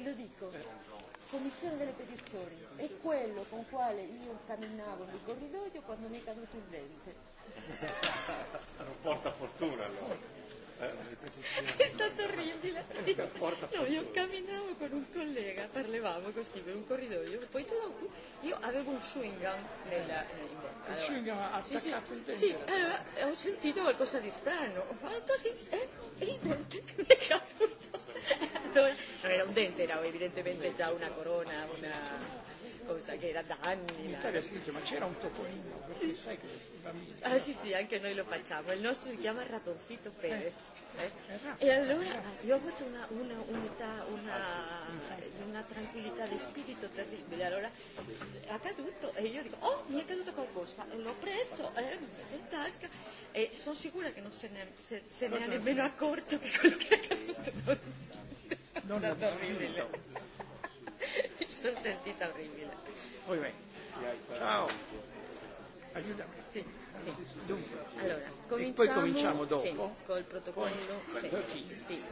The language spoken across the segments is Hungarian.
perché lo dico, Commissione delle petizioni, è quello con quale io camminavo nel corridoio quando mi è caduto il dente. Non porta fortuna allora. È stato orribile. No, io camminavo con un collega, parlavamo così per un corridoio, poi dopo io avevo un chewing gum nella, in bocca. Allora, il chewing gum attaccato sì, il dente? Sì, allora ho sentito qualcosa di strano, ho fatto così eh, e il dente mi è caduto te era evidentemente già una corona, una cosa che era da anni. In Italia si dice ma c'era un topolino, perché sai che i bambini. Ah sì sì, anche noi lo facciamo. Il nostro si chiama Ratoncito Perez. Eh? eh. E allora io ho avuto una, una unità, una, una tranquillità di spirito terribile. Allora è accaduto e io dico, oh mi è caduto qualcosa, e l'ho preso eh, in tasca e sono sicura che non se ne, se, se ne ha nemmeno accorto che quello che è accaduto. Non no, è terribile. Mi sono sentí terrible. Muy bien. Chao. Ayúdame. Sí. Sí. Dunque. Allora, cominciamo, e poi cominciamo dopo. Sì, col protocollo. Poi, sì. sì.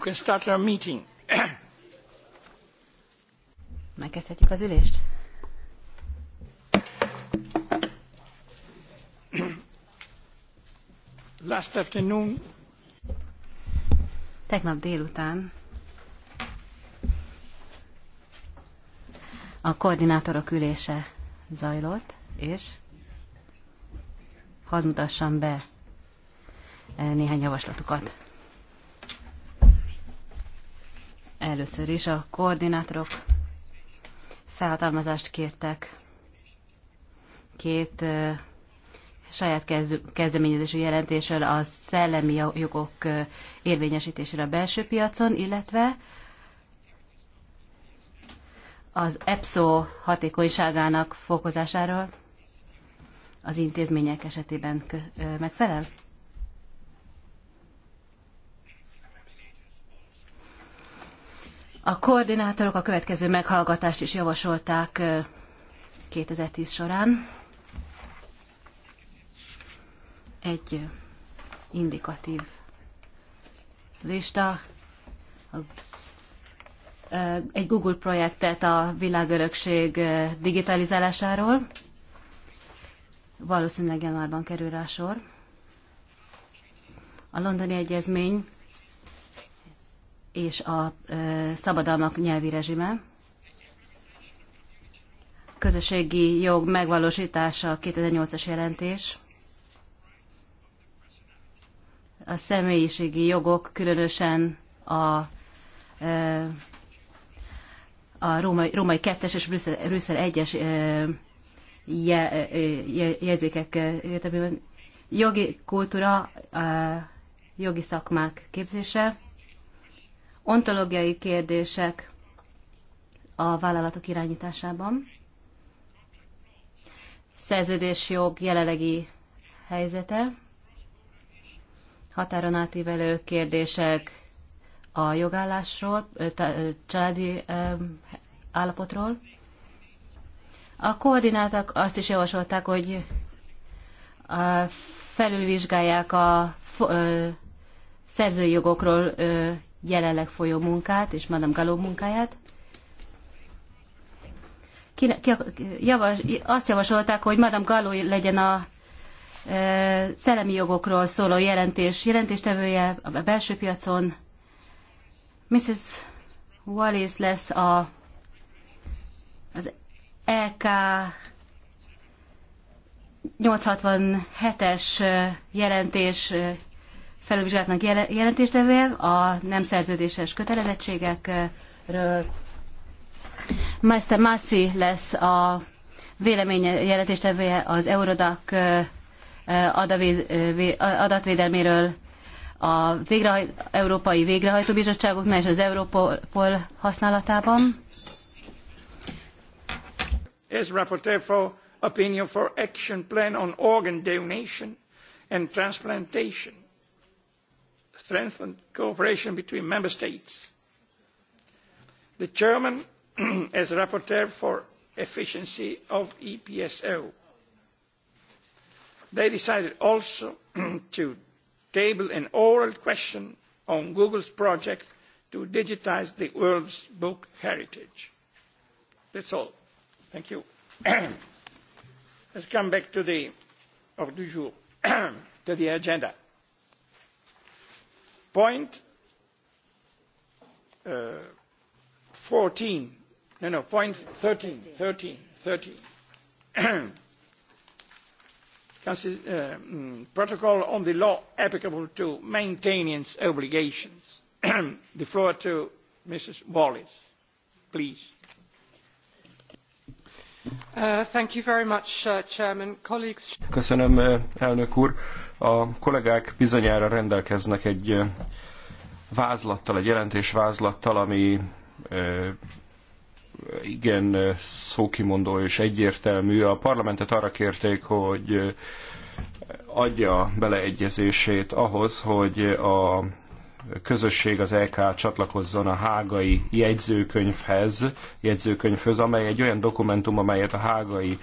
You can start our meeting. Megkezdhetjük az ülést? Last afternoon. Tegnap délután a koordinátorok ülése zajlott, és hadd mutassam be eh, néhány javaslatukat. Először is a koordinátorok felhatalmazást kértek két saját kezdeményezésű jelentésről a szellemi jogok érvényesítésére a belső piacon, illetve az EPSO hatékonyságának fokozásáról az intézmények esetében megfelel? A koordinátorok a következő meghallgatást is javasolták 2010 során. Egy indikatív lista, egy Google projektet a világörökség digitalizálásáról. Valószínűleg januárban kerül rá sor. A londoni egyezmény és a szabadalmak nyelvi rezsime. Közösségi jog megvalósítása 2008-as jelentés. A személyiségi jogok, különösen a, a római, római 2 és Brüsszel, Brüsszel 1-es jegyzékek jogi kultúra, jogi szakmák képzése ontológiai kérdések a vállalatok irányításában, szerződésjog jelenlegi helyzete, határon átívelő kérdések a jogállásról, családi állapotról. A koordinátok azt is javasolták, hogy felülvizsgálják a szerzőjogokról jelenleg folyó munkát és Madame Galó munkáját. Ki, ki, javas, azt javasolták, hogy Madame Galó legyen a e, szellemi jogokról szóló jelentés jelentéstevője a belső piacon. Mrs. Wallis lesz a, az EK 867-es e, jelentés e, felülvizsgálatnak jelentéstevője a nem szerződéses kötelezettségekről. Meister Massi lesz a vélemény jelentéstevője az Eurodac adatvédelméről a végrehaj, Európai Végrehajtó Bizottságoknál és az Europol használatában. As rapporteur for opinion for action plan on organ donation and transplantation strengthened cooperation between member states. The chairman as rapporteur for efficiency of EPSO. They decided also to table an oral question on Google's project to digitise the world's book heritage. That's all. Thank you. Let's come back to the, jour, to the agenda. Point uh, 14, no, no, point 13, 13, 13. Council, uh, mm, protocol on the law applicable to maintenance obligations. the floor to Mrs. Wallis, please. Uh, thank you very much, uh, Chairman. Colleagues. Köszönöm, uh, elnök úr a kollégák bizonyára rendelkeznek egy vázlattal, egy jelentés vázlattal ami igen szókimondó és egyértelmű. A parlamentet arra kérték, hogy adja beleegyezését ahhoz, hogy a közösség, az LK e csatlakozzon a hágai jegyzőkönyvhez, jegyzőkönyvhöz, amely egy olyan dokumentum, amelyet a hágai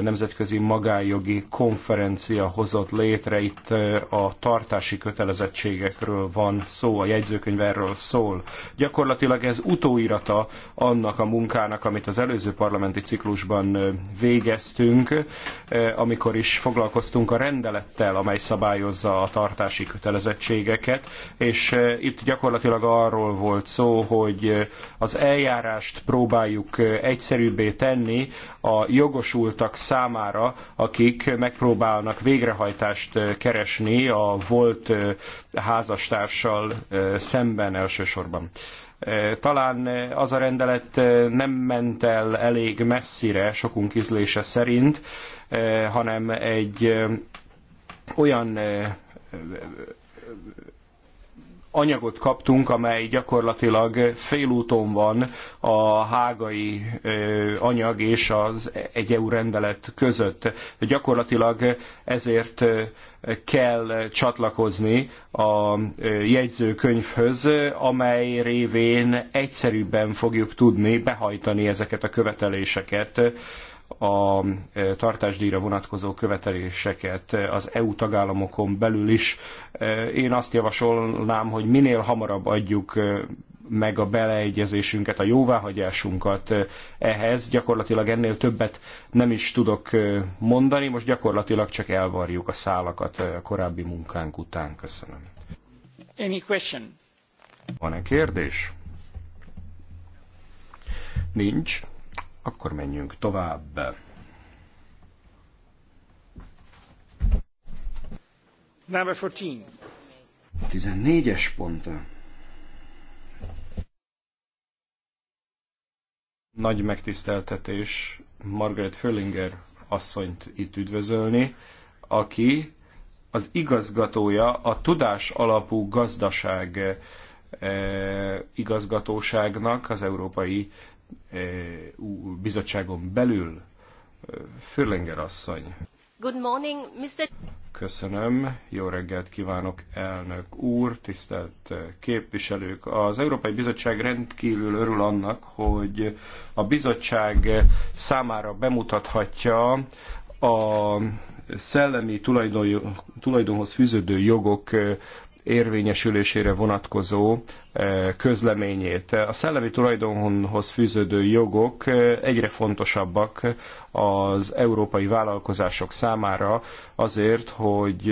nemzetközi magájogi konferencia hozott létre. Itt a tartási kötelezettségekről van szó, a jegyzőkönyv erről szól. Gyakorlatilag ez utóirata annak a munkának, amit az előző parlamenti ciklusban végeztünk, amikor is foglalkoztunk a rendelettel, amely szabályozza a tartási kötelezettségeket, és itt gyakorlatilag arról volt szó, hogy az eljárást próbáljuk egyszerűbbé tenni a jogosultak azok számára, akik megpróbálnak végrehajtást keresni a volt házastársal szemben elsősorban. Talán az a rendelet nem ment el elég messzire sokunk ízlése szerint, hanem egy olyan anyagot kaptunk, amely gyakorlatilag félúton van a hágai anyag és az egy EU rendelet között. Gyakorlatilag ezért kell csatlakozni a jegyzőkönyvhöz, amely révén egyszerűbben fogjuk tudni behajtani ezeket a követeléseket a e, tartásdíjra vonatkozó követeléseket az EU tagállamokon belül is. E, én azt javasolnám, hogy minél hamarabb adjuk e, meg a beleegyezésünket, a jóváhagyásunkat ehhez. Gyakorlatilag ennél többet nem is tudok mondani, most gyakorlatilag csak elvarjuk a szálakat a korábbi munkánk után. Köszönöm. Any question? Van-e kérdés? Nincs. Akkor menjünk tovább. Number 14. 14-es pont. Nagy megtiszteltetés Margaret Föllinger asszonyt itt üdvözölni, aki az igazgatója a Tudás Alapú Gazdaság eh, igazgatóságnak az Európai E, bizottságon belül. E, Fürlinger asszony. Good morning, Mr. Köszönöm, jó reggelt kívánok, elnök úr, tisztelt e, képviselők. Az Európai Bizottság rendkívül örül annak, hogy a bizottság számára bemutathatja a szellemi tulajdonhoz fűződő jogok érvényesülésére vonatkozó közleményét. A szellemi tulajdonhoz fűződő jogok egyre fontosabbak az európai vállalkozások számára azért, hogy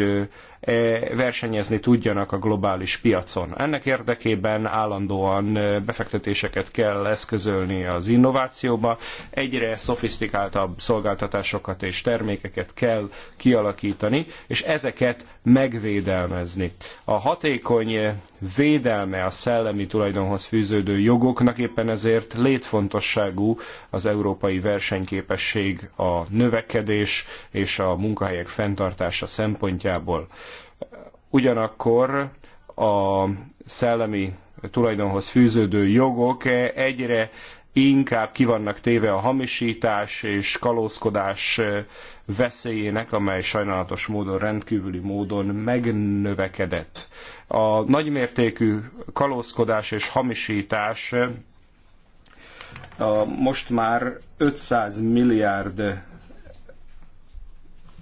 e, versenyezni tudjanak a globális piacon. Ennek érdekében állandóan befektetéseket kell eszközölni az innovációba, egyre szofisztikáltabb szolgáltatásokat és termékeket kell kialakítani, és ezeket megvédelmezni. A hatékony védelme a szellemi tulajdonhoz fűződő jogoknak, éppen ezért létfontosságú az európai versenyképesség, a növekedés és a munkahelyek fenntartása szempontjából. Ugyanakkor a szellemi tulajdonhoz fűződő jogok egyre inkább kivannak téve a hamisítás és kalózkodás veszélyének, amely sajnálatos módon, rendkívüli módon megnövekedett. A nagymértékű kalózkodás és hamisítás a most már 500 milliárd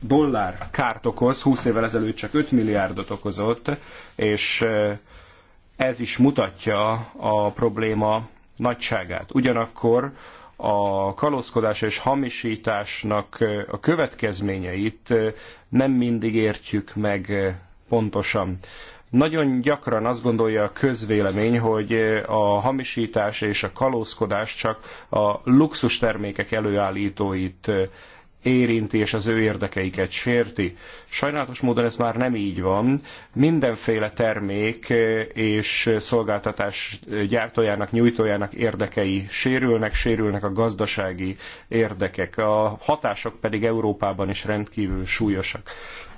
dollár kárt okoz, 20 évvel ezelőtt csak 5 milliárdot okozott, és eh, ez is mutatja a probléma nagyságát. Ugyanakkor a kalózkodás és hamisításnak a következményeit nem mindig értjük meg pontosan. Nagyon gyakran azt gondolja a közvélemény, hogy a hamisítás és a kalózkodás csak a luxustermékek előállítóit érinti és az ő érdekeiket sérti. Sajnálatos módon ez már nem így van. Mindenféle termék eh, és szolgáltatás gyártójának, nyújtójának érdekei sérülnek, sérülnek a gazdasági érdekek. A hatások pedig Európában is rendkívül súlyosak.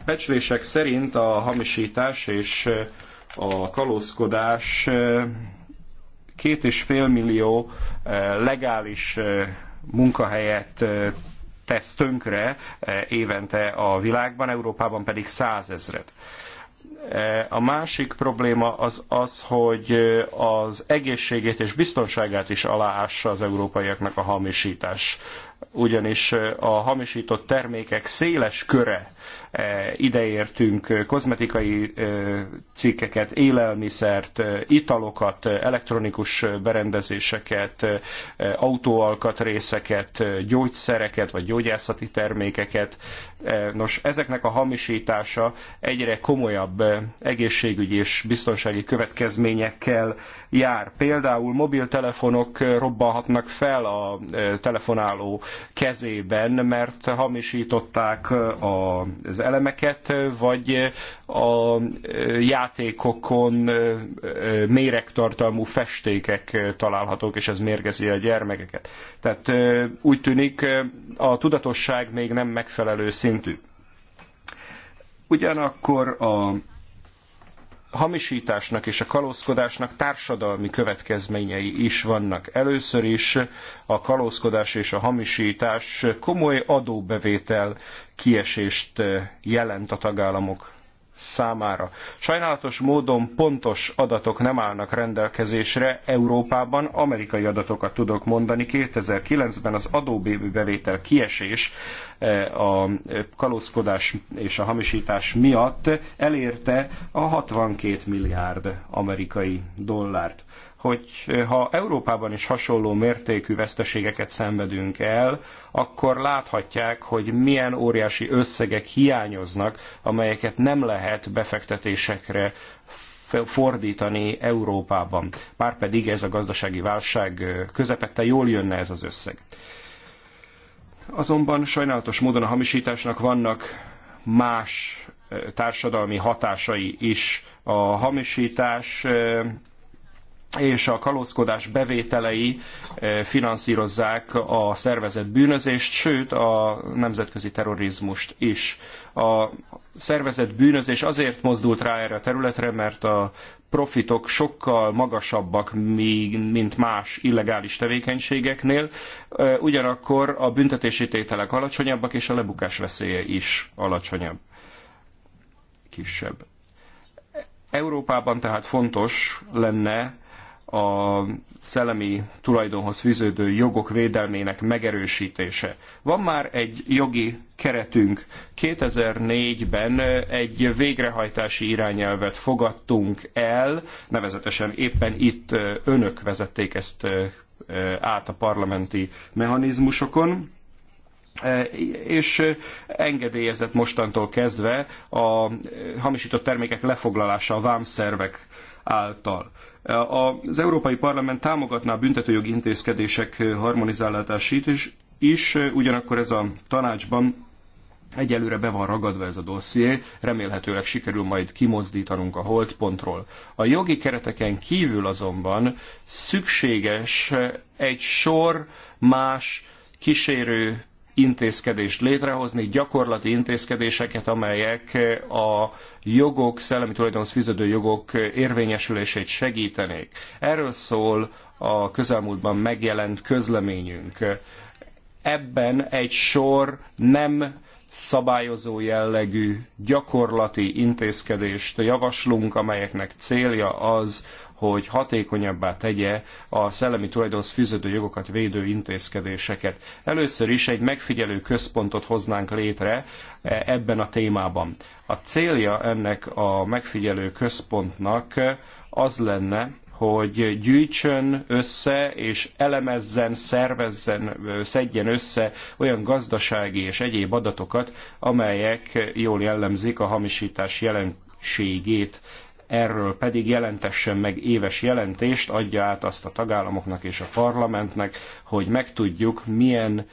Becslések szerint a hamisítás és eh, a kalózkodás eh, két és fél millió legális munkahelyet tesz tönkre e, évente a világban, Európában pedig százezret. E, a másik probléma az az, hogy az egészségét és biztonságát is aláássa az európaiaknak a hamisítás ugyanis a hamisított termékek széles köre, ideértünk kozmetikai cikkeket, élelmiszert, italokat, elektronikus berendezéseket, autóalkatrészeket, gyógyszereket vagy gyógyászati termékeket. Nos, ezeknek a hamisítása egyre komolyabb egészségügyi és biztonsági következményekkel jár. Például mobiltelefonok robbanhatnak fel a telefonáló kezében, mert hamisították az elemeket, vagy a játékokon méregtartalmú festékek találhatók, és ez mérgezi a gyermekeket. Tehát úgy tűnik, a tudatosság még nem megfelelő szintű. Ugyanakkor a hamisításnak és a kalózkodásnak társadalmi következményei is vannak. Először is a kalózkodás és a hamisítás komoly adóbevétel kiesést jelent a tagállamok számára. Sajnálatos módon pontos adatok nem állnak rendelkezésre Európában, amerikai adatokat tudok mondani. 2009-ben az adóbébi bevétel kiesés eh, a kalózkodás és a hamisítás miatt elérte a 62 milliárd amerikai dollárt hogy eh, ha Európában is hasonló mértékű veszteségeket szenvedünk el, akkor láthatják, hogy milyen óriási összegek hiányoznak, amelyeket nem lehet befektetésekre fordítani Európában. Márpedig ez a gazdasági válság eh, közepette jól jönne ez az összeg. Azonban sajnálatos módon a hamisításnak vannak más eh, társadalmi hatásai is. A hamisítás és a kalózkodás bevételei eh, finanszírozzák a szervezett bűnözést, sőt a nemzetközi terrorizmust is. A szervezett bűnözés azért mozdult rá erre a területre, mert a profitok sokkal magasabbak, mint más illegális tevékenységeknél, eh, ugyanakkor a büntetési tételek alacsonyabbak, és a lebukás veszélye is alacsonyabb, kisebb. Európában tehát fontos lenne a szellemi tulajdonhoz fűződő jogok védelmének megerősítése. Van már egy jogi keretünk. 2004-ben egy végrehajtási irányelvet fogadtunk el, nevezetesen éppen itt önök vezették ezt át a parlamenti mechanizmusokon E, és e, engedélyezett mostantól kezdve a hamisított termékek lefoglalása a vámszervek által. E, az Európai Parlament támogatná a büntetőjogi intézkedések harmonizálását is, is, ugyanakkor ez a tanácsban egyelőre be van ragadva ez a dosszié, remélhetőleg sikerül majd kimozdítanunk a holdpontról. A jogi kereteken kívül azonban szükséges egy sor más kísérő intézkedést létrehozni, gyakorlati intézkedéseket, amelyek a jogok, szellemi tulajdonhoz fűződő jogok érvényesülését segítenék. Erről szól a közelmúltban megjelent közleményünk. Ebben egy sor nem szabályozó jellegű gyakorlati intézkedést javaslunk, amelyeknek célja az, hogy hatékonyabbá tegye a szellemi tulajdonhoz fűződő jogokat védő intézkedéseket. Először is egy megfigyelő központot hoznánk létre e, ebben a témában. A célja ennek a megfigyelő központnak az lenne, hogy gyűjtsön össze és elemezzen, szervezzen, szedjen össze olyan gazdasági és egyéb adatokat, amelyek jól jellemzik a hamisítás jelenségét erről pedig jelentessen meg éves jelentést, adja át azt a tagállamoknak és a parlamentnek, hogy megtudjuk, milyen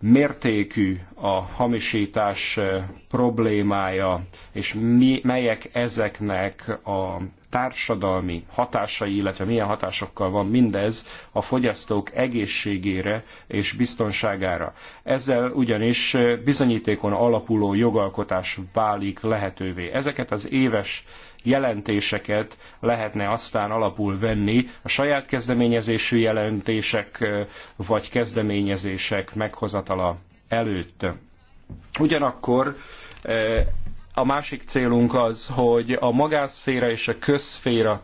mértékű a hamisítás eh, problémája, és mi, melyek ezeknek a társadalmi hatásai, illetve milyen hatásokkal van mindez a fogyasztók egészségére és biztonságára. Ezzel ugyanis bizonyítékon alapuló jogalkotás válik lehetővé. Ezeket az éves jelentéseket lehetne aztán alapul venni a saját kezdeményezésű jelentések vagy kezdeményezések meghozatala előtt. Ugyanakkor a másik célunk az, hogy a magánszféra és a közszféra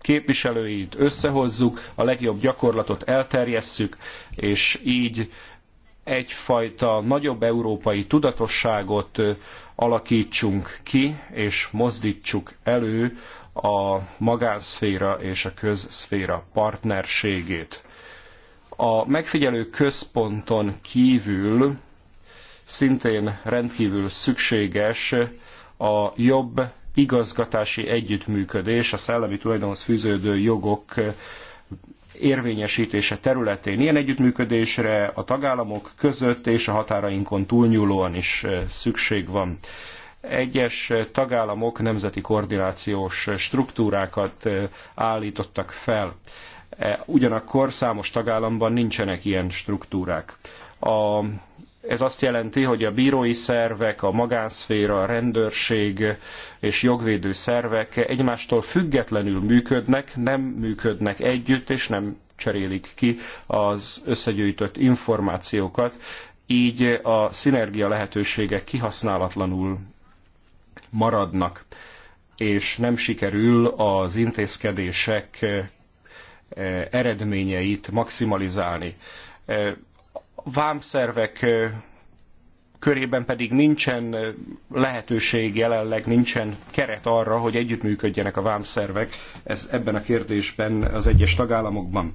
képviselőit összehozzuk, a legjobb gyakorlatot elterjesszük, és így egyfajta nagyobb európai tudatosságot alakítsunk ki, és mozdítsuk elő a magánszféra és a közszféra partnerségét. A megfigyelő központon kívül szintén rendkívül szükséges a jobb igazgatási együttműködés a szellemi tulajdonhoz fűződő jogok érvényesítése területén. Ilyen együttműködésre a tagállamok között és a határainkon túlnyúlóan is szükség van. Egyes tagállamok nemzeti koordinációs struktúrákat állítottak fel. E, ugyanakkor számos tagállamban nincsenek ilyen struktúrák. A ez azt jelenti, hogy a bírói szervek, a magánszféra, a rendőrség és jogvédő szervek egymástól függetlenül működnek, nem működnek együtt, és nem cserélik ki az összegyűjtött információkat, így a szinergia lehetőségek kihasználatlanul maradnak, és nem sikerül az intézkedések eh, eredményeit maximalizálni. Eh, vámszervek körében pedig nincsen lehetőség jelenleg, nincsen keret arra, hogy együttműködjenek a vámszervek ez, ebben a kérdésben az egyes tagállamokban.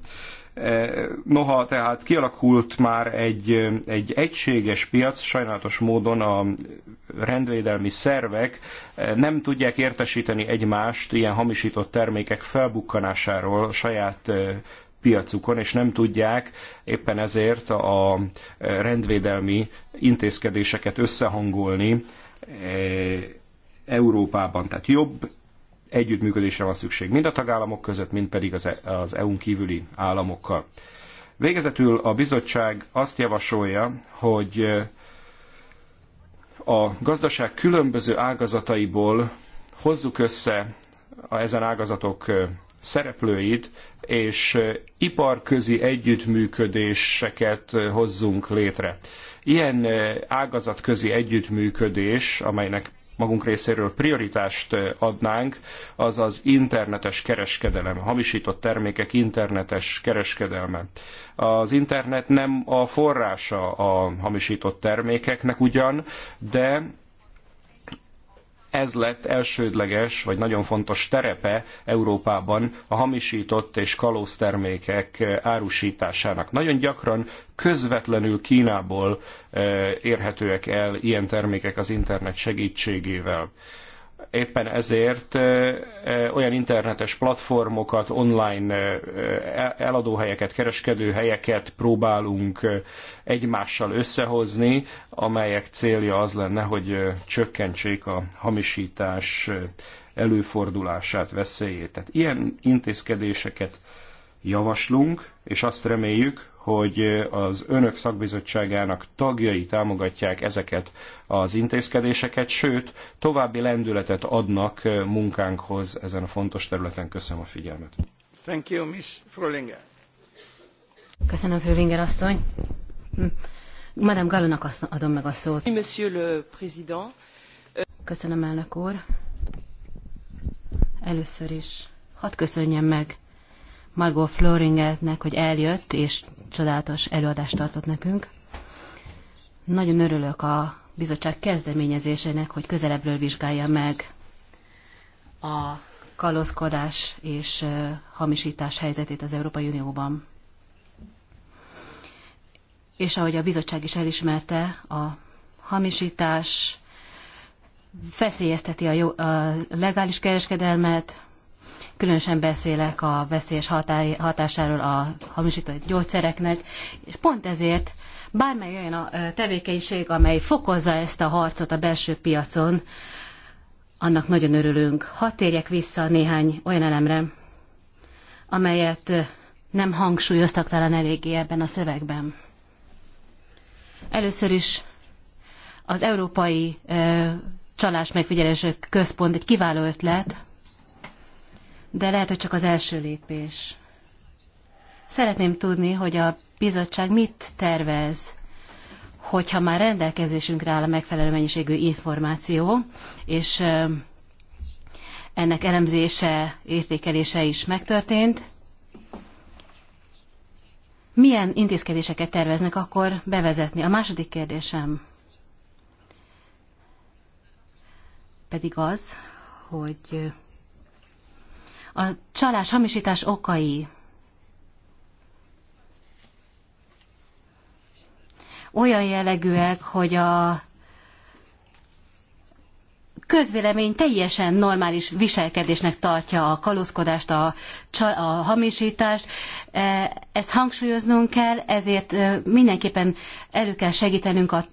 Noha tehát kialakult már egy, egy egységes piac, sajnálatos módon a rendvédelmi szervek nem tudják értesíteni egymást ilyen hamisított termékek felbukkanásáról saját piacukon, és nem tudják éppen ezért a rendvédelmi intézkedéseket összehangolni e, Európában. Tehát jobb együttműködésre van szükség mind a tagállamok között, mind pedig az EU-n e kívüli államokkal. Végezetül a bizottság azt javasolja, hogy e, a gazdaság különböző ágazataiból hozzuk össze a ezen ágazatok szereplőit, és iparközi együttműködéseket hozzunk létre. Ilyen ágazatközi együttműködés, amelynek magunk részéről prioritást adnánk, az az internetes kereskedelem, hamisított termékek internetes kereskedelme. Az internet nem a forrása a hamisított termékeknek ugyan, de ez lett elsődleges, vagy nagyon fontos terepe Európában a hamisított és kalóz termékek eh, árusításának. Nagyon gyakran közvetlenül Kínából eh, érhetőek el ilyen termékek az internet segítségével éppen ezért olyan internetes platformokat, online eladóhelyeket, kereskedőhelyeket próbálunk egymással összehozni, amelyek célja az lenne, hogy csökkentsék a hamisítás előfordulását, veszélyét. Tehát ilyen intézkedéseket javaslunk, és azt reméljük, hogy az önök szakbizottságának tagjai támogatják ezeket az intézkedéseket, sőt, további lendületet adnak munkánkhoz ezen a fontos területen. Köszönöm a figyelmet. Thank you, Miss Frölinger. Köszönöm, Frölinger asszony. Hm. Madame Gallonak adom meg a szót. Monsieur le Président. Köszönöm, elnök úr. Először is hadd köszönjem meg Margot Floringetnek, hogy eljött, és csodálatos előadást tartott nekünk. Nagyon örülök a bizottság kezdeményezésének, hogy közelebbről vizsgálja meg a kalózkodás és hamisítás helyzetét az Európai Unióban. És ahogy a bizottság is elismerte, a hamisítás feszélyezteti a, jó, a legális kereskedelmet, különösen beszélek a veszélyes hatásáról a hamisított gyógyszereknek, és pont ezért bármely olyan a tevékenység, amely fokozza ezt a harcot a belső piacon, annak nagyon örülünk. Hadd térjek vissza néhány olyan elemre, amelyet nem hangsúlyoztak talán eléggé ebben a szövegben. Először is az Európai Csalás Megfigyelések Központ egy kiváló ötlet, de lehet, hogy csak az első lépés. Szeretném tudni, hogy a bizottság mit tervez, hogyha már rendelkezésünkre áll a megfelelő mennyiségű információ, és ennek elemzése, értékelése is megtörtént. Milyen intézkedéseket terveznek akkor bevezetni? A második kérdésem pedig az, hogy a csalás, hamisítás okai. Olyan jellegűek, hogy a közvélemény teljesen normális viselkedésnek tartja a kalózkodást, a, csal, a hamisítást. E, ezt hangsúlyoznunk kell, ezért e, mindenképpen elő kell segítenünk a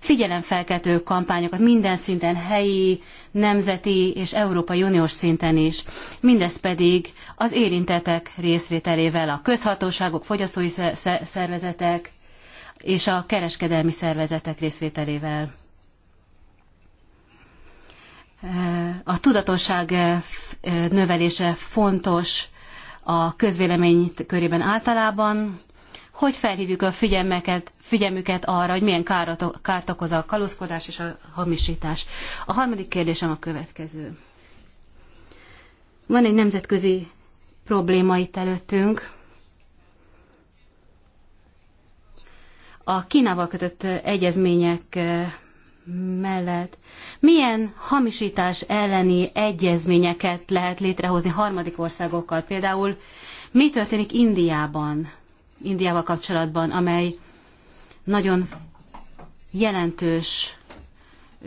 figyelemfelkeltő kampányokat minden szinten, helyi, nemzeti és Európai Uniós szinten is. Mindez pedig az érintetek részvételével a közhatóságok, fogyasztói szervezetek és a kereskedelmi szervezetek részvételével. A tudatosság eh, eh, növelése fontos a közvélemény körében általában, hogy felhívjuk a figyelmeket, figyelmüket arra, hogy milyen kárat, kárt okoz a kalózkodás és a hamisítás. A harmadik kérdésem a következő. Van egy nemzetközi probléma itt előttünk. A Kínával kötött egyezmények eh, mellett milyen hamisítás elleni egyezményeket lehet létrehozni harmadik országokkal? Például mi történik Indiában? Indiával kapcsolatban, amely nagyon jelentős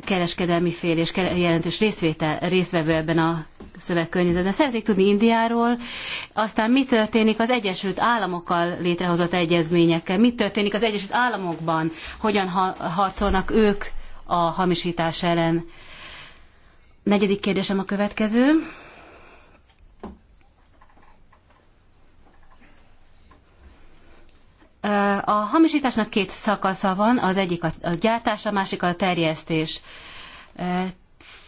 kereskedelmi fél és jelentős részvétel, részvevő ebben a szövegkörnyezetben. Szeretnék tudni Indiáról, aztán mi történik az Egyesült Államokkal létrehozott egyezményekkel, mi történik az Egyesült Államokban, hogyan harcolnak ők a hamisítás ellen. Negyedik kérdésem a következő. A hamisításnak két szakasza van, az egyik a gyártás, a másik a terjesztés. E,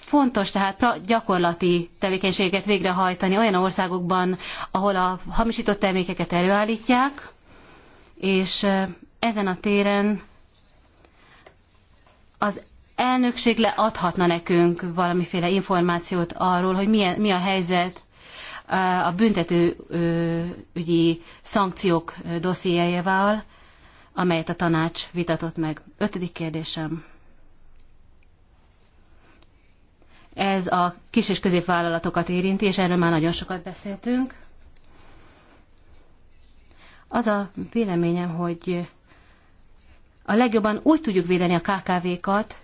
fontos tehát gyakorlati tevékenységet végrehajtani olyan országokban, ahol a hamisított termékeket előállítják, és e, ezen a téren az elnökség leadhatna nekünk valamiféle információt arról, hogy milyen, mi a helyzet a büntető ügyi szankciók dossziéjával, amelyet a tanács vitatott meg. Ötödik kérdésem. Ez a kis és középvállalatokat érinti, és erről már nagyon sokat beszéltünk. Az a véleményem, hogy a legjobban úgy tudjuk védeni a KKV-kat,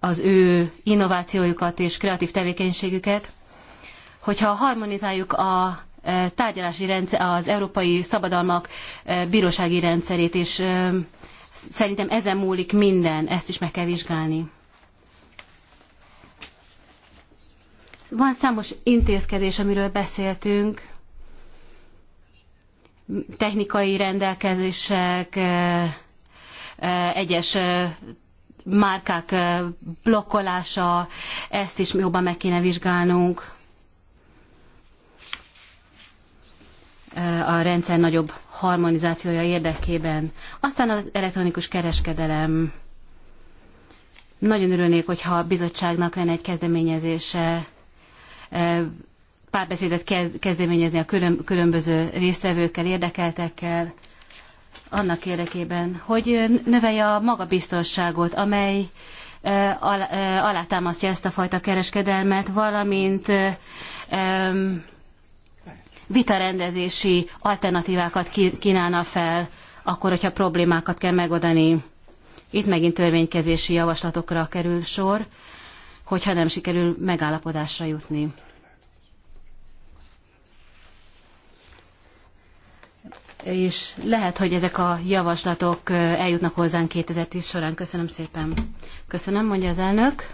az ő innovációjukat és kreatív tevékenységüket, hogyha harmonizáljuk a e, tárgyalási rendszer, az európai szabadalmak e, bírósági rendszerét, és e, szerintem ezen múlik minden, ezt is meg kell vizsgálni. Van számos intézkedés, amiről beszéltünk, technikai rendelkezések, egyes márkák eh, blokkolása, ezt is jobban meg kéne vizsgálnunk. Eh, a rendszer nagyobb harmonizációja érdekében. Aztán az elektronikus kereskedelem. Nagyon örülnék, hogyha a bizottságnak lenne egy kezdeményezése, eh, párbeszédet kezdeményezni a különböző résztvevőkkel, érdekeltekkel, annak érdekében, hogy növelje a magabiztosságot, amely alátámasztja ezt a fajta kereskedelmet, valamint vitarendezési alternatívákat kínálna fel, akkor, hogyha problémákat kell megoldani. Itt megint törvénykezési javaslatokra kerül sor, hogyha nem sikerül megállapodásra jutni. és lehet, hogy ezek a javaslatok eljutnak hozzánk 2010 során. Köszönöm szépen. Köszönöm, mondja az elnök.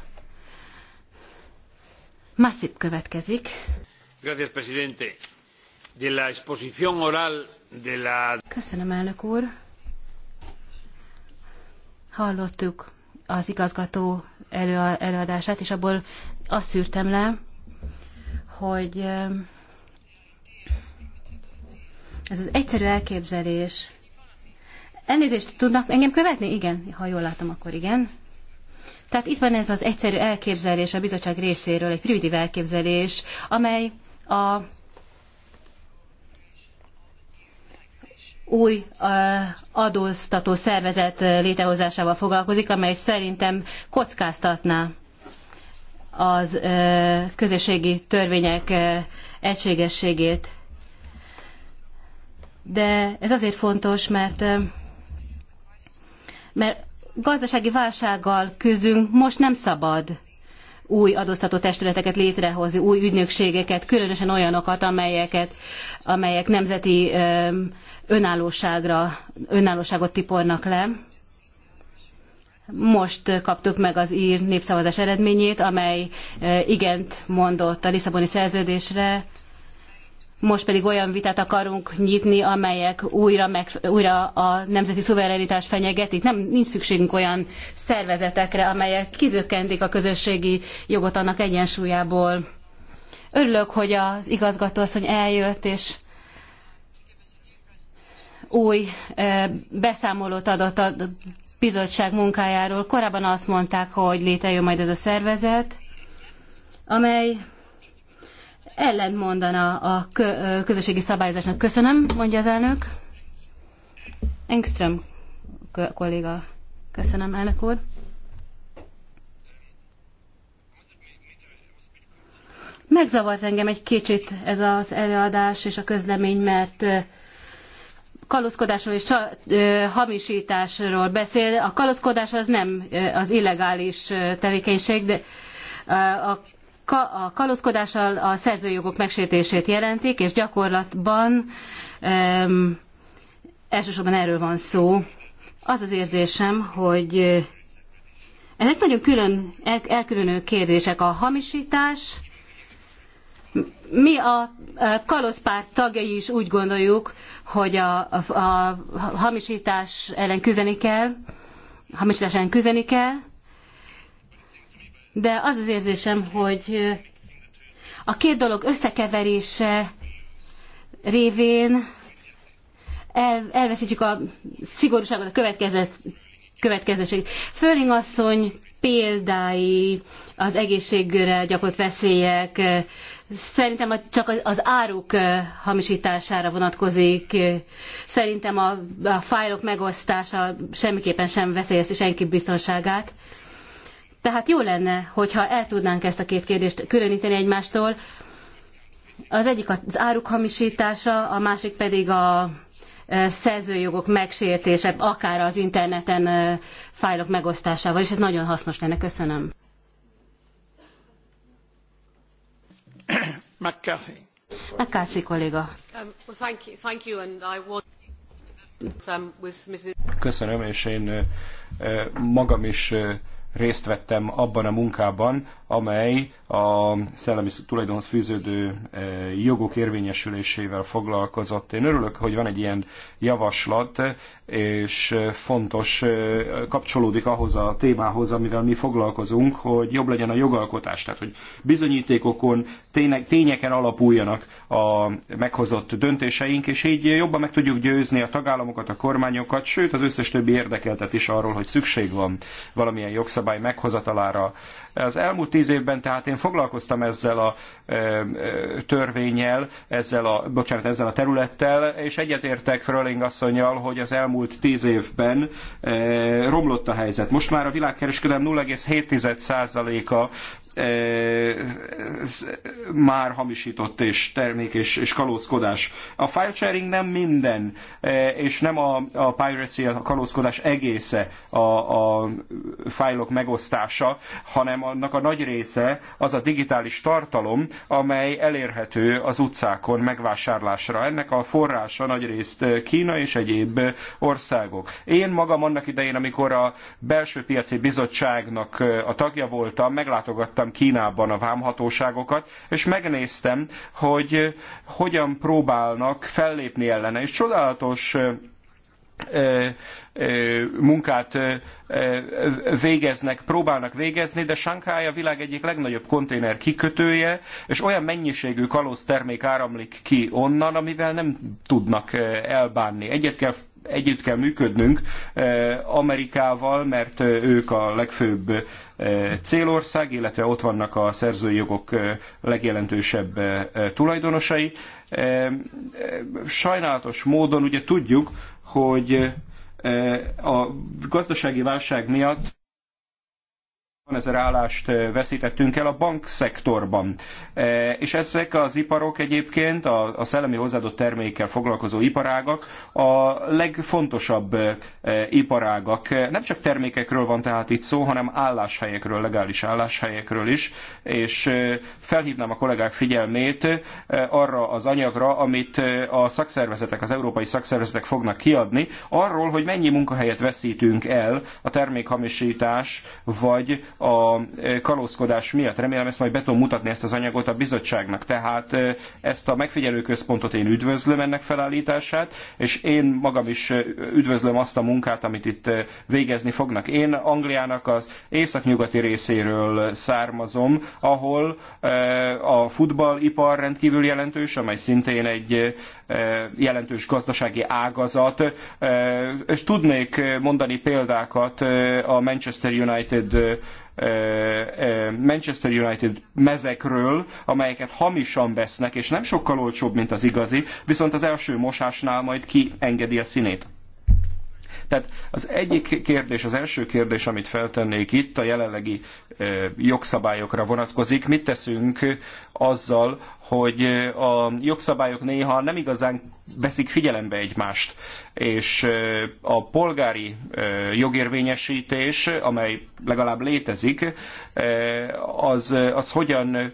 Massip következik. Gracias, presidente. De la exposición oral de la... Köszönöm, elnök úr. Hallottuk az igazgató előadását, és abból azt szűrtem le, hogy ez az egyszerű elképzelés. Elnézést, tudnak engem követni? Igen, ha jól látom, akkor igen. Tehát itt van ez az egyszerű elképzelés a bizottság részéről, egy primitív elképzelés, amely a új adóztató szervezet létrehozásával foglalkozik, amely szerintem kockáztatná az közösségi törvények egységességét de ez azért fontos, mert, mert gazdasági válsággal küzdünk, most nem szabad új adóztató testületeket létrehozni, új ügynökségeket, különösen olyanokat, amelyeket, amelyek nemzeti önállóságra, önállóságot tipornak le. Most kaptuk meg az ír népszavazás eredményét, amely igent mondott a Lisszaboni szerződésre, most pedig olyan vitát akarunk nyitni, amelyek újra, meg, újra a nemzeti szuverenitást fenyegetik. Nem, nincs szükségünk olyan szervezetekre, amelyek kizökkentik a közösségi jogot annak egyensúlyából. Örülök, hogy az igazgatóasszony eljött, és új beszámolót adott a bizottság munkájáról. Korábban azt mondták, hogy létrejön majd ez a szervezet, amely ellentmondana a közösségi szabályozásnak. Köszönöm, mondja az elnök. Engström kolléga. Köszönöm, elnök úr. Megzavart engem egy kicsit ez az előadás és a közlemény, mert kalózkodásról és hamisításról beszél. A kalózkodás az nem az illegális tevékenység, de a a kalózkodással a szerzőjogok megsértését jelentik, és gyakorlatban um, elsősorban erről van szó. Az az érzésem, hogy ezek nagyon külön, el, elkülönő kérdések. A hamisítás, mi a kalózpárt tagjai is úgy gondoljuk, hogy a, a, a hamisítás ellen küzdeni kell, hamisítás ellen küzdeni kell, de az az érzésem, hogy a két dolog összekeverése révén el, elveszítjük a szigorúságot, a következet, következetességet. Föring asszony példái, az egészségre gyakott veszélyek, szerintem csak az áruk hamisítására vonatkozik, szerintem a, a fájlok megosztása semmiképpen sem veszélyezti senki biztonságát. Tehát jó lenne, hogyha el tudnánk ezt a két kérdést különíteni egymástól. Az egyik az áruk hamisítása, a másik pedig a e, szerzőjogok megsértése, akár az interneten e, fájlok megosztásával, és ez nagyon hasznos lenne. Köszönöm. McCarthy. McCarthy kolléga. Um, um, Köszönöm, és én e, magam is részt vettem abban a munkában, amely a szellemi tulajdonhoz fűződő e, jogok érvényesülésével foglalkozott. Én örülök, hogy van egy ilyen javaslat, és fontos, e, kapcsolódik ahhoz a témához, amivel mi foglalkozunk, hogy jobb legyen a jogalkotás, tehát hogy bizonyítékokon, tényeken alapuljanak a meghozott döntéseink, és így jobban meg tudjuk győzni a tagállamokat, a kormányokat, sőt az összes többi érdekeltet is arról, hogy szükség van valamilyen jogszabály jogszabály meghozatalára. Az elmúlt tíz évben tehát én foglalkoztam ezzel a e, e, törvényel, ezzel a, bocsánat, ezzel a területtel, és egyetértek Fröling asszonyjal, hogy az elmúlt tíz évben e, romlott a helyzet. Most már a világkereskedelem 0,7%-a már hamisított és termék és, és kalózkodás. A file sharing nem minden, és nem a, a piracy, a kalózkodás egésze a, a fájlok megosztása, hanem annak a nagy része az a digitális tartalom, amely elérhető az utcákon megvásárlásra. Ennek a forrása részt Kína és egyéb országok. Én magam annak idején, amikor a belső piaci bizottságnak a tagja voltam, meglátogattam jártam Kínában a vámhatóságokat, és megnéztem, hogy eh, hogyan próbálnak fellépni ellene. És csodálatos eh, eh, munkát végeznek, próbálnak végezni, de Shanghai a világ egyik legnagyobb konténer kikötője, és olyan mennyiségű termék áramlik ki onnan, amivel nem tudnak elbánni. Egyet kell együtt kell működnünk eh, Amerikával, mert eh, ők a legfőbb eh, célország, illetve ott vannak a szerzői jogok legjelentősebb tulajdonosai. Sajnálatos módon ugye tudjuk, hogy a gazdasági válság miatt ezer állást eh, veszítettünk el a bankszektorban. Eh, és ezek az iparok egyébként, a, a szellemi hozzáadott termékkel foglalkozó iparágak a legfontosabb eh, iparágak. Nem csak termékekről van tehát itt szó, hanem álláshelyekről, legális álláshelyekről is. És felhívnám a kollégák figyelmét arra az anyagra, amit a szakszervezetek, az európai szakszervezetek fognak kiadni, arról, hogy mennyi munkahelyet veszítünk el a termékhamisítás vagy a e, kalózkodás miatt. Remélem ezt majd be tudom mutatni ezt az anyagot a bizottságnak. Tehát e, ezt a megfigyelőközpontot én üdvözlöm ennek felállítását, és én magam is e, üdvözlöm azt a munkát, amit itt végezni fognak. Én Angliának az északnyugati részéről származom, ahol a futballipar rendkívül jelentős, amely szintén egy jelentős gazdasági ágazat, és tudnék mondani példákat a Manchester United Manchester United mezekről, amelyeket hamisan vesznek, és nem sokkal olcsóbb, mint az igazi, viszont az első mosásnál majd kiengedi a színét. Tehát az egyik kérdés, az első kérdés, amit feltennék itt, a jelenlegi jogszabályokra vonatkozik. Mit teszünk azzal, hogy a jogszabályok néha nem igazán veszik figyelembe egymást, és a polgári jogérvényesítés, amely legalább létezik, az, az hogyan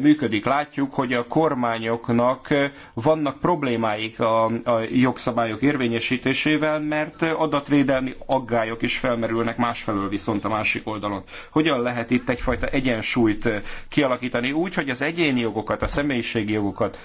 működik. Látjuk, hogy a kormányoknak vannak problémáik a, a jogszabályok érvényesítésével, mert adatvédelmi aggályok is felmerülnek másfelől viszont a másik oldalon. Hogyan lehet itt egyfajta egyensúlyt kialakítani úgy, hogy az egyéni jogokat, a személy személyiségi jogokat,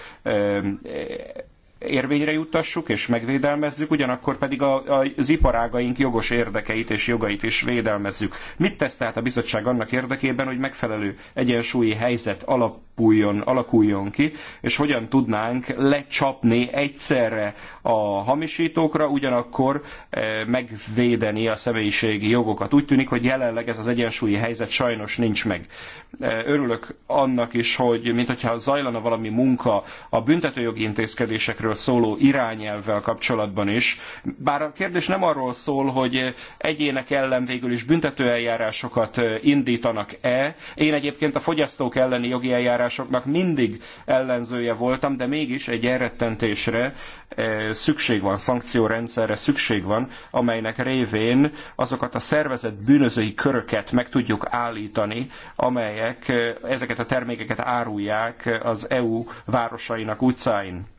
érvényre juttassuk és megvédelmezzük, ugyanakkor pedig a, a, az iparágaink jogos érdekeit és jogait is védelmezzük. Mit tesz tehát a bizottság annak érdekében, hogy megfelelő egyensúlyi helyzet alapuljon, alakuljon ki, és hogyan tudnánk lecsapni egyszerre a hamisítókra, ugyanakkor e, megvédeni a személyiségi jogokat. Úgy tűnik, hogy jelenleg ez az egyensúlyi helyzet sajnos nincs meg. E, örülök annak is, hogy mintha zajlana valami munka a büntetőjogi intézkedésekről, rendszerről szóló irányelvvel kapcsolatban is. Bár a kérdés nem arról szól, hogy egyének ellen végül is büntetőeljárásokat indítanak-e. Én egyébként a fogyasztók elleni jogi eljárásoknak mindig ellenzője voltam, de mégis egy elrettentésre szükség van, szankciórendszerre szükség van, amelynek révén azokat a szervezett bűnözői köröket meg tudjuk állítani, amelyek ezeket a termékeket árulják az EU városainak utcáin.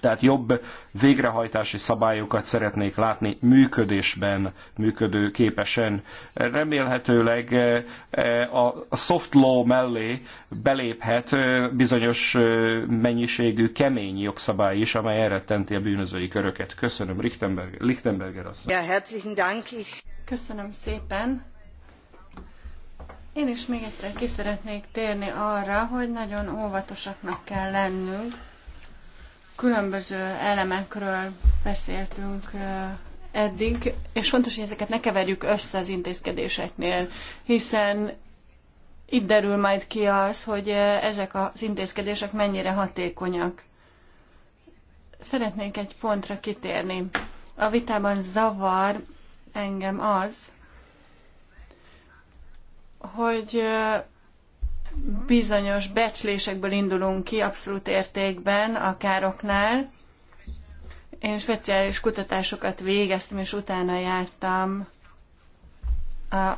Tehát jobb végrehajtási szabályokat szeretnék látni működésben, működő képesen. Remélhetőleg eh, eh, a soft law mellé beléphet eh, bizonyos mennyiségű kemény jogszabály is, amely elrettenti a bűnözői köröket. Köszönöm, Lichtenberger, Lichtenberger asszony. Ja, herzlichen Dank. Köszönöm szépen. Én is még egyszer ki szeretnék térni arra, hogy nagyon óvatosaknak kell lennünk, Különböző elemekről beszéltünk eddig, és fontos, hogy ezeket ne keverjük össze az intézkedéseknél, hiszen itt derül majd ki az, hogy ezek az intézkedések mennyire hatékonyak. Szeretnék egy pontra kitérni. A vitában zavar engem az, hogy bizonyos becslésekből indulunk ki abszolút értékben a károknál. Én speciális kutatásokat végeztem, és utána jártam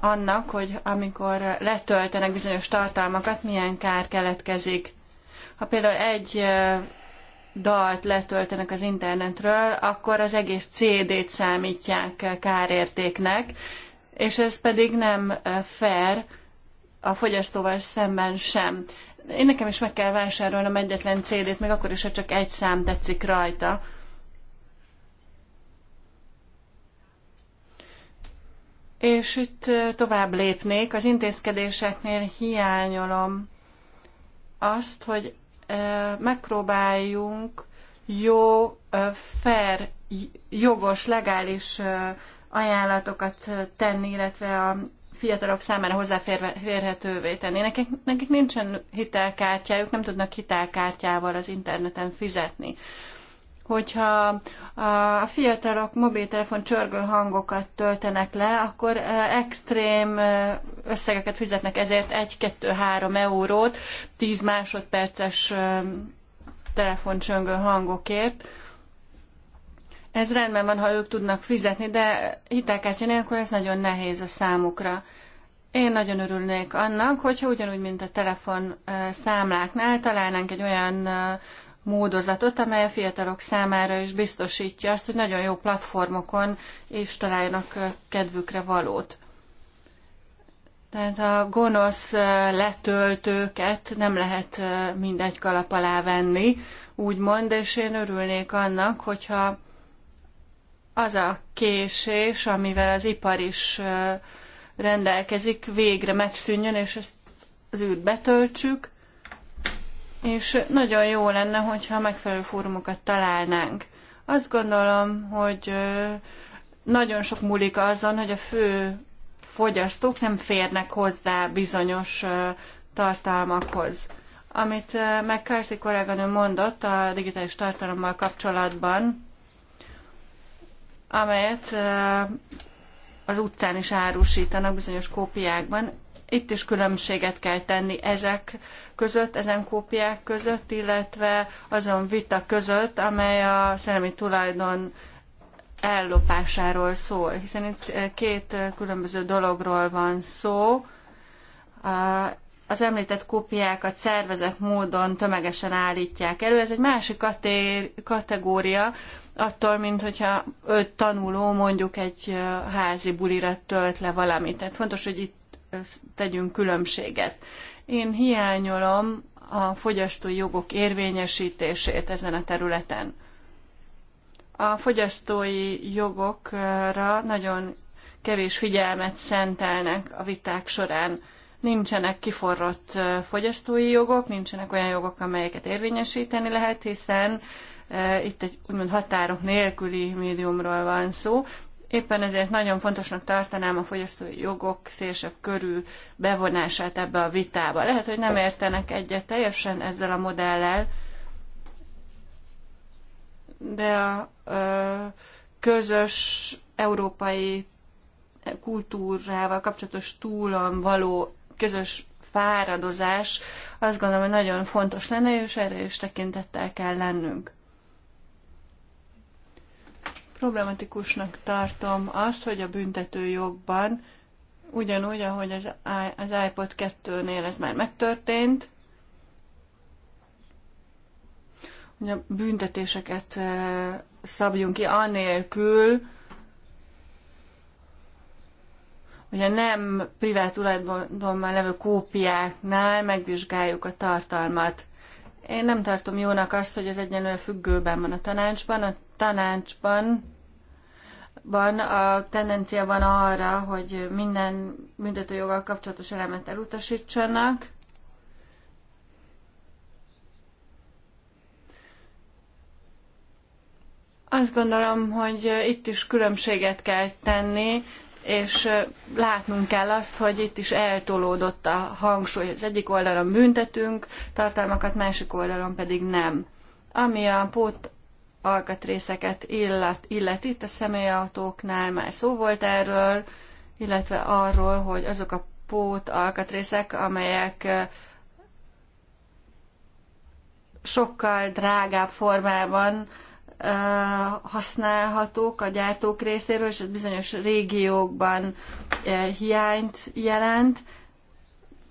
annak, hogy amikor letöltenek bizonyos tartalmakat, milyen kár keletkezik. Ha például egy dalt letöltenek az internetről, akkor az egész CD-t számítják kárértéknek, és ez pedig nem fair, a fogyasztóval szemben sem. Én nekem is meg kell vásárolnom egyetlen cd még akkor is, ha csak egy szám tetszik rajta. És itt tovább lépnék. Az intézkedéseknél hiányolom azt, hogy megpróbáljunk jó, fair, jogos, legális ajánlatokat tenni, illetve a fiatalok számára hozzáférhetővé tenni. Nekik, nekik nincsen hitelkártyájuk, nem tudnak hitelkártyával az interneten fizetni. Hogyha a fiatalok mobiltelefon csörgő hangokat töltenek le, akkor extrém összegeket fizetnek ezért 1-2-3 eurót 10 másodperces telefoncsöngő hangokért ez rendben van, ha ők tudnak fizetni, de hitelkártya nélkül ez nagyon nehéz a számukra. Én nagyon örülnék annak, hogyha ugyanúgy, mint a telefon számláknál találnánk egy olyan módozatot, amely a fiatalok számára is biztosítja azt, hogy nagyon jó platformokon és találjanak kedvükre valót. Tehát a gonosz letöltőket nem lehet mindegy kalap alá venni, úgymond, és én örülnék annak, hogyha az a késés, amivel az ipar is rendelkezik, végre megszűnjön, és ezt az űrt betöltsük, és nagyon jó lenne, hogyha megfelelő fórumokat találnánk. Azt gondolom, hogy nagyon sok múlik azon, hogy a fő fogyasztók nem férnek hozzá bizonyos tartalmakhoz. Amit McCarthy kolléganő mondott a digitális tartalommal kapcsolatban, amelyet az utcán is árusítanak bizonyos kópiákban. Itt is különbséget kell tenni ezek között, ezen kópiák között, illetve azon vita között, amely a szellemi tulajdon ellopásáról szól, hiszen itt két különböző dologról van szó. Az említett kópiákat szervezett módon tömegesen állítják elő. Ez egy másik kategória, attól, mint hogyha öt tanuló mondjuk egy házi bulira tölt le valamit. Tehát fontos, hogy itt tegyünk különbséget. Én hiányolom a fogyasztói jogok érvényesítését ezen a területen. A fogyasztói jogokra nagyon kevés figyelmet szentelnek a viták során. Nincsenek kiforrott fogyasztói jogok, nincsenek olyan jogok, amelyeket érvényesíteni lehet, hiszen itt egy úgymond határok nélküli médiumról van szó. Éppen ezért nagyon fontosnak tartanám a fogyasztói jogok szélesebb körül bevonását ebbe a vitába. Lehet, hogy nem értenek egyet teljesen ezzel a modellel, de a ö, közös európai kultúrával kapcsolatos túlon való közös fáradozás azt gondolom, hogy nagyon fontos lenne, és erre is tekintettel kell lennünk. Problematikusnak tartom azt, hogy a jogban ugyanúgy, ahogy az, az iPod 2-nél ez már megtörtént, hogy a büntetéseket szabjunk ki anélkül, hogy a nem privát tulajdonban levő kópiáknál megvizsgáljuk a tartalmat. Én nem tartom jónak azt, hogy ez egyenlően függőben van a tanácsban. A tanácsban Ban a tendencia van arra, hogy minden büntetőjoggal kapcsolatos elemet elutasítsanak. Azt gondolom, hogy itt is különbséget kell tenni, és látnunk kell azt, hogy itt is eltolódott a hangsúly. Az egyik oldalon büntetünk tartalmakat, másik oldalon pedig nem. Ami a pót alkatrészeket illet, illet itt a személyautóknál már szó volt erről, illetve arról, hogy azok a pót alkatrészek, amelyek sokkal drágább formában használhatók a gyártók részéről, és ez bizonyos régiókban hiányt jelent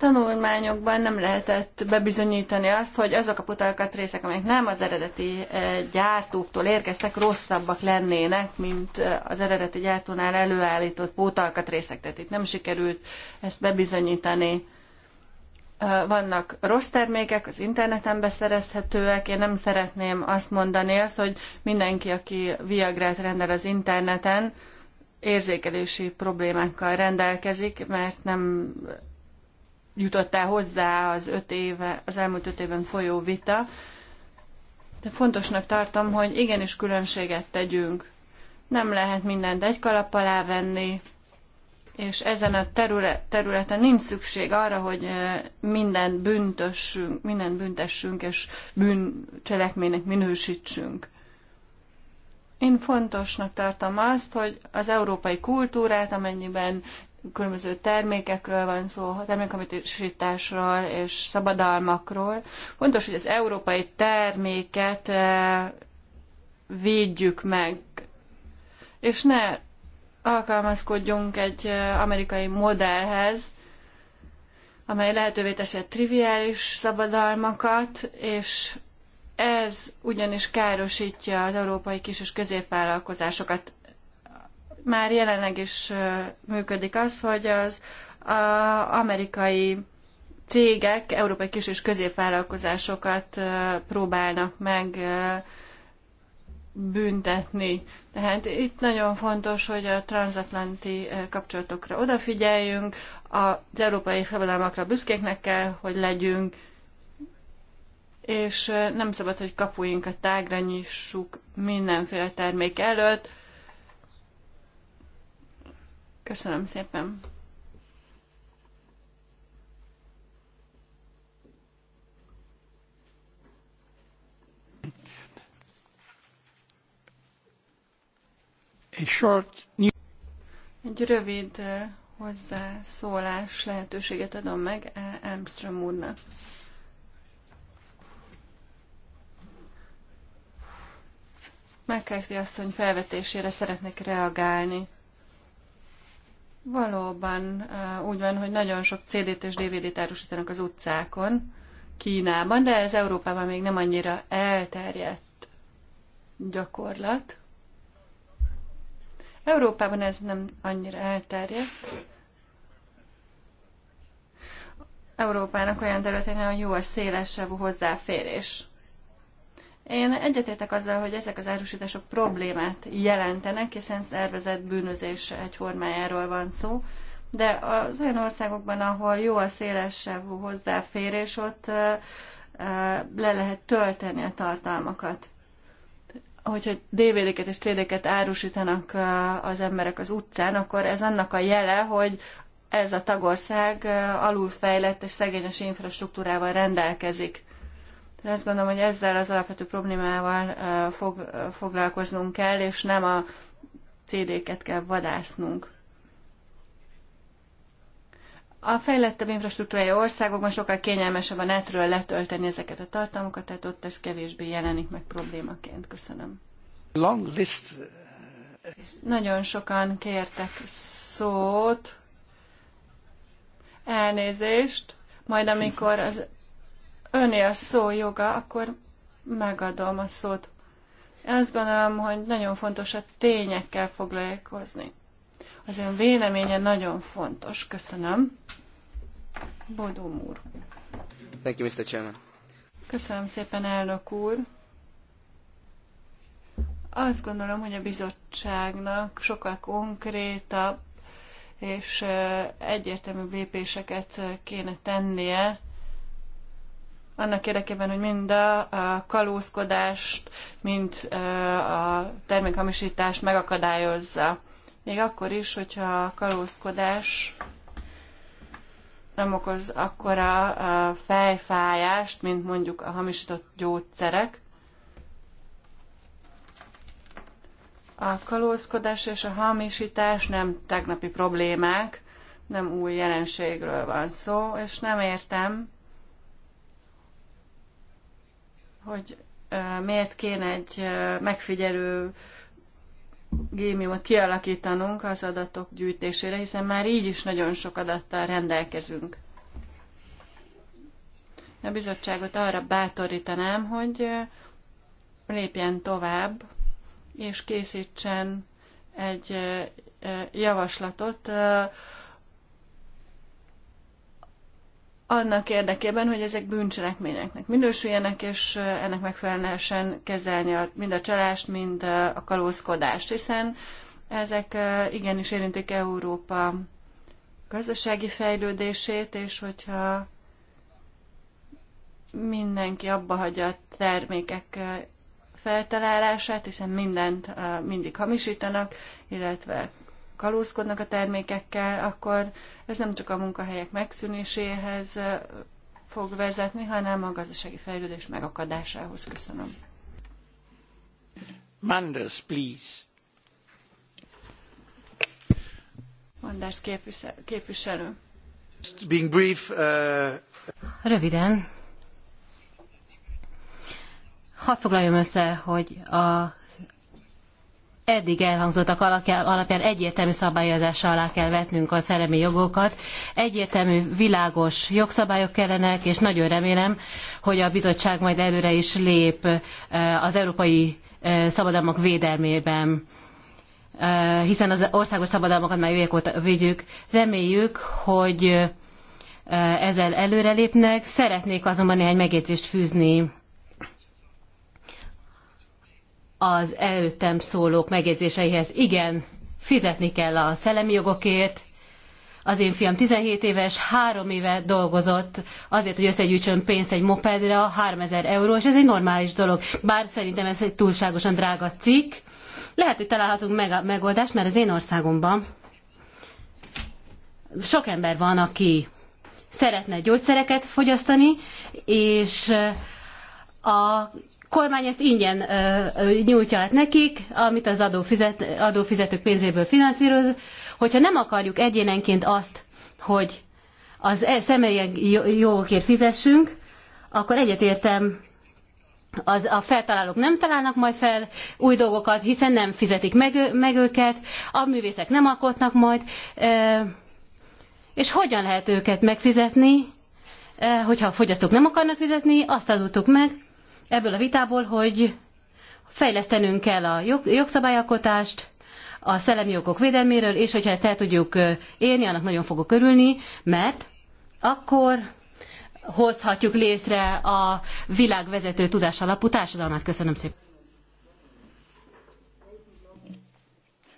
tanulmányokban nem lehetett bebizonyítani azt, hogy azok a putalkatrészek, amelyek nem az eredeti eh, gyártóktól érkeztek, rosszabbak lennének, mint eh, az eredeti gyártónál előállított pótalkatrészek. Tehát itt nem sikerült ezt bebizonyítani. Eh, vannak rossz termékek, az interneten beszerezhetőek. Én nem szeretném azt mondani azt, hogy mindenki, aki Viagrát rendel az interneten, érzékelési problémákkal rendelkezik, mert nem jutott el hozzá az, öt éve, az elmúlt öt évben folyó vita, de fontosnak tartom, hogy igenis különbséget tegyünk. Nem lehet mindent egy kalap alá venni, és ezen a terület, területen nincs szükség arra, hogy minden büntessünk, minden büntessünk és bűncselekménynek minősítsünk. Én fontosnak tartom azt, hogy az európai kultúrát, amennyiben különböző termékekről van szó, termékhamisításról és szabadalmakról. Fontos, hogy az európai terméket eh, védjük meg, és ne alkalmazkodjunk egy eh, amerikai modellhez, amely lehetővé teszi a triviális szabadalmakat, és ez ugyanis károsítja az európai kis- és középvállalkozásokat már jelenleg is működik az, hogy az amerikai cégek, európai kis- és középvállalkozásokat próbálnak meg büntetni. Tehát itt nagyon fontos, hogy a transatlanti kapcsolatokra odafigyeljünk, az európai fevedelmakra büszkéknek kell, hogy legyünk, és nem szabad, hogy kapuinkat tágra nyissuk mindenféle termék előtt, Köszönöm szépen. Egy short... Egy rövid eh, hozzászólás lehetőséget adom meg Elmström eh, úrnak. McCarthy asszony felvetésére szeretnék reagálni. Valóban eh, úgy van, hogy nagyon sok CD-t és DVD-t árusítanak az utcákon Kínában, de ez Európában még nem annyira elterjedt gyakorlat. Európában ez nem annyira elterjedt. Európának olyan területén, hogy jó a szélesebb hozzáférés. Én egyetértek azzal, hogy ezek az árusítások problémát jelentenek, hiszen szervezett bűnözés egy formájáról van szó, de az olyan országokban, ahol jó a szélesebb hozzáférés, ott le lehet tölteni a tartalmakat. Hogyha DVD-ket és CD-ket árusítanak az emberek az utcán, akkor ez annak a jele, hogy ez a tagország alulfejlett és szegényes infrastruktúrával rendelkezik de azt gondolom, hogy ezzel az alapvető problémával fog, foglalkoznunk kell, és nem a CD-ket kell vadásznunk. A fejlettebb infrastruktúrai országokban sokkal kényelmesebb a netről letölteni ezeket a tartalmakat, tehát ott ez kevésbé jelenik meg problémaként. Köszönöm. Long list. Nagyon sokan kértek szót, elnézést, majd amikor az öné a szó joga, akkor megadom a szót. Én azt gondolom, hogy nagyon fontos a tényekkel foglalkozni. Az ön véleménye nagyon fontos. Köszönöm. Bodum úr. Thank you, Mr. Chairman. Köszönöm szépen, elnök úr. Azt gondolom, hogy a bizottságnak sokkal konkrétabb és egyértelmű lépéseket kéne tennie annak érdekében, hogy mind a kalózkodást, mind a termékhamisítást megakadályozza. Még akkor is, hogyha a kalózkodás nem okoz akkora fejfájást, mint mondjuk a hamisított gyógyszerek. A kalózkodás és a hamisítás nem tegnapi problémák, nem új jelenségről van szó, és nem értem, hogy miért kéne egy megfigyelő gémiumot kialakítanunk az adatok gyűjtésére, hiszen már így is nagyon sok adattal rendelkezünk. A bizottságot arra bátorítanám, hogy lépjen tovább, és készítsen egy javaslatot annak érdekében, hogy ezek bűncselekményeknek minősüljenek, és ennek megfelelően lehessen kezelni mind a csalást, mind a kalózkodást, hiszen ezek igenis érintik Európa gazdasági fejlődését, és hogyha mindenki abba hagyja a termékek feltalálását, hiszen mindent mindig hamisítanak, illetve kalózkodnak a termékekkel, akkor ez nem csak a munkahelyek megszűnéséhez fog vezetni, hanem a gazdasági fejlődés megakadásához. Köszönöm. Manders, please. Manders képviselő. Just Being brief, uh... Röviden. Hadd foglaljam össze, hogy a eddig elhangzottak alapján egyértelmű szabályozása alá kell vetnünk a szellemi jogokat. Egyértelmű, világos jogszabályok kellenek, és nagyon remélem, hogy a bizottság majd előre is lép eh, az európai eh, szabadalmak védelmében eh, hiszen az országos szabadalmakat már évek óta védjük. Reméljük, hogy ezzel előrelépnek. Szeretnék azonban néhány megjegyzést fűzni az előttem szólók megjegyzéseihez. Igen, fizetni kell a szellemi jogokért. Az én fiam 17 éves, három éve dolgozott azért, hogy összegyűjtsön pénzt egy mopedra, 3000 euró, és ez egy normális dolog. Bár szerintem ez egy túlságosan drága cikk. Lehet, hogy találhatunk meg megoldást, mert az én országomban sok ember van, aki szeretne gyógyszereket fogyasztani, és a kormány ezt ingyen nyújtja át nekik, amit az adófizet, adófizetők pénzéből finanszíroz. Hogyha nem akarjuk egyénenként azt, hogy az e személyi jogokért fizessünk, akkor egyetértem az a feltalálók nem találnak majd fel új dolgokat, hiszen nem fizetik meg, meg őket, a művészek nem alkotnak majd, és hogyan lehet őket megfizetni, hogyha a fogyasztók nem akarnak fizetni, azt adottuk meg, ebből a vitából, hogy fejlesztenünk kell a jog, jogszabályalkotást, a szellemi jogok védelméről, és hogyha ezt el tudjuk érni, annak nagyon fogok örülni, mert akkor hozhatjuk létre a világ vezető tudás alapú társadalmát. Köszönöm szépen.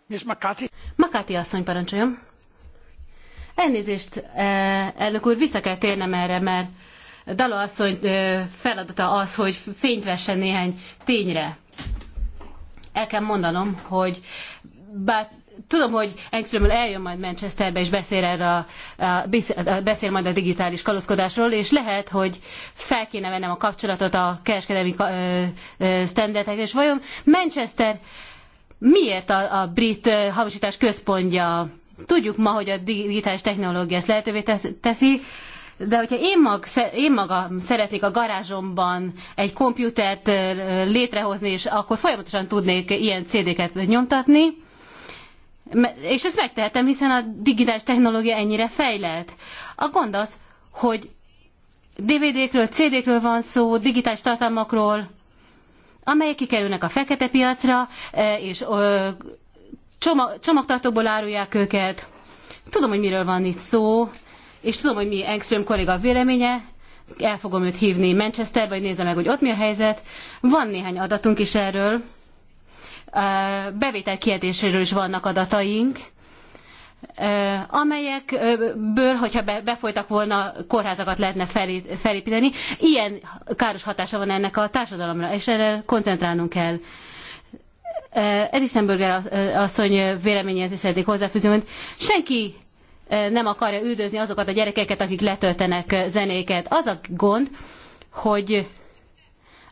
És Makati? Makati asszony, parancsoljon. Elnézést, elnök úr, vissza kell térnem erre, mert Dala asszony feladata az, hogy fényt vessen néhány tényre. El kell mondanom, hogy bár tudom, hogy Engström eljön majd Manchesterbe, és beszél, erre a, a, beszél majd a digitális kalózkodásról, és lehet, hogy fel kéne vennem a kapcsolatot a kereskedelmi standardekhez, és vajon Manchester miért a, a brit hamisítás központja? Tudjuk ma, hogy a digitális technológia ezt lehetővé teszi, de hogyha én, mag, én magam szeretnék a garázsomban egy komputert létrehozni, és akkor folyamatosan tudnék ilyen CD-ket nyomtatni, és ezt megtehetem, hiszen a digitális technológia ennyire fejlett. A gond az, hogy DVD-kről, CD-kről van szó, digitális tartalmakról, amelyek kikerülnek a fekete piacra, és csomag, csomagtartóból árulják őket. Tudom, hogy miről van itt szó, és tudom, hogy mi Engström kolléga véleménye, el fogom őt hívni Manchesterbe, hogy nézze meg, hogy ott mi a helyzet. Van néhány adatunk is erről. Bevétel kietéséről is vannak adataink, amelyekből, hogyha befolytak volna, kórházakat lehetne felépíteni. Ilyen káros hatása van ennek a társadalomra, és erre koncentrálnunk kell. Edistenberger asszony véleményéhez is szeretnék hozzáfűzni, hogy senki nem akarja üldözni azokat a gyerekeket, akik letöltenek zenéket. Az a gond, hogy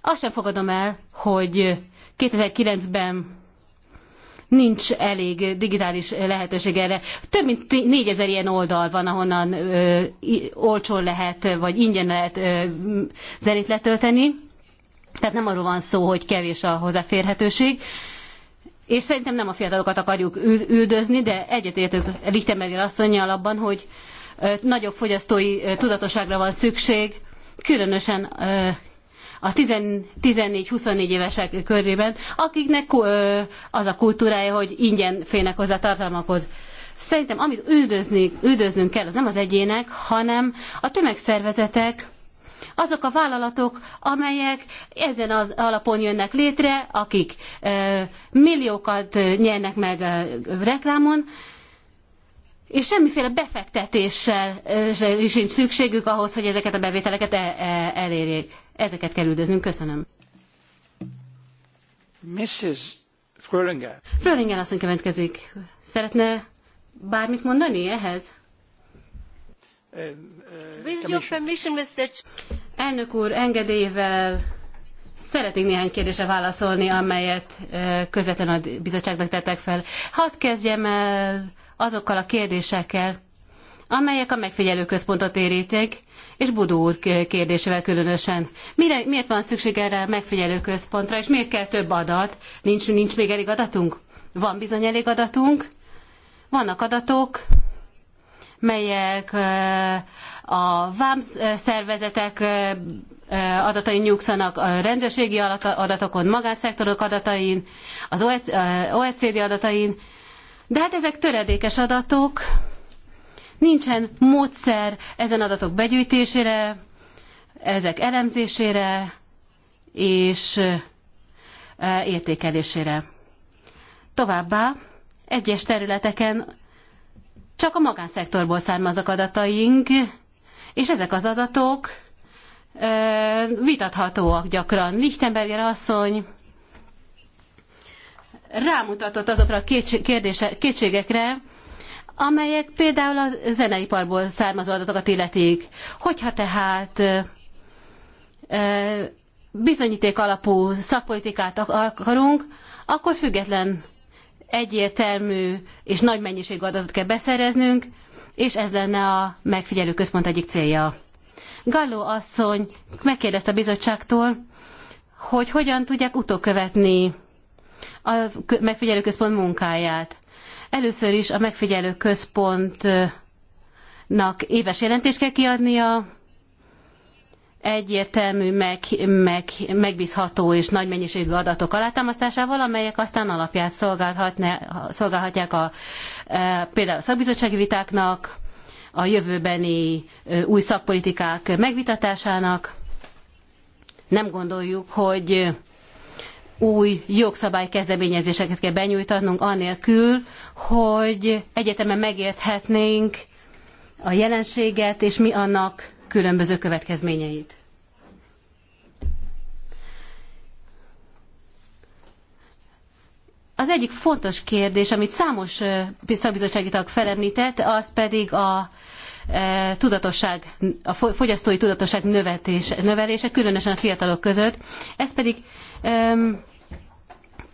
azt sem fogadom el, hogy 2009-ben nincs elég digitális lehetőség erre. Több mint 4000 ilyen oldal van, ahonnan ö, olcsón lehet, vagy ingyen lehet ö, zenét letölteni. Tehát nem arról van szó, hogy kevés a hozzáférhetőség. Ö, és szerintem nem a fiatalokat akarjuk üldözni, de egyetértünk Lichtenberger asszonynal abban, hogy nagyobb fogyasztói tudatosságra van szükség, különösen a 14-24 évesek körében, akiknek az a kultúrája, hogy ingyen félnek hozzá tartalmakhoz. Szerintem amit üldözni, üldöznünk kell, az nem az egyének, hanem a tömegszervezetek, azok a vállalatok, amelyek ezen az alapon jönnek létre, akik milliókat nyernek meg reklámon, és semmiféle befektetéssel sincs szükségük ahhoz, hogy ezeket a bevételeket e, e, elérjék. Ezeket kell üldöznünk. Köszönöm. Mrs. Frölinger. Frölinger asszony következik. Szeretne bármit mondani ehhez? Elnök úr, engedélyével Szeretnék néhány kérdésre válaszolni, amelyet közvetlenül a bizottságnak tettek fel. Hadd kezdjem el azokkal a kérdésekkel, amelyek a megfigyelőközpontot érítik, és Budó úr kérdésével különösen. Mire, miért van szükség erre a megfigyelőközpontra, és miért kell több adat? Nincs, nincs még elég adatunk? Van bizony elég adatunk, vannak adatok, melyek a vám szervezetek adatain nyugszanak, a rendőrségi adatokon, magánszektorok adatain, az OECD adatain, de hát ezek töredékes adatok, nincsen módszer ezen adatok begyűjtésére, ezek elemzésére és értékelésére. Továbbá egyes területeken csak a magánszektorból származnak adataink, és ezek az adatok vitathatóak gyakran. Lichtenberger asszony rámutatott azokra a kérdése, kétségekre, amelyek például a zeneiparból származó adatokat illetik. Hogyha tehát bizonyíték alapú szakpolitikát akarunk, akkor független egyértelmű és nagy mennyiségű adatot kell beszereznünk, és ez lenne a megfigyelő központ egyik célja. Galló asszony megkérdezte a bizottságtól, hogy hogyan tudják utókövetni a megfigyelő központ munkáját. Először is a megfigyelő központnak éves jelentést kell kiadnia, egyértelmű, meg, meg, megbízható és nagy mennyiségű adatok alátámasztásával, amelyek aztán alapját szolgálhatják a, e, például a szakbizottsági vitáknak, a jövőbeni e, új szakpolitikák megvitatásának. Nem gondoljuk, hogy új jogszabály kezdeményezéseket kell benyújtanunk anélkül, hogy egyetemen megérthetnénk a jelenséget és mi annak különböző következményeit. Az egyik fontos kérdés, amit számos szakbizottsági tag felemlített, az pedig a tudatosság, a fogyasztói tudatosság növetése, növelése, különösen a fiatalok között. Ez pedig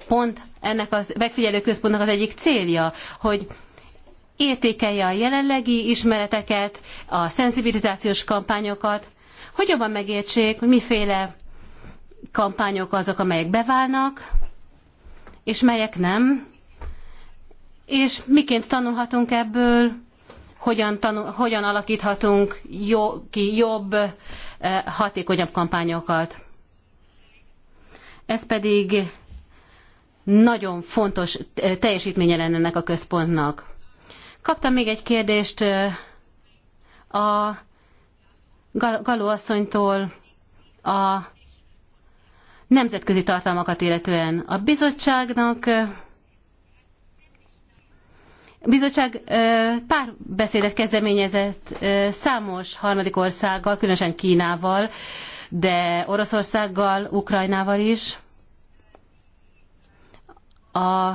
pont ennek a megfigyelő központnak az egyik célja, hogy értékelje a jelenlegi ismereteket, a szenzibilizációs kampányokat, hogy jobban megértsék, hogy miféle kampányok azok, amelyek beválnak, és melyek nem, és miként tanulhatunk ebből, hogyan, tanul, hogyan alakíthatunk jó, ki jobb, eh, hatékonyabb kampányokat. Ez pedig nagyon fontos eh, teljesítménye lenne ennek a központnak. Kaptam még egy kérdést a Galó asszonytól a nemzetközi tartalmakat illetően. A bizottságnak a bizottság pár beszédet kezdeményezett számos harmadik országgal, különösen Kínával, de Oroszországgal, Ukrajnával is. A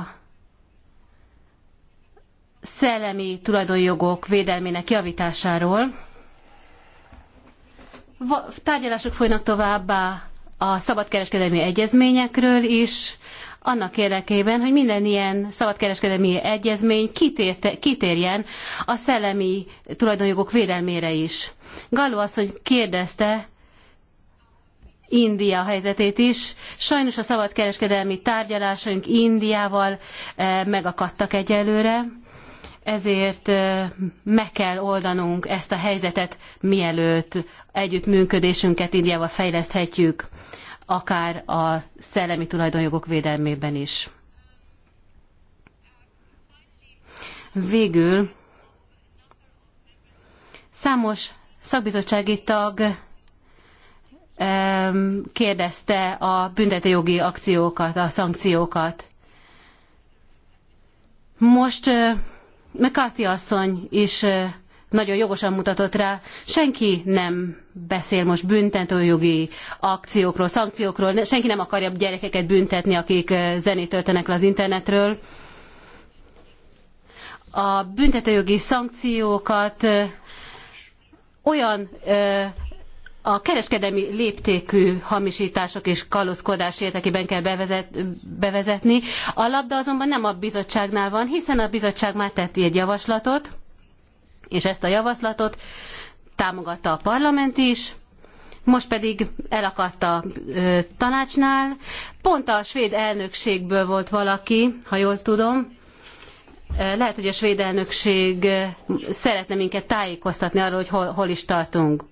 szellemi tulajdonjogok védelmének javításáról. Tárgyalások folynak továbbá a szabadkereskedelmi egyezményekről is, annak érdekében, hogy minden ilyen szabadkereskedelmi egyezmény kitérte, kitérjen a szellemi tulajdonjogok védelmére is. Galló asszony kérdezte India helyzetét is. Sajnos a szabadkereskedelmi tárgyalásaink Indiával eh, megakadtak egyelőre ezért meg kell oldanunk ezt a helyzetet, mielőtt együttműködésünket Indiával fejleszthetjük, akár a szellemi tulajdonjogok védelmében is. Végül számos szakbizottsági tag kérdezte a büntetőjogi akciókat, a szankciókat. Most McCarthy asszony is nagyon jogosan mutatott rá, senki nem beszél most büntetőjogi akciókról, szankciókról, senki nem akarja gyerekeket büntetni, akik zenét töltenek le az internetről. A büntetőjogi szankciókat olyan ö, a kereskedelmi léptékű hamisítások és kalózkodás érdekében kell bevezet, bevezetni. A labda azonban nem a bizottságnál van, hiszen a bizottság már tett egy javaslatot, és ezt a javaslatot támogatta a parlament is, most pedig elakadt a ö, tanácsnál. Pont a svéd elnökségből volt valaki, ha jól tudom, lehet, hogy a svéd elnökség szeretne minket tájékoztatni arról, hogy hol, hol is tartunk.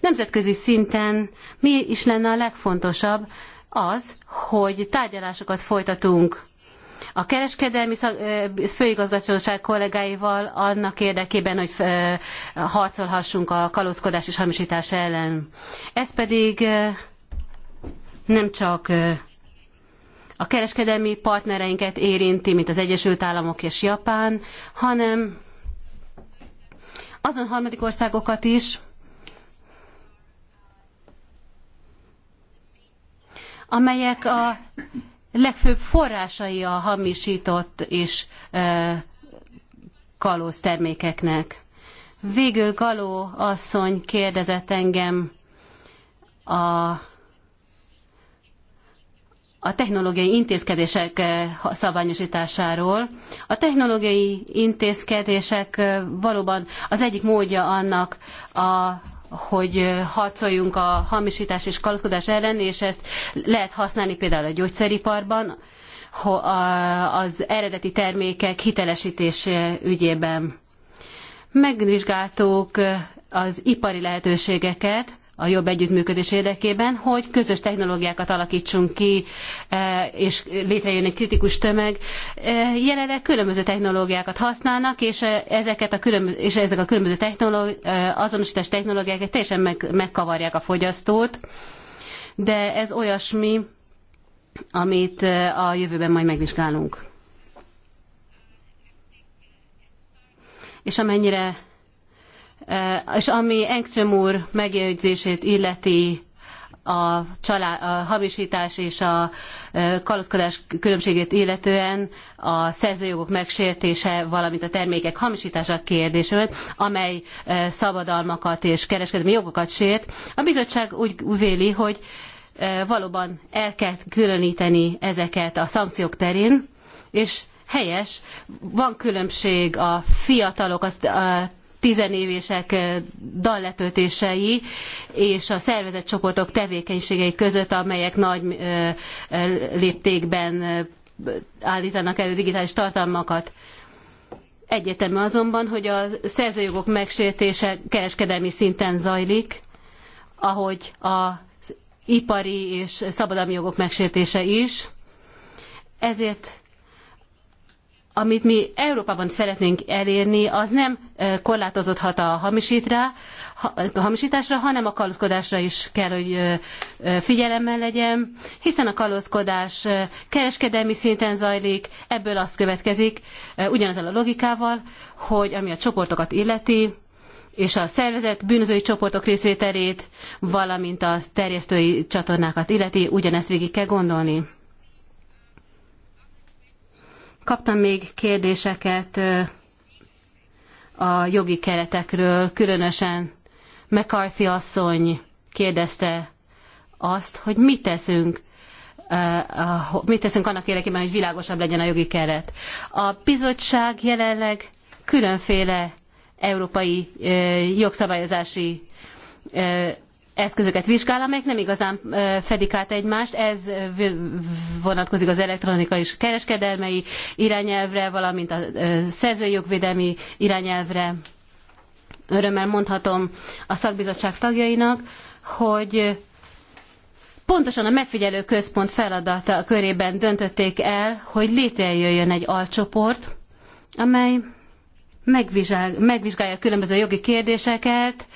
Nemzetközi szinten mi is lenne a legfontosabb az, hogy tárgyalásokat folytatunk a kereskedelmi főigazgatóság kollégáival annak érdekében, hogy harcolhassunk a kalózkodás és hamisítás ellen. Ez pedig nem csak a kereskedelmi partnereinket érinti, mint az Egyesült Államok és Japán, hanem azon harmadik országokat is, amelyek a legfőbb forrásai a hamisított és kalóz termékeknek. Végül Galó asszony kérdezett engem a, a technológiai intézkedések szabványosításáról. A technológiai intézkedések valóban az egyik módja annak a hogy harcoljunk a hamisítás és kalózkodás ellen, és ezt lehet használni például a gyógyszeriparban, az eredeti termékek hitelesítése ügyében. Megvizsgáltuk az ipari lehetőségeket, a jobb együttműködés érdekében, hogy közös technológiákat alakítsunk ki, e, és létrejön egy kritikus tömeg. E, jelenleg különböző technológiákat használnak, és, e, ezeket a különböző, és ezek a különböző technológi, azonosítás technológiákat teljesen meg, megkavarják a fogyasztót, de ez olyasmi, amit a jövőben majd megvizsgálunk. És amennyire Eh, és ami Engström úr megjegyzését illeti, a, csalá, a hamisítás és a eh, kalózkodás különbségét illetően a szerzőjogok megsértése, valamint a termékek hamisítása kérdését, amely eh, szabadalmakat és kereskedelmi jogokat sért. A bizottság úgy véli, hogy valóban el kell különíteni ezeket a szankciók terén, és helyes, van különbség a fiatalokat tizenévések eh, dalletöltései és a szervezett csoportok tevékenységei között, amelyek nagy eh, eh, léptékben állítanak elő digitális tartalmakat. Egyetem azonban, hogy a szerzőjogok megsértése kereskedelmi szinten zajlik, ahogy az ipari és szabadalmi jogok megsértése is. Ezért amit mi Európában szeretnénk elérni, az nem korlátozódhat a hamisításra, hanem a kalózkodásra is kell, hogy figyelemmel legyen, hiszen a kalózkodás kereskedelmi szinten zajlik, ebből az következik, ugyanazzal a logikával, hogy ami a csoportokat illeti, és a szervezet bűnözői csoportok részvételét, valamint a terjesztői csatornákat illeti, ugyanezt végig kell gondolni Kaptam még kérdéseket a jogi keretekről, különösen McCarthy asszony kérdezte azt, hogy mit teszünk mit teszünk annak érdekében, hogy világosabb legyen a jogi keret. A bizottság jelenleg különféle európai jogszabályozási eszközöket vizsgál, amelyek nem igazán fedik át egymást. Ez vonatkozik az elektronikai és kereskedelmei irányelvre, valamint a szerzőjogvédelmi irányelvre. Örömmel mondhatom a szakbizottság tagjainak, hogy pontosan a megfigyelő központ feladata körében döntötték el, hogy létrejöjjön egy alcsoport, amely megvizsgálja, megvizsgálja különböző jogi kérdéseket,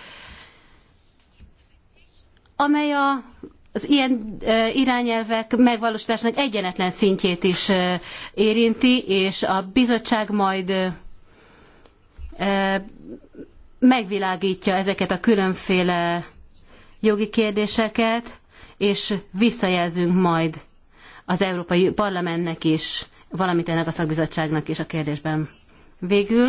amely a az ilyen irányelvek megvalósításának egyenetlen szintjét is érinti, és a bizottság majd megvilágítja ezeket a különféle jogi kérdéseket, és visszajelzünk majd az Európai Parlamentnek is, valamint ennek a szakbizottságnak is a kérdésben. Végül,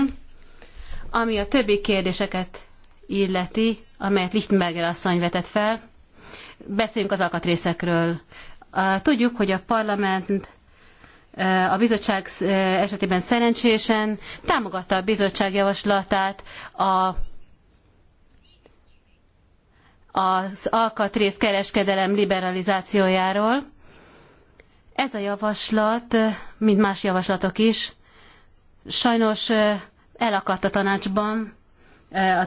ami a többi kérdéseket illeti, amelyet Lichtenberger asszony vetett fel, Beszéljünk az alkatrészekről. Tudjuk, hogy a parlament e, a bizottság e, esetében szerencsésen támogatta a bizottság javaslatát a az alkatrész kereskedelem liberalizációjáról. Ez a javaslat, e, mint más javaslatok is, sajnos elakadt a tanácsban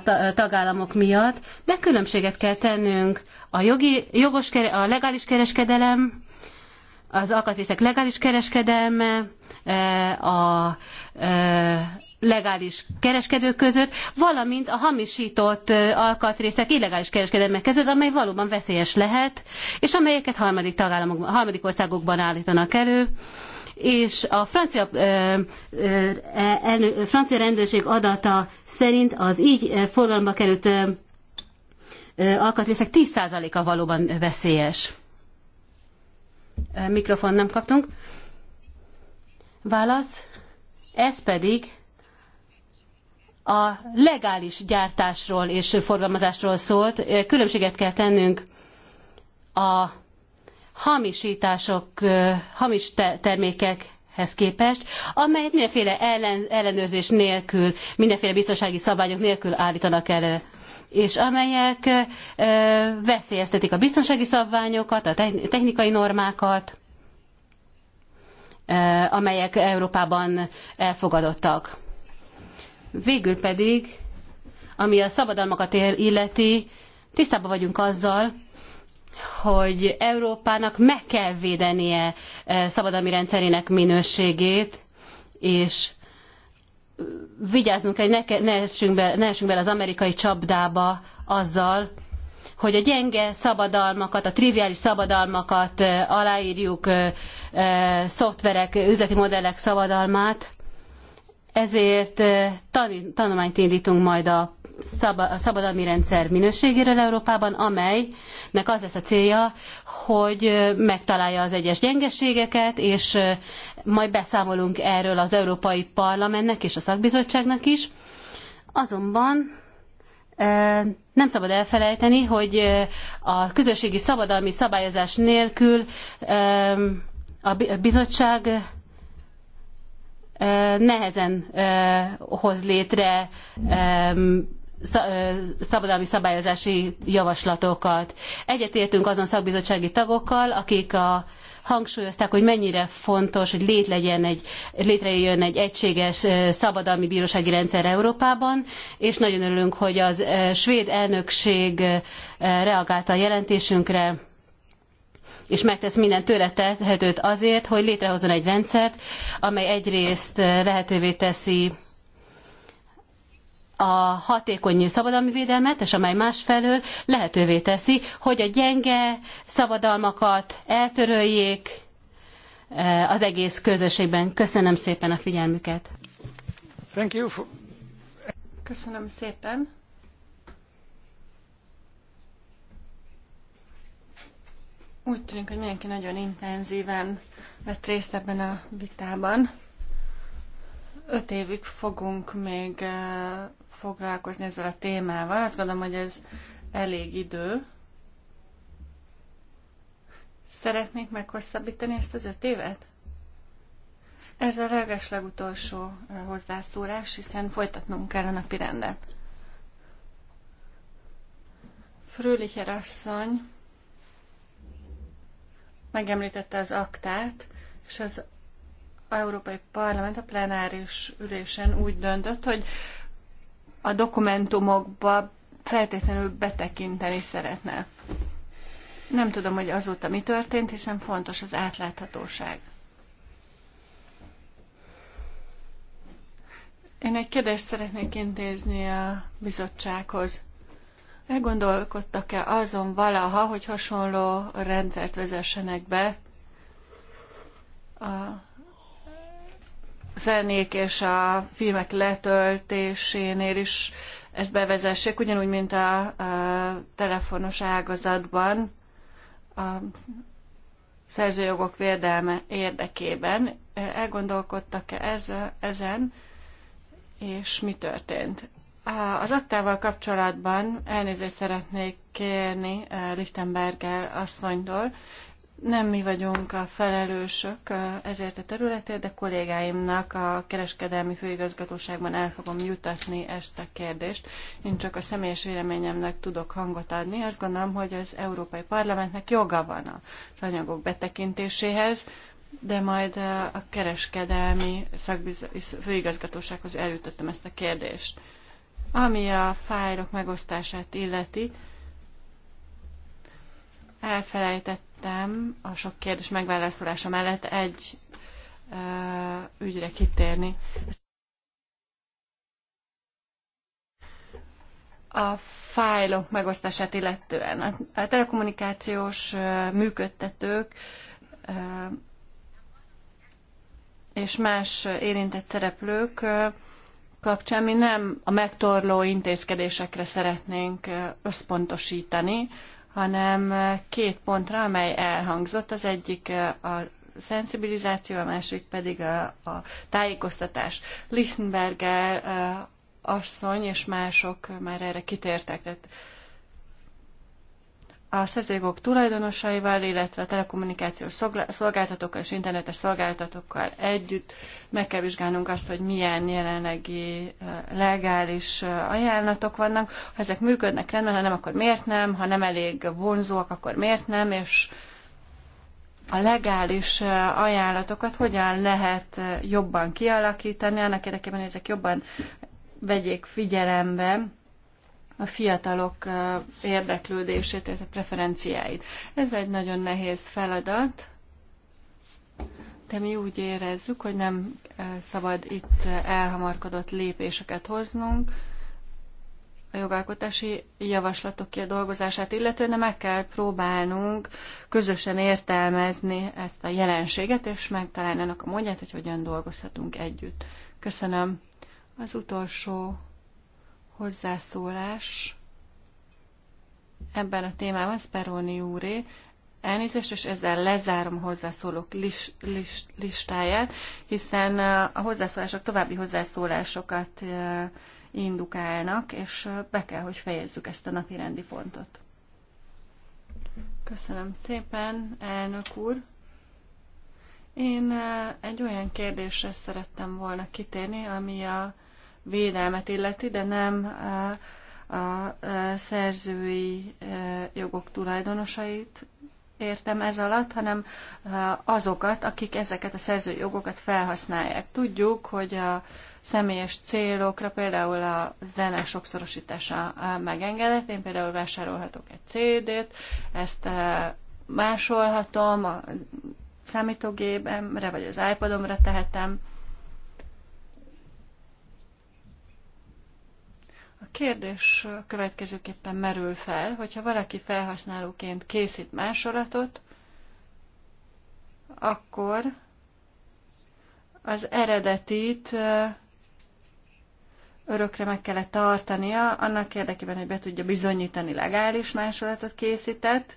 a tagállamok miatt, de különbséget kell tennünk a, jogi, jogos, a legális kereskedelem, az alkatrészek legális kereskedelme, e, a e, legális kereskedők között, valamint a hamisított e, alkatrészek illegális kereskedelmek között, amely valóban veszélyes lehet, és amelyeket harmadik, tagállamokban, harmadik országokban állítanak elő és a francia, francia rendőrség adata szerint az így forgalomba került alkatrészek 10%-a valóban veszélyes. Mikrofon nem kaptunk. Válasz. Ez pedig a legális gyártásról és forgalmazásról szólt. Különbséget kell tennünk a hamisítások, hamis termékekhez képest, amelyet mindenféle ellen, ellenőrzés nélkül, mindenféle biztonsági szabályok nélkül állítanak elő és amelyek veszélyeztetik a biztonsági szabványokat, a technikai normákat, amelyek Európában elfogadottak. Végül pedig, ami a szabadalmakat illeti, tisztában vagyunk azzal, hogy Európának meg kell védenie szabadalmi rendszerének minőségét, és vigyáznunk, hogy ne, ne, essünk be, ne essünk bele az amerikai csapdába azzal, hogy a gyenge szabadalmakat, a triviális szabadalmakat aláírjuk szoftverek, üzleti modellek szabadalmát, ezért tanulmányt indítunk majd a szabadalmi rendszer minőségéről Európában, amelynek az lesz a célja, hogy megtalálja az egyes gyengeségeket, és majd beszámolunk erről az Európai Parlamentnek és a szakbizottságnak is. Azonban nem szabad elfelejteni, hogy a közösségi szabadalmi szabályozás nélkül a bizottság nehezen hoz létre szabadalmi szabályozási javaslatokat. Egyetértünk azon szakbizottsági tagokkal, akik a, hangsúlyozták, hogy mennyire fontos, hogy lét egy, létrejön egy egységes szabadalmi bírósági rendszer Európában, és nagyon örülünk, hogy az svéd elnökség reagálta a jelentésünkre, és megtesz minden tőle tehetőt azért, hogy létrehozzon egy rendszert, amely egyrészt lehetővé teszi a hatékony szabadalmi védelmet, és amely másfelől lehetővé teszi, hogy a gyenge szabadalmakat eltöröljék eh, az egész közösségben. Köszönöm szépen a figyelmüket. Thank you for... Köszönöm szépen. Úgy tűnik, hogy mindenki nagyon intenzíven vett részt ebben a vitában öt évig fogunk még eh, foglalkozni ezzel a témával. Azt gondolom, hogy ez elég idő. Szeretnék meghosszabbítani ezt az öt évet? Ez a legeslegutolsó hozzászólás, hiszen folytatnunk kell a napi rendet. Frölicher asszony megemlítette az aktát, és az Európai Parlament a plenáris ülésen úgy döntött, hogy a dokumentumokba feltétlenül betekinteni szeretne. Nem tudom, hogy azóta mi történt, hiszen fontos az átláthatóság. Én egy kérdést szeretnék intézni a bizottsághoz. Elgondolkodtak-e azon valaha, hogy hasonló rendszert vezessenek be a zenék és a filmek letöltésénél is ezt bevezessék, ugyanúgy, mint a, a telefonos ágazatban a szerzőjogok védelme érdekében. Elgondolkodtak-e ezen, és mi történt? Az aktával kapcsolatban elnézést szeretnék kérni eh, Lichtenberger asszonytól. Nem mi vagyunk a felelősök ezért a területért, de kollégáimnak a kereskedelmi főigazgatóságban el fogom jutatni ezt a kérdést. Én csak a személyes véleményemnek tudok hangot adni. Azt gondolom, hogy az Európai Parlamentnek joga van az anyagok betekintéséhez, de majd a kereskedelmi szakbiz- főigazgatósághoz eljutottam ezt a kérdést. Ami a fájlok megosztását illeti, elfelejtett szerettem a sok kérdés megválaszolása mellett egy uh, ügyre kitérni. A fájlok megosztását illetően a telekommunikációs működtetők uh, és más érintett szereplők uh, kapcsán mi nem a megtorló intézkedésekre szeretnénk összpontosítani, hanem két pontra, amely elhangzott. Az egyik a szensibilizáció, a másik pedig a, a tájékoztatás. Lichtenberger asszony és mások már erre kitértek, tehát a szerzőjogok tulajdonosaival, illetve a telekommunikációs szolgáltatókkal és internetes szolgáltatókkal együtt meg kell vizsgálnunk azt, hogy milyen jelenlegi legális ajánlatok vannak. Ha ezek működnek rendben, ha nem, akkor miért nem? Ha nem elég vonzóak, akkor miért nem? És a legális ajánlatokat hogyan lehet jobban kialakítani, annak érdekében, hogy ezek jobban vegyék figyelembe a fiatalok érdeklődését, tehát a preferenciáit. Ez egy nagyon nehéz feladat, de mi úgy érezzük, hogy nem szabad itt elhamarkodott lépéseket hoznunk, a jogalkotási javaslatok kidolgozását illetően, meg kell próbálnunk közösen értelmezni ezt a jelenséget, és megtalálni annak a módját, hogy hogyan dolgozhatunk együtt. Köszönöm. Az utolsó hozzászólás ebben a témában, Speroni úré, elnézést, és ezzel lezárom a hozzászólók listáját, hiszen a hozzászólások további hozzászólásokat indukálnak, és be kell, hogy fejezzük ezt a napi rendi pontot. Köszönöm szépen, elnök úr. Én egy olyan kérdésre szerettem volna kitérni, ami a védelmet illeti, de nem eh, a, a eh, szerzői eh, jogok tulajdonosait értem ez alatt, hanem azokat, akik ezeket a szerzői jogokat felhasználják. Tudjuk, hogy a személyes célokra például a zene sokszorosítása megengedett. Én például vásárolhatok egy CD-t, ezt másolhatom a számítógépemre, vagy az iPadomra tehetem. kérdés következőképpen merül fel, hogyha valaki felhasználóként készít másolatot, akkor az eredetit örökre meg kellett tartania, annak érdekében, hogy be tudja bizonyítani legális másolatot készített,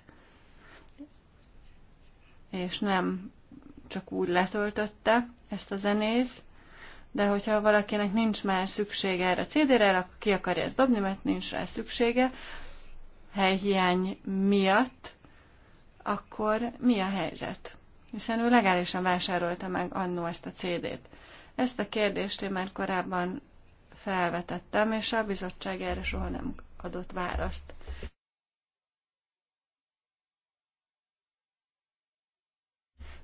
és nem csak úgy letöltötte ezt a zenész de hogyha valakinek nincs már szüksége erre a CD-re, akkor ki akarja ezt dobni, mert nincs rá szüksége helyhiány miatt, akkor mi a helyzet? Hiszen ő legálisan vásárolta meg annó ezt a CD-t. Ezt a kérdést én már korábban felvetettem, és a bizottság erre soha nem adott választ.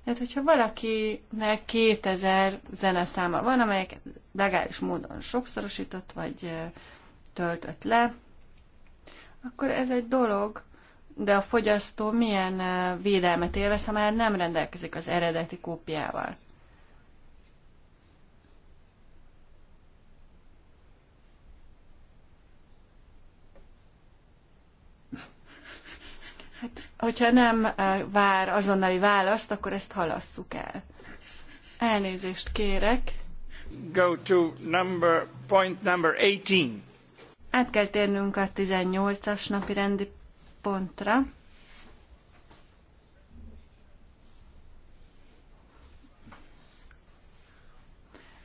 Tehát, hogyha valakinek 2000 zeneszáma van, amelyek legális módon sokszorosított, vagy töltött le, akkor ez egy dolog, de a fogyasztó milyen védelmet élvez, ha már nem rendelkezik az eredeti kópiával. Hát, hogyha nem eh, vár azonnali választ, akkor ezt halasszuk el. Elnézést kérek. Go to number, point number 18. Át kell térnünk a 18-as napi rendi pontra.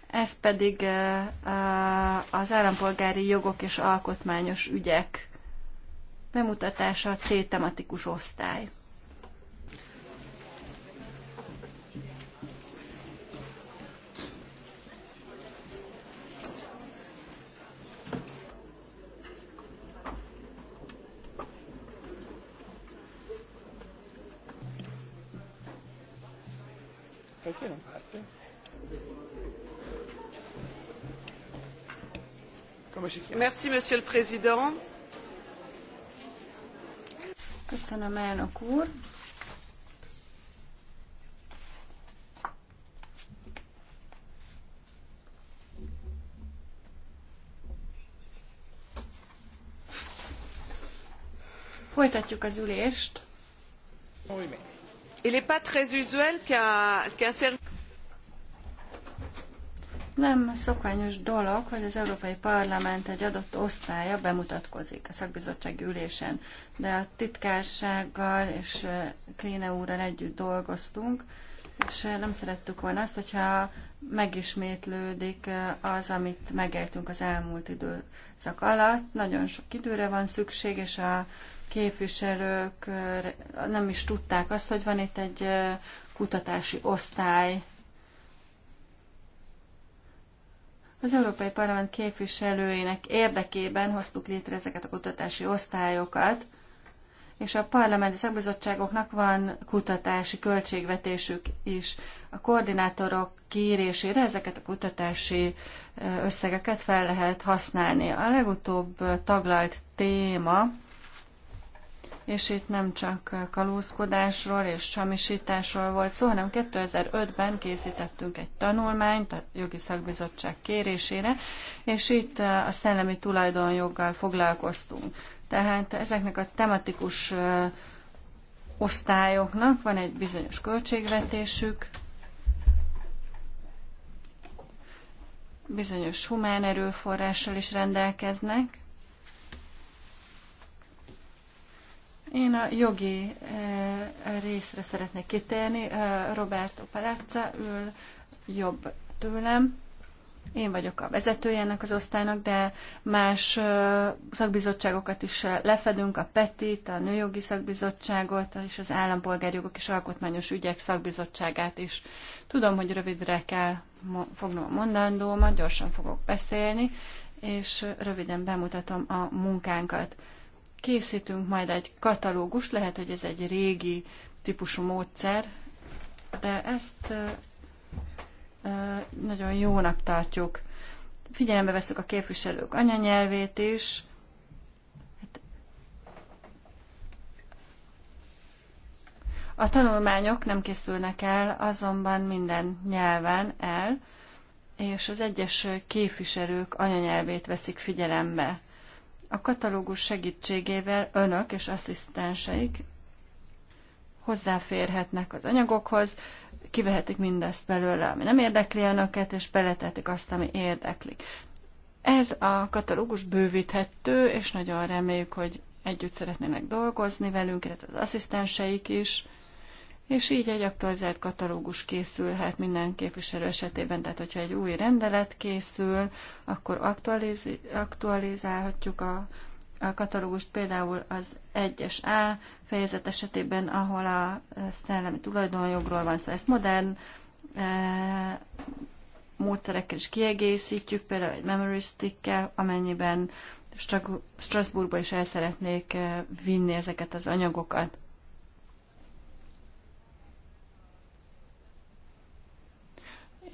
Ez pedig eh, eh, az állampolgári jogok és alkotmányos ügyek bemutatása a C tematikus osztály. Köszönöm, non Merci, Monsieur le Président Köszönöm, elnök úr. Folytatjuk az ülést. Il n'est pas très usuel qu'un qu service nem szokványos dolog, hogy az Európai Parlament egy adott osztálya bemutatkozik a szakbizottság ülésen, de a titkársággal és Kléne úrral együtt dolgoztunk, és nem szerettük volna azt, hogyha megismétlődik az, amit megéltünk az elmúlt időszak alatt. Nagyon sok időre van szükség, és a képviselők nem is tudták azt, hogy van itt egy kutatási osztály, Az Európai Parlament képviselőinek érdekében hoztuk létre ezeket a kutatási osztályokat, és a parlamenti szakbizottságoknak van kutatási költségvetésük is. A koordinátorok kérésére ezeket a kutatási összegeket fel lehet használni. A legutóbb taglalt téma és itt nem csak kalózkodásról és csamisításról volt szó, hanem 2005-ben készítettünk egy tanulmányt a jogi szakbizottság kérésére, és itt a szellemi tulajdonjoggal foglalkoztunk. Tehát ezeknek a tematikus osztályoknak van egy bizonyos költségvetésük, bizonyos humán erőforrással is rendelkeznek, Én a jogi eh, részre szeretnék kitérni. Eh, Roberto Palazza ül jobb tőlem. Én vagyok a vezetője ennek az osztálynak, de más eh, szakbizottságokat is lefedünk, a PETIT, a Nőjogi Szakbizottságot, és az Állampolgárjogok és Alkotmányos Ügyek Szakbizottságát is. Tudom, hogy rövidre kell fognom a mondandómat, gyorsan fogok beszélni, és röviden bemutatom a munkánkat. Készítünk majd egy katalógus, lehet, hogy ez egy régi típusú módszer, de ezt nagyon jónak tartjuk. Figyelembe veszük a képviselők anyanyelvét is, hát, A tanulmányok nem készülnek el, azonban minden nyelven el, és az egyes képviselők anyanyelvét veszik figyelembe. A katalógus segítségével önök és asszisztenseik hozzáférhetnek az anyagokhoz, kivehetik mindezt belőle, ami nem érdekli önöket, és beletetik azt, ami érdeklik. Ez a katalógus bővíthető, és nagyon reméljük, hogy együtt szeretnének dolgozni velünk, illetve az asszisztenseik is és így egy aktualizált katalógus készülhet minden képviselő esetében, tehát hogyha egy új rendelet készül, akkor aktualiz aktualizálhatjuk a, a katalógust például az 1-es A fejezet esetében, ahol a szellemi tulajdonjogról van szó. Szóval ezt modern e, módszerekkel is kiegészítjük, például egy memory stickkel, amennyiben Strasbourgba is el szeretnék e, vinni ezeket az anyagokat.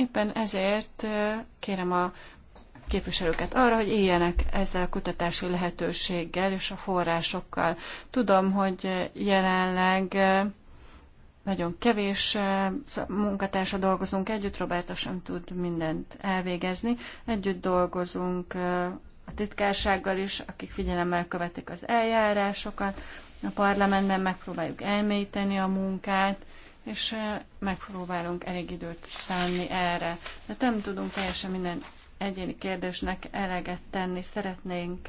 Éppen ezért kérem a képviselőket arra, hogy éljenek ezzel a kutatási lehetőséggel és a forrásokkal. Tudom, hogy jelenleg nagyon kevés munkatársa dolgozunk együtt, Roberta sem tud mindent elvégezni. Együtt dolgozunk a titkársággal is, akik figyelemmel követik az eljárásokat. A parlamentben megpróbáljuk elmélyíteni a munkát, és megpróbálunk elég időt szánni erre. De nem tudunk teljesen minden egyéni kérdésnek eleget tenni. Szeretnénk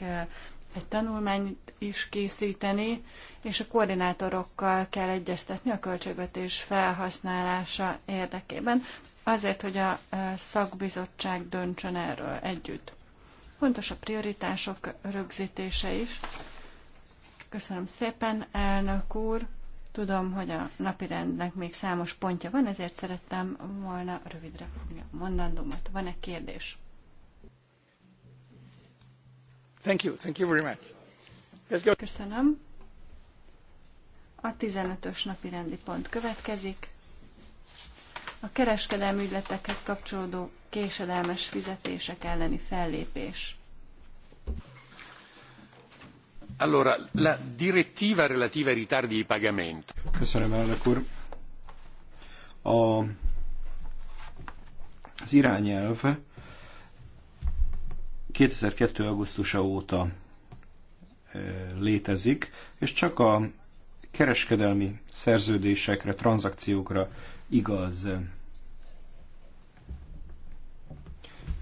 egy tanulmányt is készíteni, és a koordinátorokkal kell egyeztetni a költségvetés felhasználása érdekében, azért, hogy a szakbizottság döntsön erről együtt. Fontos a prioritások rögzítése is. Köszönöm szépen, elnök úr! Tudom, hogy a napirendnek még számos pontja van, ezért szerettem volna rövidre fogni a mondandómat. Van-e kérdés? Thank you, thank you very much. Let's go. Köszönöm. A 15-ös napi rendi pont következik. A kereskedelmi ügyletekhez kapcsolódó késedelmes fizetések elleni fellépés. Allora, la direttiva relativa ritardi di pagamento. A, az irányelv 2002. augusztusa óta e, létezik, és csak a kereskedelmi szerződésekre, tranzakciókra igaz.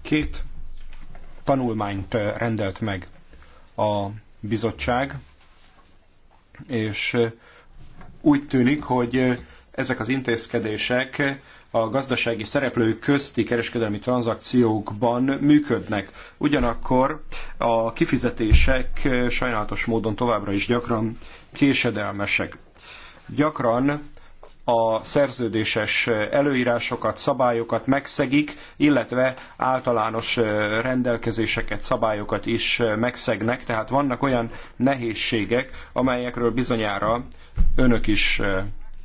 Két tanulmányt e, rendelt meg a bizottság, és úgy tűnik, hogy ezek az intézkedések a gazdasági szereplők közti kereskedelmi tranzakciókban működnek. Ugyanakkor a kifizetések sajnálatos módon továbbra is gyakran késedelmesek. Gyakran a szerződéses előírásokat, szabályokat megszegik, illetve általános rendelkezéseket, szabályokat is megszegnek. Tehát vannak olyan nehézségek, amelyekről bizonyára önök is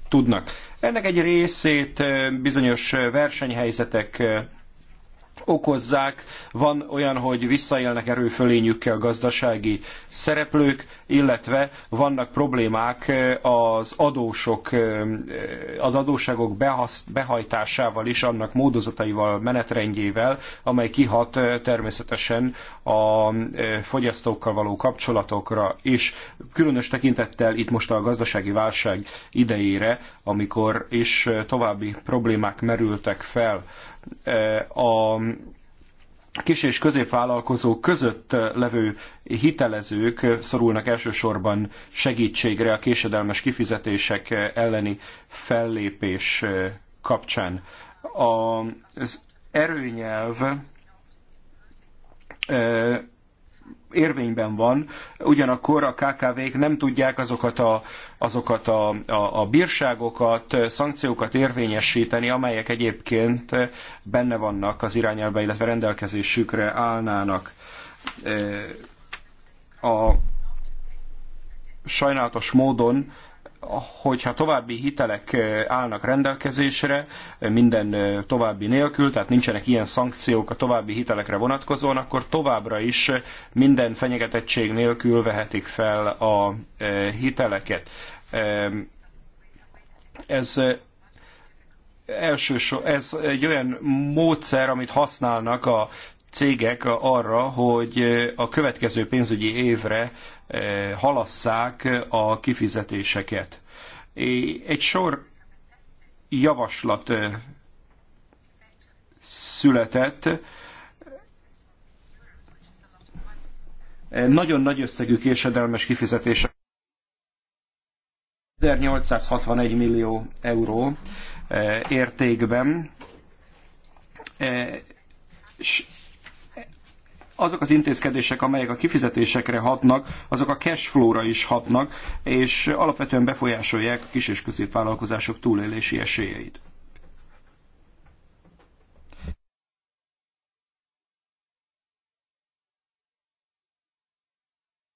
tudnak. Ennek egy részét bizonyos versenyhelyzetek okozzák. Van olyan, hogy visszaélnek erőfölényükkel gazdasági szereplők, illetve vannak problémák az adósok, az adóságok behajtásával is, annak módozataival, menetrendjével, amely kihat természetesen a fogyasztókkal való kapcsolatokra is. Különös tekintettel itt most a gazdasági válság idejére, amikor is további problémák merültek fel a kis és középvállalkozók között levő hitelezők szorulnak elsősorban segítségre a késedelmes kifizetések elleni fellépés kapcsán. Az erőnyelv érvényben van, ugyanakkor a KKV-k nem tudják azokat a, azokat a, a, a bírságokat, szankciókat érvényesíteni, amelyek egyébként benne vannak az irányelve, illetve rendelkezésükre állnának. E, a sajnálatos módon hogyha további hitelek állnak rendelkezésre, minden további nélkül, tehát nincsenek ilyen szankciók a további hitelekre vonatkozóan, akkor továbbra is minden fenyegetettség nélkül vehetik fel a hiteleket. Ez elsősor, ez egy olyan módszer, amit használnak a cégek arra, hogy a következő pénzügyi évre halasszák a kifizetéseket. Egy sor javaslat született, nagyon nagy összegű késedelmes kifizetése. 1861 millió euró értékben, és azok az intézkedések, amelyek a kifizetésekre hatnak, azok a cash flow-ra is hatnak, és alapvetően befolyásolják a kis- és középvállalkozások túlélési esélyeit.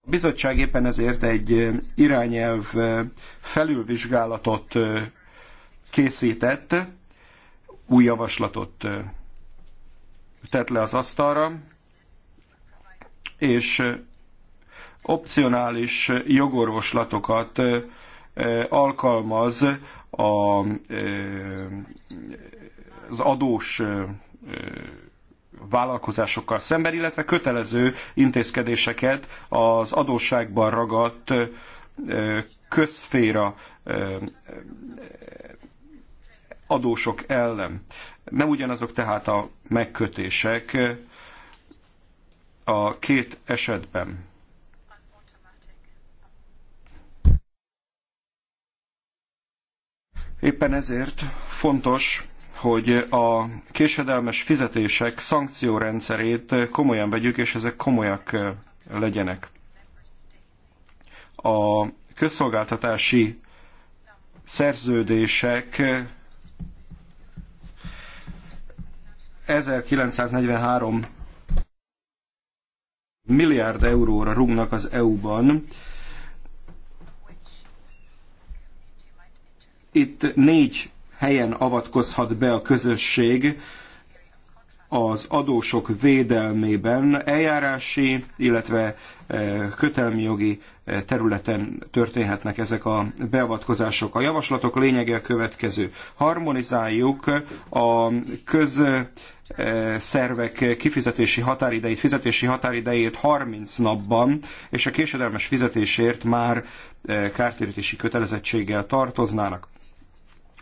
A bizottság éppen ezért egy irányelv felülvizsgálatot készített, új javaslatot tett le az asztalra, és opcionális jogorvoslatokat alkalmaz az adós vállalkozásokkal szemben, illetve kötelező intézkedéseket az adósságban ragadt közféra adósok ellen. Nem ugyanazok tehát a megkötések, a két esetben Éppen ezért fontos, hogy a késedelmes fizetések szankciórendszerét komolyan vegyük, és ezek komolyak legyenek. A közszolgáltatási szerződések 1943 milliárd euróra rúgnak az EU-ban. Itt négy helyen avatkozhat be a közösség, az adósok védelmében eljárási, illetve eh, kötelmi jogi eh, területen történhetnek ezek a beavatkozások. A javaslatok lényege a következő. Harmonizáljuk a köz eh, szervek kifizetési határideit, fizetési határidejét 30 napban, és a késedelmes fizetésért már kártérítési kötelezettséggel tartoznának.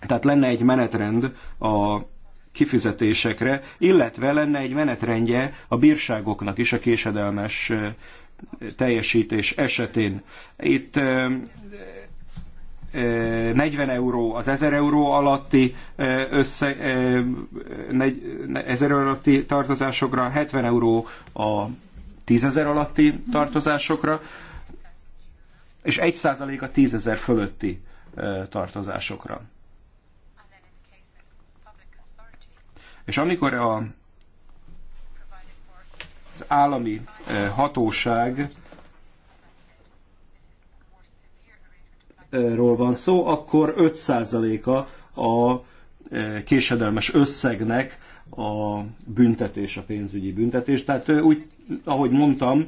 Tehát lenne egy menetrend a kifizetésekre, illetve lenne egy menetrendje a bírságoknak is a késedelmes teljesítés esetén. Itt 40 euró az 1000 euró alatti össze, 1000 euró alatti tartozásokra, 70 euró a 10.000 alatti tartozásokra, és 1% a 10.000 fölötti tartozásokra. És amikor a, az állami eh, hatóság eh, ról van szó, akkor 5%-a a eh, késedelmes összegnek a büntetés, a pénzügyi büntetés. Tehát úgy, ahogy mondtam,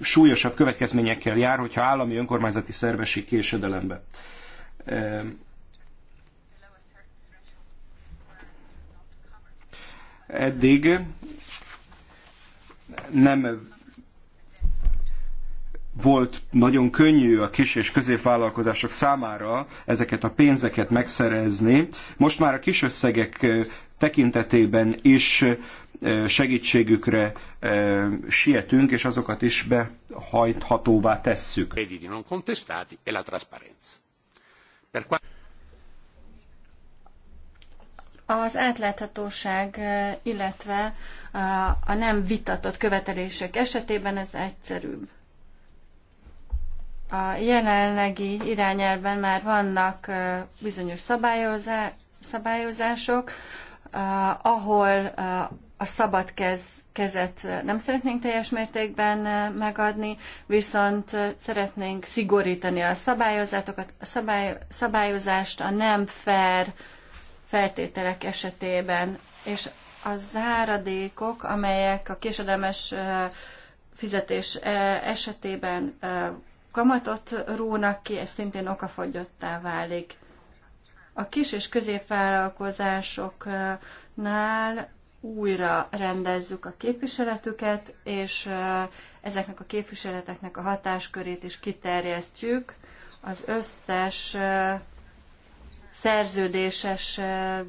súlyosabb következményekkel jár, hogyha állami önkormányzati szervesi késedelembe. eddig nem volt nagyon könnyű a kis és középvállalkozások számára ezeket a pénzeket megszerezni. Most már a kis összegek tekintetében is segítségükre sietünk, és azokat is behajthatóvá tesszük. Az átláthatóság, illetve a nem vitatott követelések esetében ez egyszerűbb. A jelenlegi irányelven már vannak bizonyos szabályozások, ahol a szabad kez, kezet nem szeretnénk teljes mértékben megadni, viszont szeretnénk szigorítani a szabályozatokat, a szabály, szabályozást, a nem fair feltételek esetében, és a záradékok, amelyek a késedelmes fizetés esetében kamatot rónak ki, ez szintén okafogyottá válik. A kis és középvállalkozásoknál újra rendezzük a képviseletüket, és ezeknek a képviseleteknek a hatáskörét is kiterjesztjük az összes szerződéses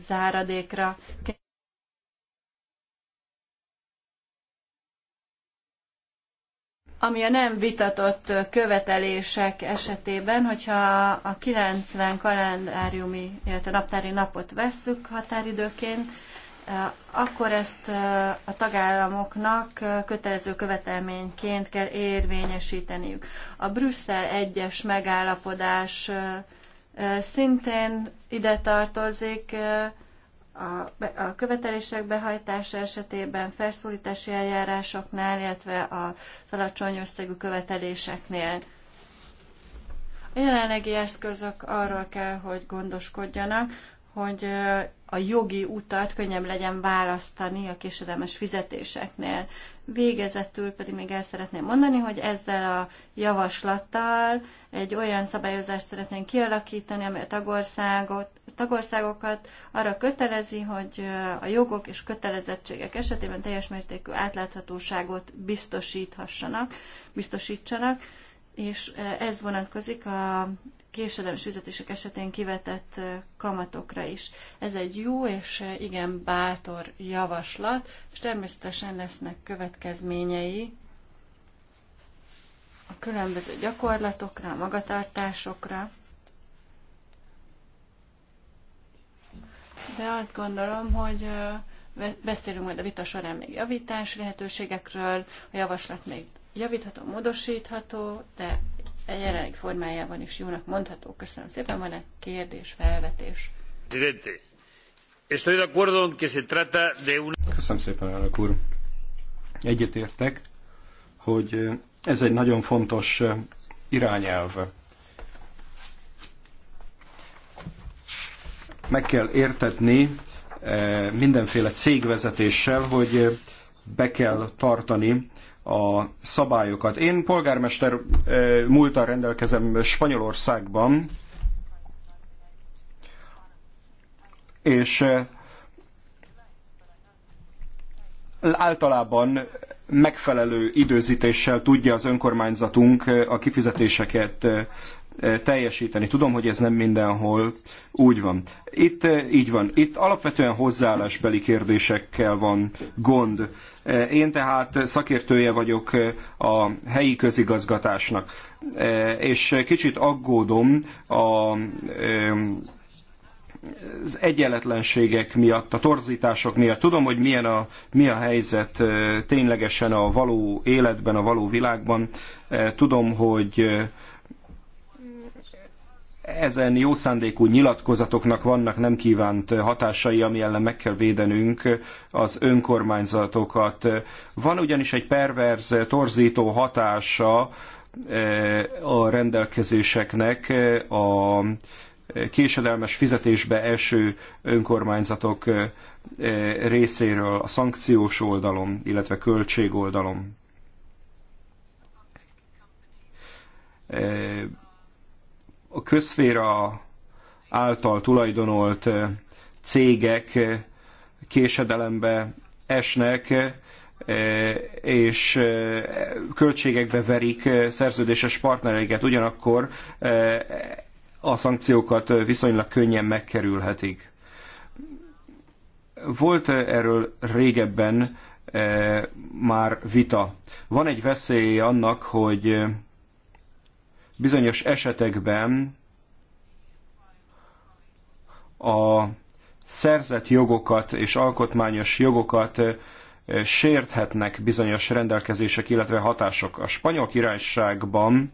záradékra. Ami a nem vitatott követelések esetében, hogyha a 90 kalendáriumi, illetve naptári napot vesszük határidőként, akkor ezt a tagállamoknak kötelező követelményként kell érvényesíteniük. A Brüsszel egyes megállapodás szintén ide tartozik a, követelések behajtása esetében, felszólítási eljárásoknál, illetve a alacsony összegű követeléseknél. A jelenlegi eszközök arról kell, hogy gondoskodjanak, hogy a jogi utat könnyebb legyen választani a késedelmes fizetéseknél. Végezetül pedig még el szeretném mondani, hogy ezzel a javaslattal egy olyan szabályozást szeretnénk kialakítani, amely a tagországot, tagországokat arra kötelezi, hogy a jogok és kötelezettségek esetében teljes mértékű átláthatóságot biztosíthassanak, biztosítsanak és e, ez vonatkozik a késedelmes fizetések esetén kivetett e, kamatokra is. Ez egy jó és e, igen bátor javaslat, és természetesen lesznek következményei a különböző gyakorlatokra, a magatartásokra. De azt gondolom, hogy beszélünk majd a vita során még javítás lehetőségekről, a javaslat még javítható, módosítható, de a jelenleg formájában is jónak mondható. Köszönöm szépen, van-e kérdés, felvetés? Presidente, estoy de acuerdo que se trata de Köszönöm szépen, elnök úr. Egyetértek, hogy ez egy nagyon fontos irányelv. Meg kell értetni eh, mindenféle cégvezetéssel, hogy be kell tartani a szabályokat. Én polgármester múltal rendelkezem Spanyolországban, és általában megfelelő időzítéssel tudja az önkormányzatunk a kifizetéseket teljesíteni. Tudom, hogy ez nem mindenhol úgy van. Itt így van. Itt alapvetően hozzáállásbeli kérdésekkel van gond. Én tehát szakértője vagyok a helyi közigazgatásnak, és kicsit aggódom a az egyenletlenségek miatt, a torzítások miatt. Tudom, hogy milyen a, mi a helyzet ténylegesen a való életben, a való világban. Tudom, hogy ezen jó szándékú nyilatkozatoknak vannak nem kívánt hatásai, ami ellen meg kell védenünk az önkormányzatokat. Van ugyanis egy perverz, torzító hatása eh, a rendelkezéseknek eh, a késedelmes fizetésbe eső önkormányzatok eh, részéről a szankciós oldalon, illetve költség oldalon a közféra által tulajdonolt eh, cégek eh, késedelembe esnek, eh, és költségekbe verik szerződéses partnereiket, ugyanakkor a szankciókat viszonylag könnyen megkerülhetik. Volt erről régebben már vita. Van egy veszély annak, hogy Bizonyos esetekben a szerzett jogokat és alkotmányos jogokat sérthetnek bizonyos rendelkezések, illetve hatások. A spanyol királyságban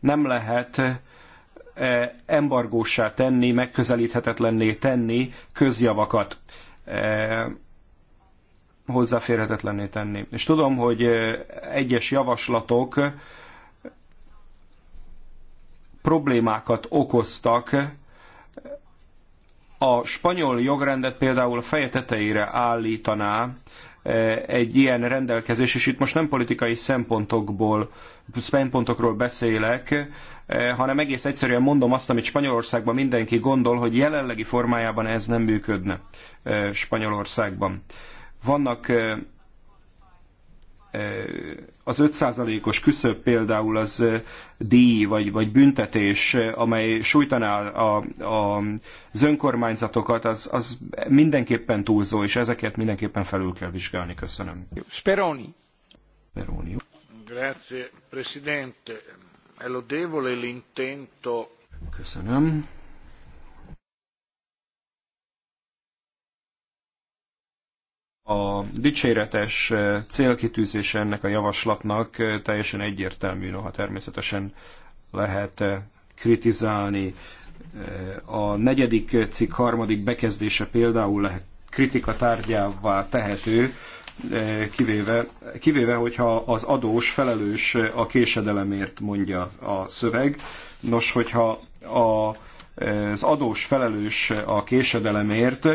nem lehet e, embargósá tenni, megközelíthetetlenné tenni közjavakat e, hozzáférhetetlenné tenni. És tudom, hogy egyes javaslatok problémákat okoztak. A spanyol jogrendet például a feje tetejére állítaná eh, egy ilyen rendelkezés, és itt most nem politikai szempontokból, szempontokról beszélek, eh, hanem egész egyszerűen mondom azt, amit Spanyolországban mindenki gondol, hogy jelenlegi formájában ez nem működne eh, Spanyolországban. Vannak az 5%-os küszöb például az díj vagy, vagy büntetés, amely sújtaná a, a, az önkormányzatokat, az, az mindenképpen túlzó, és ezeket mindenképpen felül kell vizsgálni. Köszönöm. Speroni. Speroni. Grazie, Presidente. È lodevole l'intento. Köszönöm. a dicséretes eh, célkitűzése ennek a javaslatnak eh, teljesen egyértelmű, noha természetesen lehet eh, kritizálni. A negyedik cikk harmadik bekezdése például lehet kritika tárgyává tehető, kivéve, kivéve, hogyha az adós felelős a késedelemért mondja a szöveg. Nos, hogyha a, az adós felelős a késedelemért,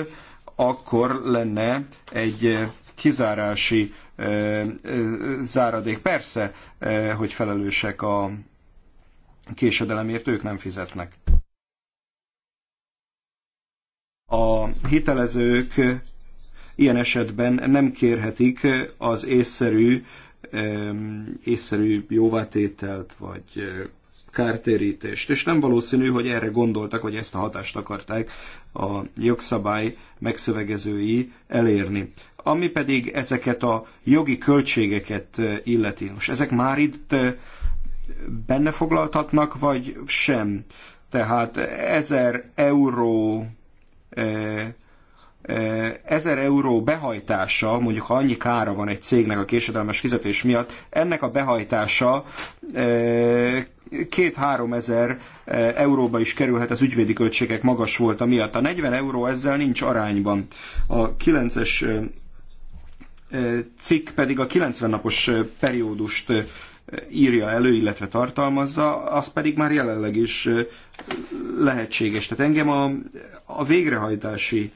akkor lenne egy eh, kizárási eh, eh, záradék. Persze, hogy felelősek a késedelemért, ők nem fizetnek. A hitelezők ilyen esetben nem kérhetik az észszerű, észszerű jóvátételt, vagy kártérítést. És nem valószínű, hogy erre gondoltak, hogy ezt a hatást akarták a jogszabály megszövegezői elérni. Ami pedig ezeket a jogi költségeket eh, illeti. Most ezek már itt eh, benne foglaltatnak, vagy sem? Tehát 1000 euró eh, 1000 euró behajtása, mondjuk ha annyi kára van egy cégnek a késedelmes fizetés miatt, ennek a behajtása két-három ezer euróba is kerülhet, az ügyvédi költségek magas volt miatt. A 40 euró ezzel nincs arányban. A 9-es cikk pedig a 90 napos periódust írja elő, illetve tartalmazza, az pedig már jelenleg is lehetséges. Tehát engem a, a végrehajtási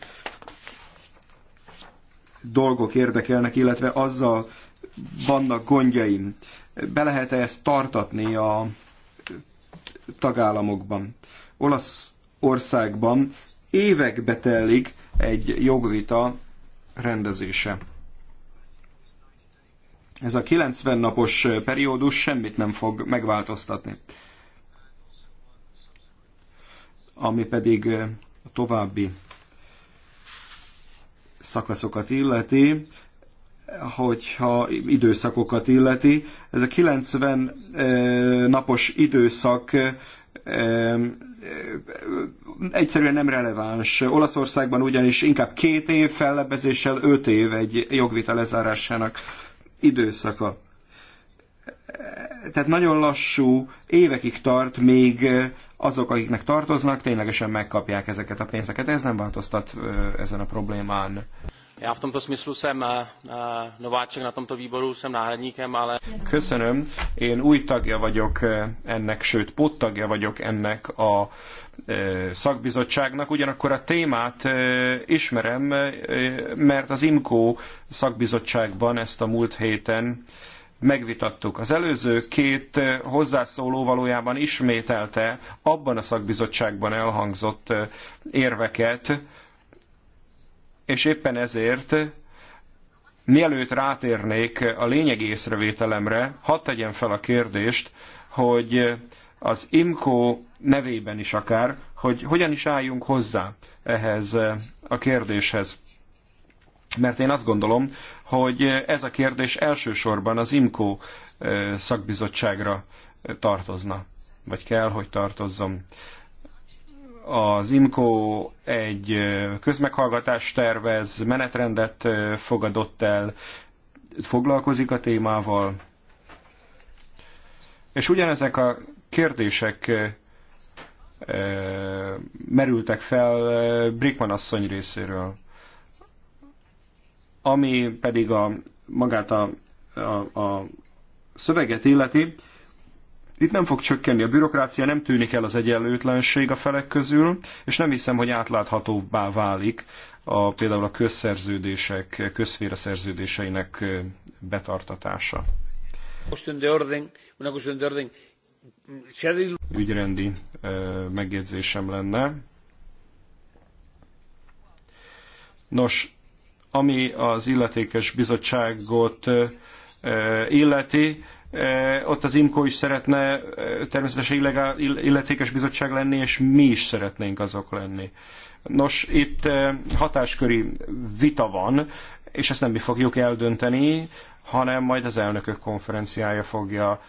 dolgok érdekelnek, illetve azzal vannak gondjaim. Be lehet -e ezt tartatni a tagállamokban? Olaszországban évekbe telik egy jogvita rendezése. Ez a 90 napos periódus semmit nem fog megváltoztatni. Ami pedig a további szakaszokat illeti, hogyha időszakokat illeti. Ez a 90 napos időszak egyszerűen nem releváns. Olaszországban ugyanis inkább két év fellebbezéssel, öt év egy jogvita lezárásának időszaka. Tehát nagyon lassú, évekig tart, még azok, akiknek tartoznak, ténylegesen megkapják ezeket a pénzeket. Ez nem változtat ezen a problémán. Já v tomto smyslu jsem e, e, nováček na tomto výboru, jsem náhradníkem, ale... Köszönöm. Én új tagja vagyok e, ennek, sőt pottagja vagyok ennek a szakbizottságnak, ugyanakkor a témát ismerem, mert az IMCO szakbizottságban ezt a múlt héten megvitattuk. Az előző két eh, hozzászóló valójában ismételte abban a szakbizottságban elhangzott eh, érveket, és éppen ezért mielőtt rátérnék a lényegi észrevételemre, hadd tegyem fel a kérdést, hogy eh, az IMCO nevében is akár, hogy hogyan is álljunk hozzá ehhez a kérdéshez mert én azt gondolom, hogy ez a kérdés elsősorban az IMCO szakbizottságra tartozna, vagy kell, hogy tartozzon. Az IMCO egy közmeghallgatást tervez, menetrendet fogadott el, foglalkozik a témával, és ugyanezek a kérdések merültek fel Brickman asszony részéről. Ami pedig a, magát a, a, a szöveget illeti, itt nem fog csökkenni a bürokrácia, nem tűnik el az egyenlőtlenség a felek közül, és nem hiszem, hogy átláthatóbbá válik a, például a közszerződések, közféra szerződéseinek betartatása. Ügyrendi megjegyzésem lenne. Nos, ami az illetékes bizottságot illeti, ott az IMCO is szeretne természetesen illegál, illetékes bizottság lenni, és mi is szeretnénk azok lenni. Nos, itt hatásköri vita van, és ezt nem mi fogjuk eldönteni, hanem majd az elnökök konferenciája fogja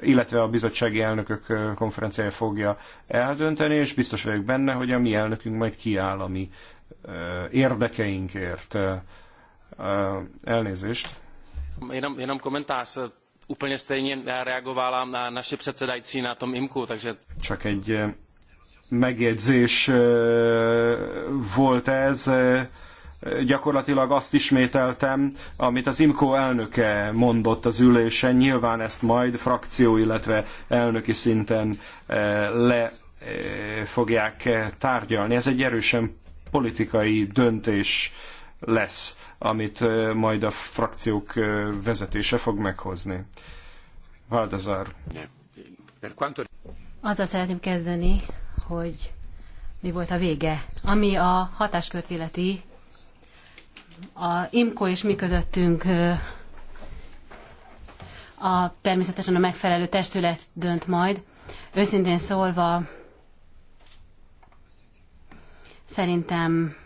illetve a bizottsági elnökök konferenciája fogja eldönteni, és biztos vagyok benne, hogy a mi elnökünk majd kiáll a mi érdekeinkért. Elnézést. Jenom, jenom komentář. Úplně stejně reagovala na naše předsedající na tom imku, takže... Csak egy megjegyzés volt ez. Gyakorlatilag azt ismételtem, amit az IMCO elnöke mondott az ülésen. Nyilván ezt majd frakció, illetve elnöki szinten le fogják tárgyalni. Ez egy erősen politikai döntés lesz, amit majd a frakciók vezetése fog meghozni. Valdazár. Azzal szeretném kezdeni, hogy mi volt a vége. Ami a hatáskört illeti, a IMKO és mi közöttünk a, természetesen a megfelelő testület dönt majd. Őszintén szólva, Szerintem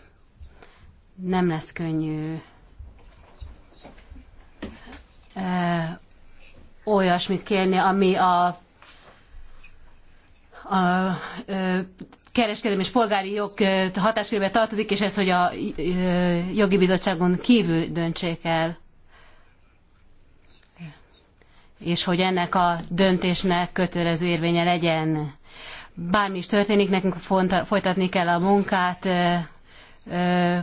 nem lesz könnyű olyasmit kérni, ami a, a ö, kereskedelmi és polgári jog hatáskörébe tartozik, és ez, hogy a ö, jogi bizottságon kívül döntsék el, és hogy ennek a döntésnek kötelező érvénye legyen bármi is történik, nekünk folytatni kell a munkát,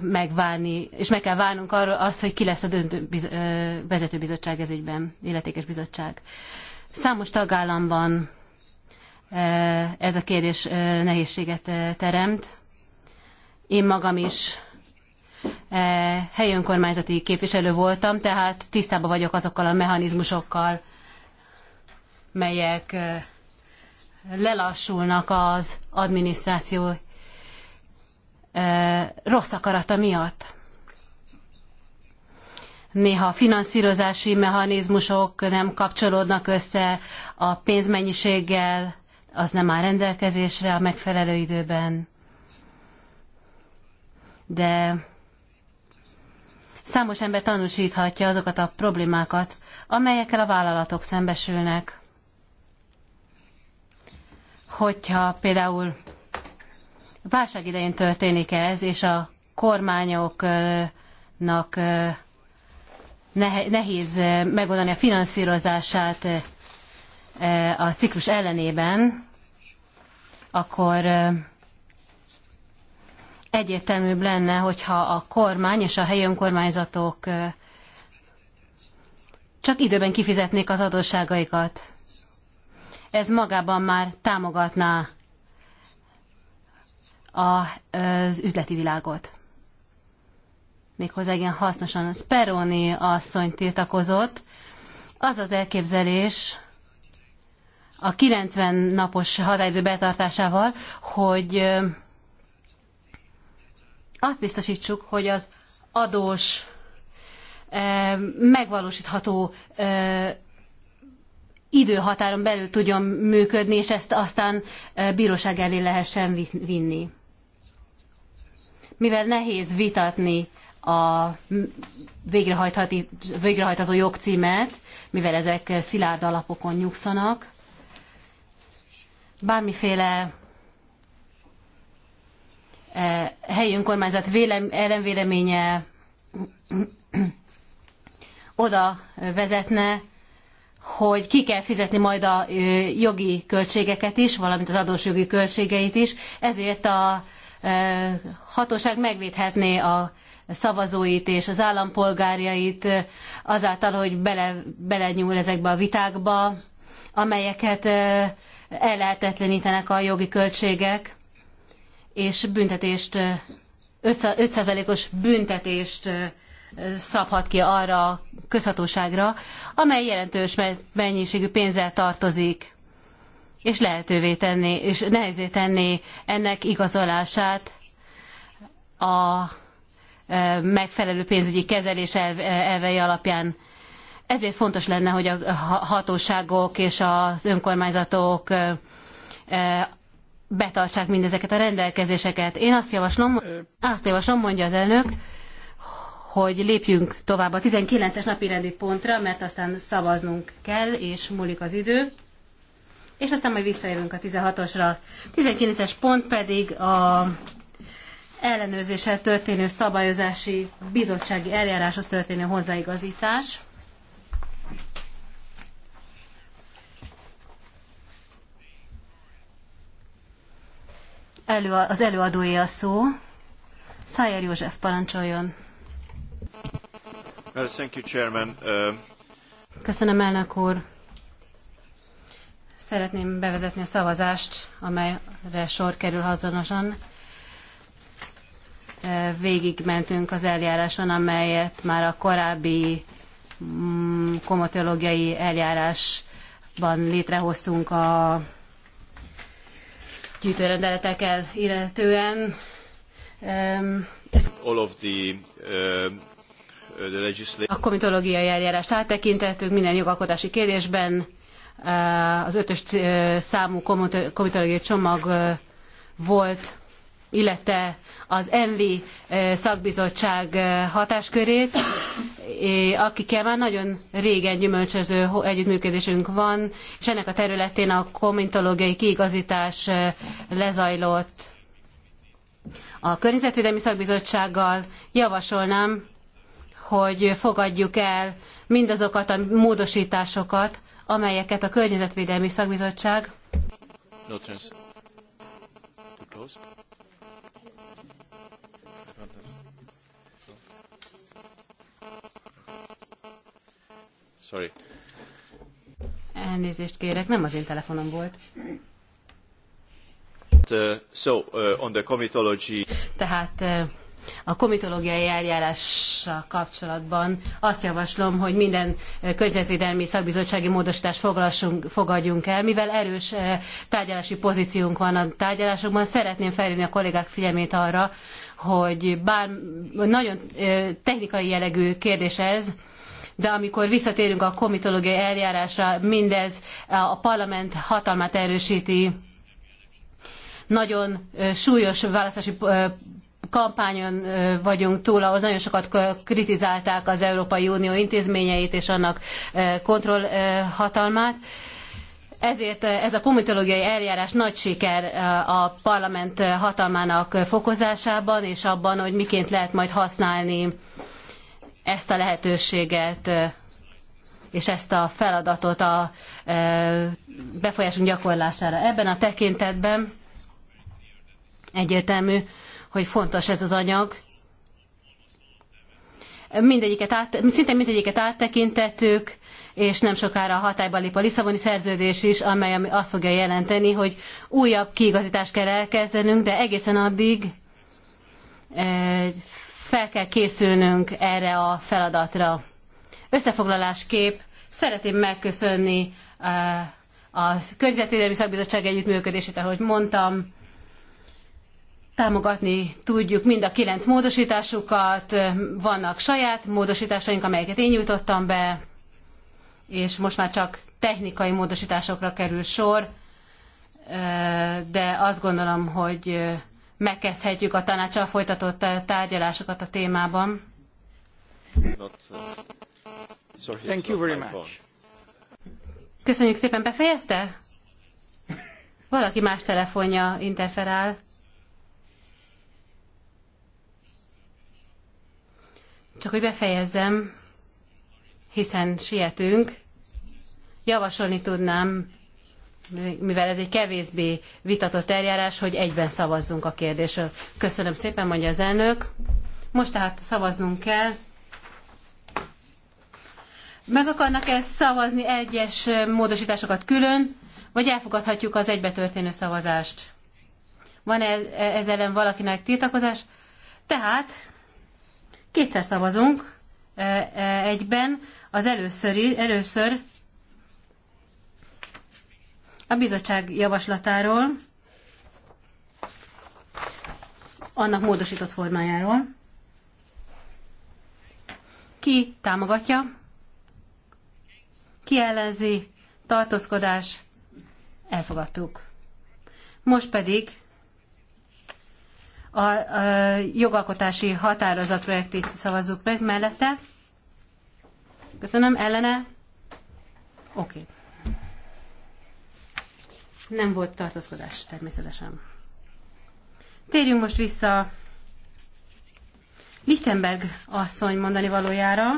megvárni, és meg kell várnunk arról azt, hogy ki lesz a döntő vezető vezetőbizottság ez ügyben, illetékes bizottság. Számos tagállamban ez a kérdés nehézséget teremt. Én magam is helyi önkormányzati képviselő voltam, tehát tisztában vagyok azokkal a mechanizmusokkal, melyek lelassulnak az adminisztráció rossz akarata miatt. Néha finanszírozási mechanizmusok nem kapcsolódnak össze a pénzmennyiséggel, az nem áll rendelkezésre a megfelelő időben. De számos ember tanúsíthatja azokat a problémákat, amelyekkel a vállalatok szembesülnek hogyha például válság idején történik ez, és a kormányoknak nehéz megoldani a finanszírozását a ciklus ellenében, akkor egyértelműbb lenne, hogyha a kormány és a helyi önkormányzatok csak időben kifizetnék az adósságaikat ez magában már támogatná az üzleti világot. Méghozzá igen hasznosan. Speroni asszony tiltakozott. Az az elképzelés a 90 napos határidő betartásával, hogy azt biztosítsuk, hogy az adós megvalósítható időhatáron belül tudjon működni, és ezt aztán bíróság elé lehessen vinni. Mivel nehéz vitatni a végrehajtható jogcímet, mivel ezek szilárd alapokon nyugszanak, bármiféle helyi önkormányzat ellenvéleménye oda vezetne, hogy ki kell fizetni majd a jogi költségeket is, valamint az adós jogi költségeit is, ezért a hatóság megvédhetné a szavazóit és az állampolgárjait azáltal, hogy bele, belenyúl ezekbe a vitákba, amelyeket ellehetetlenítenek a jogi költségek, és büntetést, 5%-os büntetést szabhat ki arra a közhatóságra, amely jelentős mennyiségű pénzzel tartozik, és lehetővé tenni, és nehezé tenni ennek igazolását a e, megfelelő pénzügyi kezelés e, elvei alapján. Ezért fontos lenne, hogy a hatóságok és az önkormányzatok e, betartsák mindezeket a rendelkezéseket. Én azt javaslom, azt javaslom, mondja az elnök, hogy lépjünk tovább a 19-es napi rendi pontra, mert aztán szavaznunk kell, és múlik az idő. És aztán majd visszajövünk a 16-osra. 19-es pont pedig a ellenőrzéssel történő szabályozási bizottsági eljáráshoz történő hozzáigazítás. Elő, az előadója a szó. Szájer József parancsoljon. Uh, uh, Köszönöm, elnök úr. Szeretném bevezetni a szavazást, amelyre sor kerül hazonosan. Uh, végigmentünk az eljáráson, amelyet már a korábbi mm, komatológiai eljárásban létrehoztunk a gyűjtőrendeletekkel illetően. Um, All of the uh, a komitológiai eljárást áttekintettük minden jogalkotási kérdésben. Eh, az ötös eh, számú komitológiai csomag eh, volt, illetve az ENVI szakbizottság hatáskörét, akikkel már nagyon régen gyümölcsöző együttműködésünk van, és ennek a területén a komitológiai kiigazítás lezajlott a Környezetvédelmi Szakbizottsággal javasolnám, hogy fogadjuk el mindazokat a módosításokat, amelyeket a Környezetvédelmi Szakbizottság no Sorry. Elnézést kérek, nem az én telefonom volt. Uh, so, uh, on the comitology... Tehát uh, a komitológiai eljárással kapcsolatban azt javaslom, hogy minden környezetvédelmi szakbizottsági módosítást fogadjunk el, mivel erős tárgyalási pozíciónk van a tárgyalásokban. Szeretném felhívni a kollégák figyelmét arra, hogy bár nagyon technikai jellegű kérdés ez, de amikor visszatérünk a komitológiai eljárásra, mindez a parlament hatalmát erősíti, nagyon súlyos választási kampányon vagyunk túl, ahol nagyon sokat kritizálták az Európai Unió intézményeit és annak kontrollhatalmát. Ezért ez a komitológiai eljárás nagy siker a parlament hatalmának fokozásában, és abban, hogy miként lehet majd használni ezt a lehetőséget és ezt a feladatot a befolyásunk gyakorlására. Ebben a tekintetben egyértelmű, hogy fontos ez az anyag. Mindegyiket át, szinte mindegyiket áttekintettük, és nem sokára a hatályba lép a Lisszaboni szerződés is, amely azt fogja jelenteni, hogy újabb kiigazítást kell elkezdenünk, de egészen addig eh, fel kell készülnünk erre a feladatra. Összefoglaláskép szeretném megköszönni eh, a Környezetvédelmi Szakbizottság együttműködését, ahogy mondtam, Támogatni tudjuk mind a kilenc módosításukat, vannak saját módosításaink, amelyeket én nyújtottam be, és most már csak technikai módosításokra kerül sor, de azt gondolom, hogy megkezdhetjük a tanácssal folytatott tárgyalásokat a témában. Thank you very much. Köszönjük szépen, befejezte? Valaki más telefonja interferál. Csak hogy befejezzem, hiszen sietünk, javasolni tudnám, mivel ez egy kevésbé vitatott eljárás, hogy egyben szavazzunk a kérdésről. Köszönöm szépen, mondja az elnök. Most tehát szavaznunk kell. Meg akarnak-e szavazni egyes módosításokat külön, vagy elfogadhatjuk az egybe történő szavazást? Van-e e- ezzel ellen valakinek tiltakozás? Tehát Kétszer szavazunk egyben. Az először, először a bizottság javaslatáról, annak módosított formájáról. Ki támogatja? Ki ellenzi? Tartózkodás? Elfogadtuk. Most pedig a, a jogalkotási határozatprojektét szavazzuk meg mellette. Köszönöm, ellene? Oké. Okay. Nem volt tartózkodás, természetesen. Térjünk most vissza Lichtenberg asszony mondani valójára.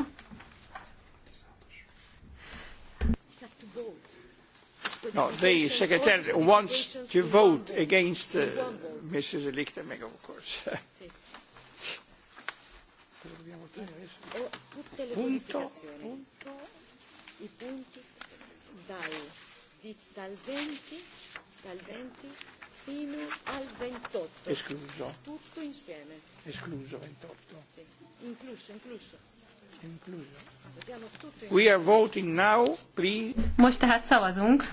No, the secretary wants to vote against uh, Mrs. Lichtenberg, of course. punto, punto. I punti dal, di, dal 20, dal 20 fino al 28. Escluso. Tutto insieme. Escluso 28. Sì. Incluso, incluso. Incluso. We are voting now, please. Most tehát szavazunk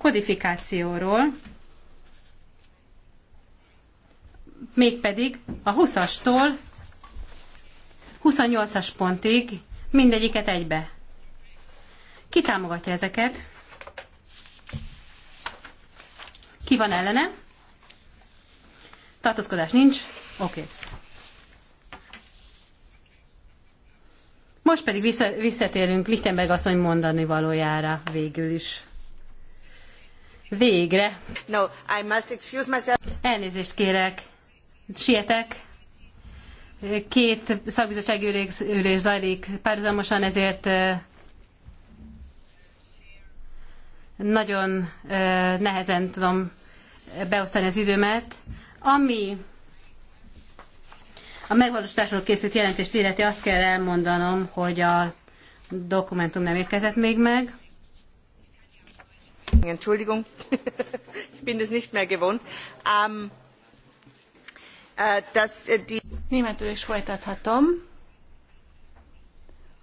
kodifikációról, mégpedig a 20-astól 28-as pontig mindegyiket egybe. Ki támogatja ezeket? Ki van ellene? Tartózkodás nincs? Oké. Okay. Most pedig visszatérünk Lichtenberg asszony mondani valójára végül is. Végre. No, I must excuse myself. Elnézést kérek. Sietek. Két szakbizottsági ülés, ülés zajlik párhuzamosan, ezért nagyon nehezen tudom beosztani az időmet. Ami a megvalósításról készült jelentést illeti, azt kell elmondanom, hogy a dokumentum nem érkezett még meg. Entschuldigung, ich bin das nicht mehr gewohnt. Ähm, äh, dass äh, die... Németül is folytathatom.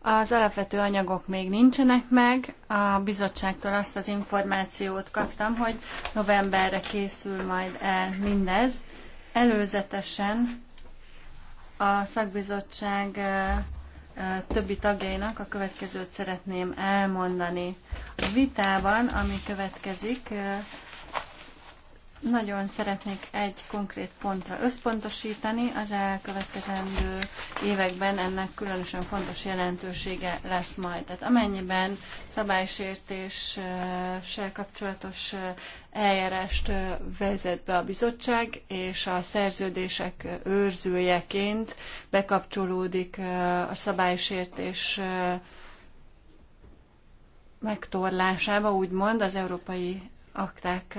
Az alapvető anyagok még nincsenek meg. A bizottságtól azt az információt kaptam, hogy novemberre készül majd el mindez. Előzetesen a szakbizottság többi tagjainak a következőt szeretném elmondani. A vitában, ami következik, nagyon szeretnék egy konkrét pontra összpontosítani, az elkövetkezendő években ennek különösen fontos jelentősége lesz majd. Tehát amennyiben szabálysértéssel kapcsolatos eljárást vezet be a bizottság, és a szerződések őrzőjeként bekapcsolódik a szabálysértés megtorlásába, úgymond az európai akták,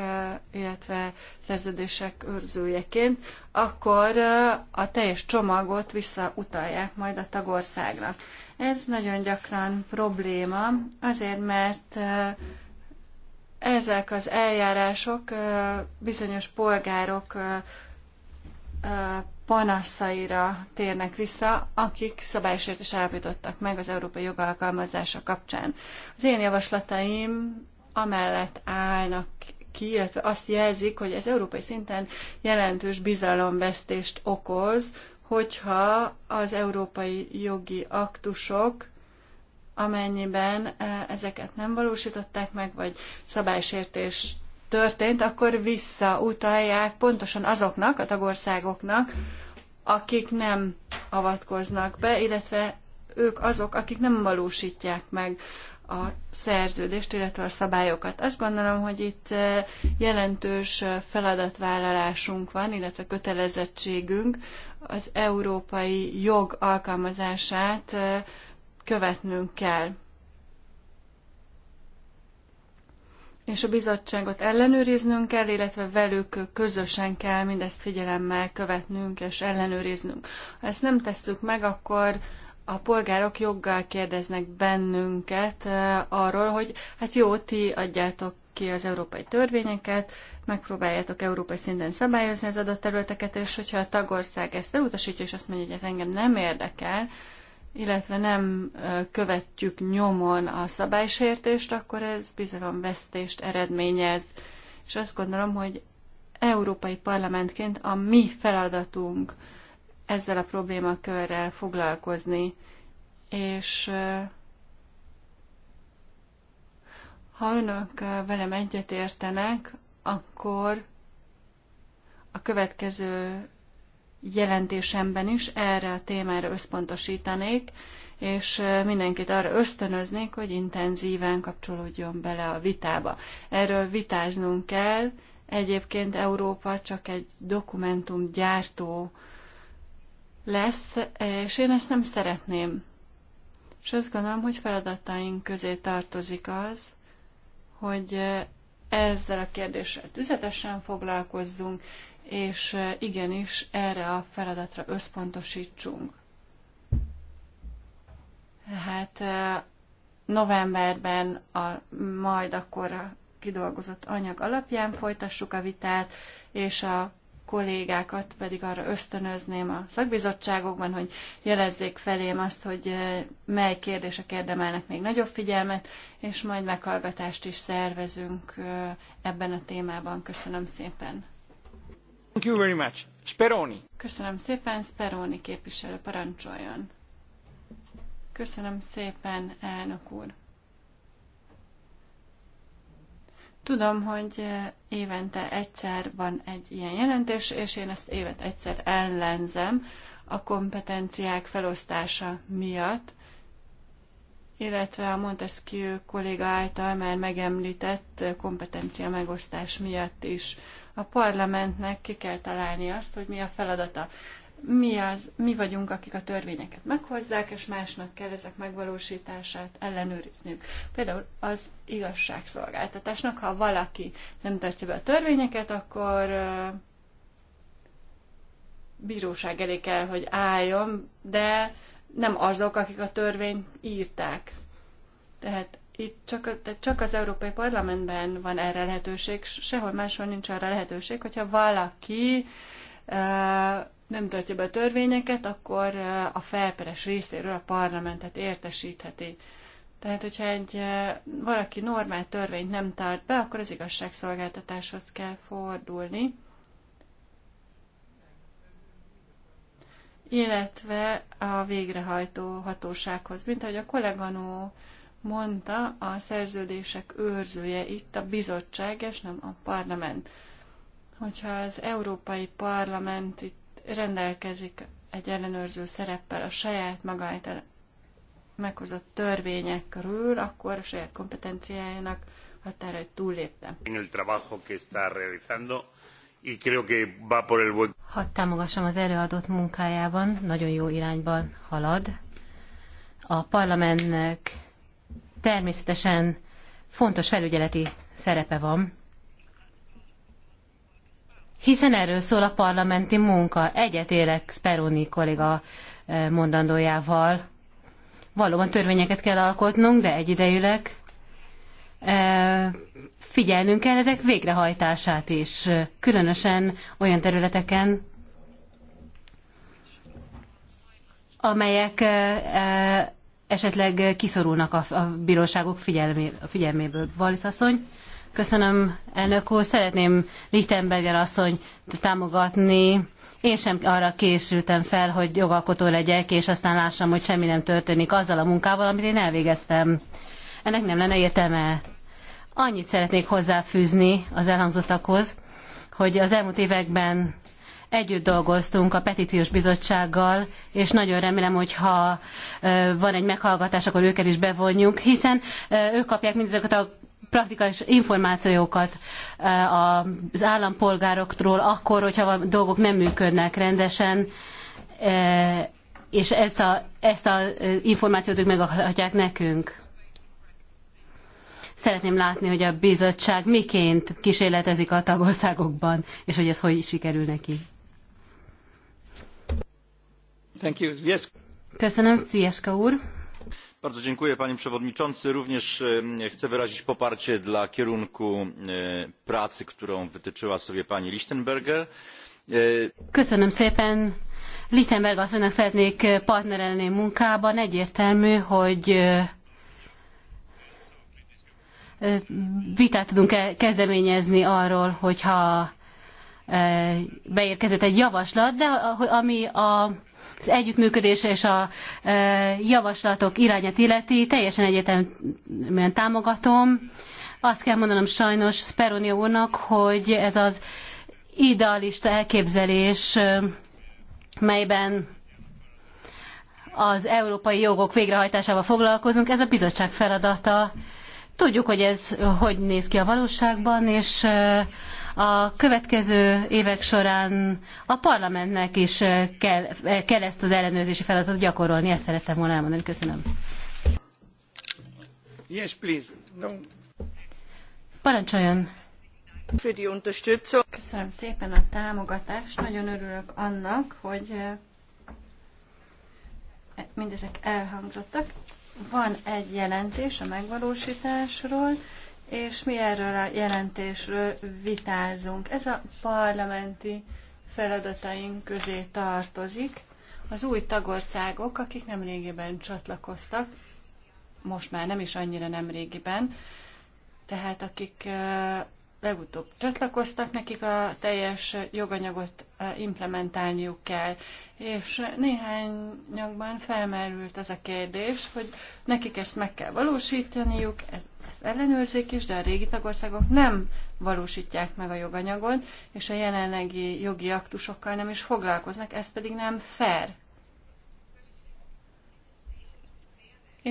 illetve szerződések őrzőjeként, akkor a teljes csomagot visszautalják majd a tagországnak. Ez nagyon gyakran probléma, azért mert ezek az eljárások bizonyos polgárok panaszaira térnek vissza, akik szabálysértés állapítottak meg az európai jogalkalmazása kapcsán. Az én javaslataim amellett állnak ki, illetve azt jelzik, hogy ez európai szinten jelentős bizalomvesztést okoz, hogyha az európai jogi aktusok amennyiben eh, ezeket nem valósították meg, vagy szabálysértés történt, akkor visszautalják pontosan azoknak, a tagországoknak, akik nem avatkoznak be, illetve ők azok, akik nem valósítják meg a szerződést, illetve a szabályokat. Azt gondolom, hogy itt eh, jelentős eh, feladatvállalásunk van, illetve kötelezettségünk az európai jog alkalmazását követnünk kell. És a bizottságot ellenőriznünk kell, illetve velük közösen kell mindezt figyelemmel követnünk és ellenőriznünk. Ha ezt nem tesszük meg, akkor a polgárok joggal kérdeznek bennünket eh, arról, hogy hát jó, ti adjátok ki az európai törvényeket, megpróbáljátok európai szinten szabályozni az adott területeket, és hogyha a tagország ezt elutasítja, és azt mondja, hogy ez engem nem érdekel, illetve nem követjük nyomon a szabálysértést, akkor ez vesztést eredményez. És azt gondolom, hogy európai parlamentként a mi feladatunk ezzel a problémakörrel foglalkozni, és ha önök velem egyetértenek, akkor a következő jelentésemben is erre a témára összpontosítanék, és mindenkit arra ösztönöznék, hogy intenzíven kapcsolódjon bele a vitába. Erről vitáznunk kell, egyébként Európa csak egy dokumentum gyártó lesz, és én ezt nem szeretném. És azt gondolom, hogy feladataink közé tartozik az, hogy ezzel a kérdéssel tüzetesen foglalkozzunk, és igenis erre a feladatra összpontosítsunk. Hát novemberben a, majd akkor a kidolgozott anyag alapján folytassuk a vitát, és a kollégákat pedig arra ösztönözném a szakbizottságokban, hogy jelezzék felém azt, hogy mely kérdések érdemelnek még nagyobb figyelmet, és majd meghallgatást is szervezünk ebben a témában. Köszönöm szépen! Thank you very much. Speroni. Köszönöm szépen, Speroni képviselő parancsoljon. Köszönöm szépen, elnök úr. Tudom, hogy eh, évente egyszer van egy ilyen jelentés, és én ezt évet egyszer ellenzem a kompetenciák felosztása miatt illetve a Montesquieu kolléga által már megemlített kompetencia megosztás miatt is. A parlamentnek ki kell találni azt, hogy mi a feladata. Mi, az, mi vagyunk, akik a törvényeket meghozzák, és másnak kell ezek megvalósítását ellenőrizniük. Például az igazságszolgáltatásnak, ha valaki nem tartja be a törvényeket, akkor bíróság elé kell, hogy álljon, de nem azok, akik a törvényt írták. Tehát itt csak, csak az Európai Parlamentben van erre lehetőség, sehol máshol nincs arra lehetőség, hogyha valaki nem tartja be a törvényeket, akkor a felperes részéről a parlamentet értesítheti. Tehát, hogyha egy, valaki normál törvényt nem tart be, akkor az igazságszolgáltatáshoz kell fordulni. illetve a végrehajtó hatósághoz. Mint ahogy a kolléganó mondta, a szerződések őrzője itt a bizottság, és nem a parlament. Hogyha az Európai Parlament itt rendelkezik egy ellenőrző szereppel a saját magát meghozott törvények körül, akkor a saját kompetenciájának határait túllépte. En el trabajo que está realizando y creo que va por el buen... Hadd támogassam az előadott munkájában, nagyon jó irányban halad. A parlamentnek természetesen fontos felügyeleti szerepe van, hiszen erről szól a parlamenti munka. Egyetélek, Speroni kolléga eh, mondandójával. Valóban törvényeket kell alkotnunk, de egyidejűleg eh, figyelnünk kell ezek végrehajtását is, különösen olyan területeken, amelyek eh, eh, esetleg kiszorulnak a, bíróságok figyelmé, figyelméből. Valisz asszony, köszönöm elnök úr, szeretném Lichtenberger asszony támogatni. Én sem arra készültem fel, hogy jogalkotó legyek, és aztán lássam, hogy semmi nem történik azzal a munkával, amit én elvégeztem. Ennek nem lenne értelme Annyit szeretnék hozzáfűzni az elhangzottakhoz, hogy az elmúlt években együtt dolgoztunk a petíciós bizottsággal, és nagyon remélem, hogy ha van egy meghallgatás, akkor őket is bevonjuk, hiszen ők kapják mindezeket a praktikus információkat az állampolgároktól akkor, hogyha a dolgok nem működnek rendesen, és ezt az ezt a információt ők megadhatják nekünk. Szeretném látni, hogy a bizottság miként kísérletezik a tagországokban, és hogy ez hogy sikerül neki. Thank you. Yes. Köszönöm, Szieska úr. Bardzo dziękuję panie przewodniczący. Również e, chcę wyrazić poparcie dla kierunku e, pracy, którą wytyczyła sobie pani Lichtenberger. E, Köszönöm szépen. Lichtenberg asszonynak szeretnék partnerelni munkában. Egyértelmű, hogy vitát tudunk e- kezdeményezni arról, hogyha beérkezett egy javaslat, de ami az együttműködés és a javaslatok irányát illeti, teljesen egyetemben támogatom. Azt kell mondanom sajnos Speroni úrnak, hogy ez az idealista elképzelés, melyben az európai jogok végrehajtásával foglalkozunk, ez a bizottság feladata, Tudjuk, hogy ez hogy néz ki a valóságban, és a következő évek során a parlamentnek is kell, kell ezt az ellenőrzési feladatot gyakorolni. Ezt szerettem volna elmondani. Köszönöm. Yes, please. No. Parancsoljon. Köszönöm szépen a támogatást. Nagyon örülök annak, hogy mindezek elhangzottak. Van egy jelentés a megvalósításról, és mi erről a jelentésről vitázunk. Ez a parlamenti feladataink közé tartozik. Az új tagországok, akik nem régiben csatlakoztak, most már nem is annyira nem régiben, tehát akik legutóbb csatlakoztak, nekik a teljes joganyagot e, implementálniuk kell. És néhányakban felmerült az a kérdés, hogy nekik ezt meg kell valósítaniuk, e, ezt ellenőrzik is, de a régi tagországok nem valósítják meg a joganyagot, és a jelenlegi jogi aktusokkal nem is foglalkoznak, ez pedig nem fair.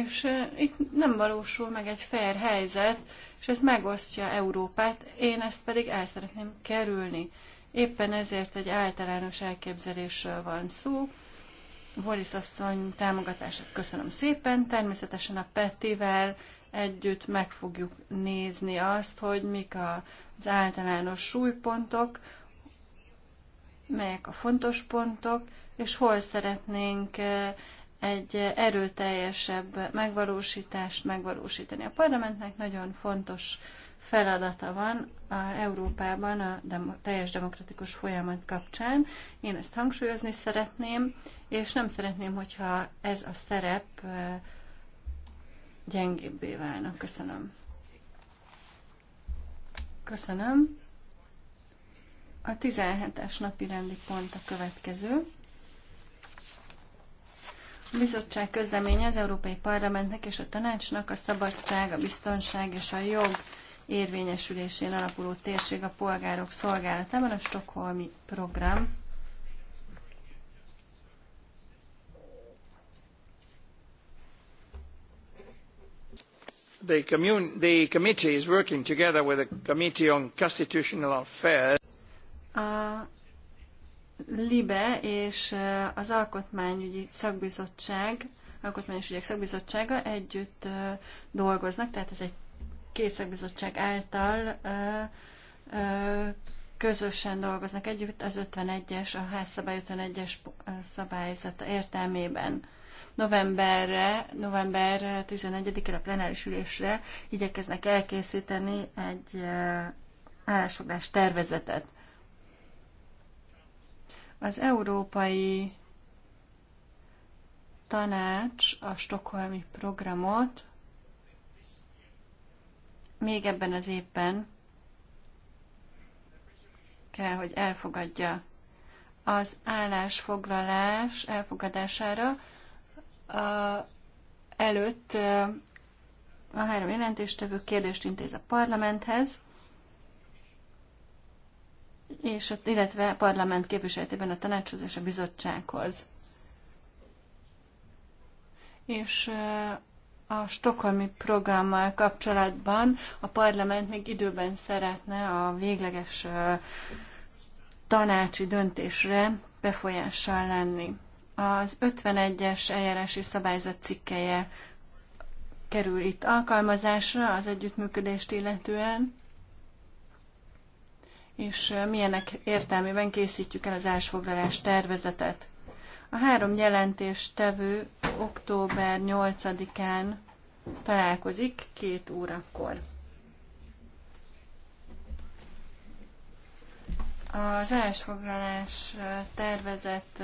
és eh, itt nem valósul meg egy fair helyzet, és ez megosztja Európát, én ezt pedig el szeretném kerülni. Éppen ezért egy általános elképzelésről van szó. Boris asszony támogatását köszönöm szépen, természetesen a Pettivel együtt meg fogjuk nézni azt, hogy mik az általános súlypontok, melyek a fontos pontok, és hol szeretnénk eh, egy erőteljesebb megvalósítást megvalósítani. A parlamentnek nagyon fontos feladata van a Európában a dem- teljes demokratikus folyamat kapcsán. Én ezt hangsúlyozni szeretném, és nem szeretném, hogyha ez a szerep gyengébbé válna. Köszönöm. Köszönöm. A 17-es napi rendi pont a következő bizottság közleménye az Európai Parlamentnek és a Tanácsnak a szabadság, a biztonság és a jog érvényesülésén alapuló térség a polgárok szolgálatában a Stockholmi program. The, commun- the committee is working together with the Committee on Constitutional Affairs. A LIBE és az Alkotmányügyi Szakbizottság, Alkotmányos Ügyek Szakbizottsága együtt dolgoznak, tehát ez egy két szakbizottság által közösen dolgoznak együtt az 51-es, a házszabály 51-es szabályzata értelmében. Novemberre, november 11-re a plenáris ülésre igyekeznek elkészíteni egy állásfoglás tervezetet. Az Európai Tanács a stokholmi programot még ebben az évben kell, hogy elfogadja az állásfoglalás elfogadására előtt a három jelentéstevő kérdést intéz a parlamenthez, és ott, illetve a parlament képviseletében a tanácshoz és a bizottsághoz. És a stokholmi programmal kapcsolatban a parlament még időben szeretne a végleges tanácsi döntésre befolyással lenni. Az 51-es eljárási szabályzat cikkeje kerül itt alkalmazásra az együttműködést illetően, és milyenek értelmében készítjük el az ásfoglalás tervezetet. A három jelentés tevő október 8-án találkozik két órakor. Az állásfoglalás tervezet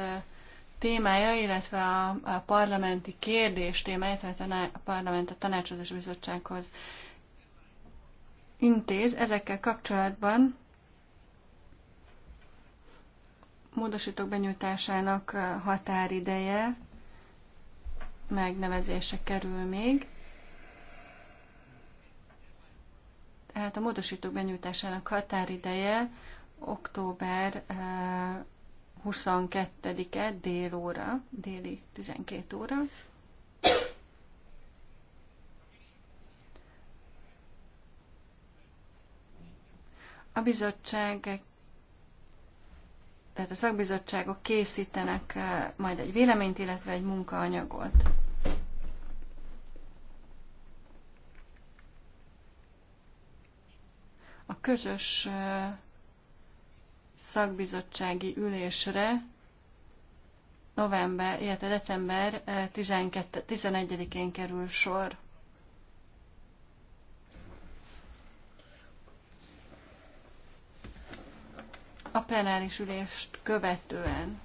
témája, illetve a, a parlamenti kérdés témája, tehát a, a parlament a tanácsozás bizottsághoz intéz. Ezekkel kapcsolatban módosítók benyújtásának határideje megnevezése kerül még. Tehát a módosítók benyújtásának határideje október 22-e dél óra, déli 12 óra. A bizottság tehát a szakbizottságok készítenek eh, majd egy véleményt, illetve egy munkaanyagot. A közös eh, szakbizottsági ülésre november, illetve december 11-én eh, kerül sor. a plenáris ülést követően.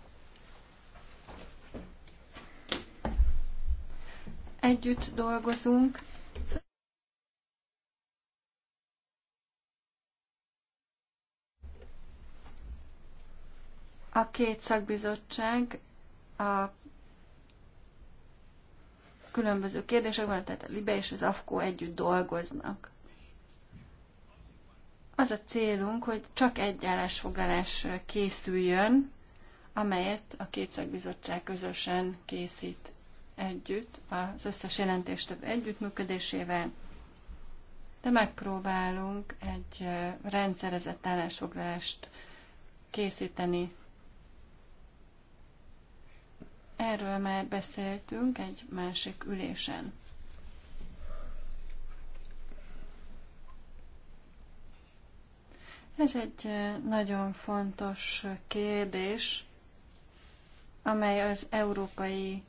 Együtt dolgozunk. A két szakbizottság a különböző kérdésekben, tehát a LIBE és az AFKO együtt dolgoznak. Az a célunk, hogy csak egy állásfoglalás készüljön, amelyet a két szakbizottság közösen készít együtt, az összes több együttműködésével, de megpróbálunk egy rendszerezett állásfoglalást készíteni. Erről már beszéltünk egy másik ülésen. Ez egy nagyon fontos kérdés, amely az európai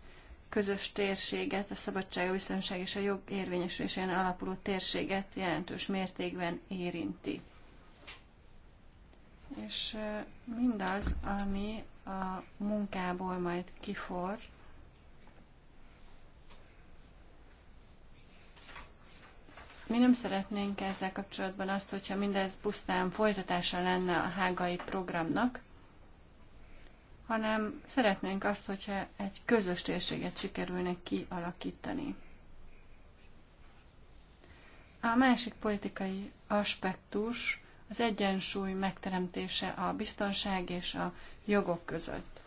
közös térséget, a szabadság, a biztonság és a jog érvényesülésén alapuló térséget jelentős mértékben érinti. És mindaz, ami a munkából majd kifor, Mi nem szeretnénk ezzel kapcsolatban azt, hogyha mindez pusztán folytatása lenne a hágai programnak, hanem szeretnénk azt, hogyha egy közös térséget sikerülne kialakítani. A másik politikai aspektus az egyensúly megteremtése a biztonság és a jogok között,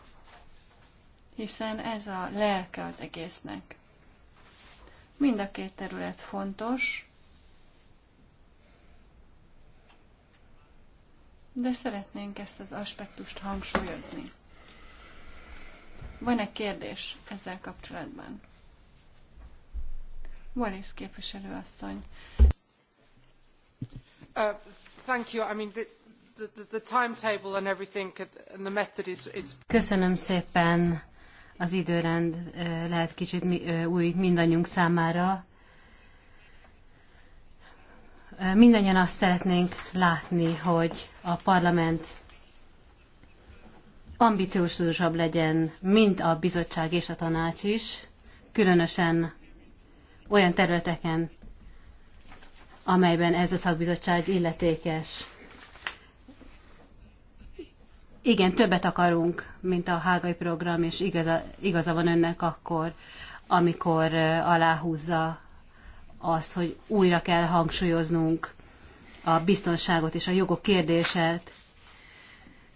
hiszen ez a lelke az egésznek. Mind a két terület fontos, de szeretnénk ezt az aspektust hangsúlyozni. Van-e kérdés ezzel kapcsolatban? Wallis asszony. Uh, thank you. I mean, the... Köszönöm szépen. Az időrend uh, lehet kicsit uh, új mindannyiunk számára mindannyian azt szeretnénk látni, hogy a parlament ambiciózusabb legyen, mint a bizottság és a tanács is, különösen olyan területeken, amelyben ez a szakbizottság illetékes. Igen, többet akarunk, mint a hágai program, és igaza, igaza van önnek akkor, amikor eh, aláhúzza azt, hogy újra kell hangsúlyoznunk a biztonságot és a jogok kérdését.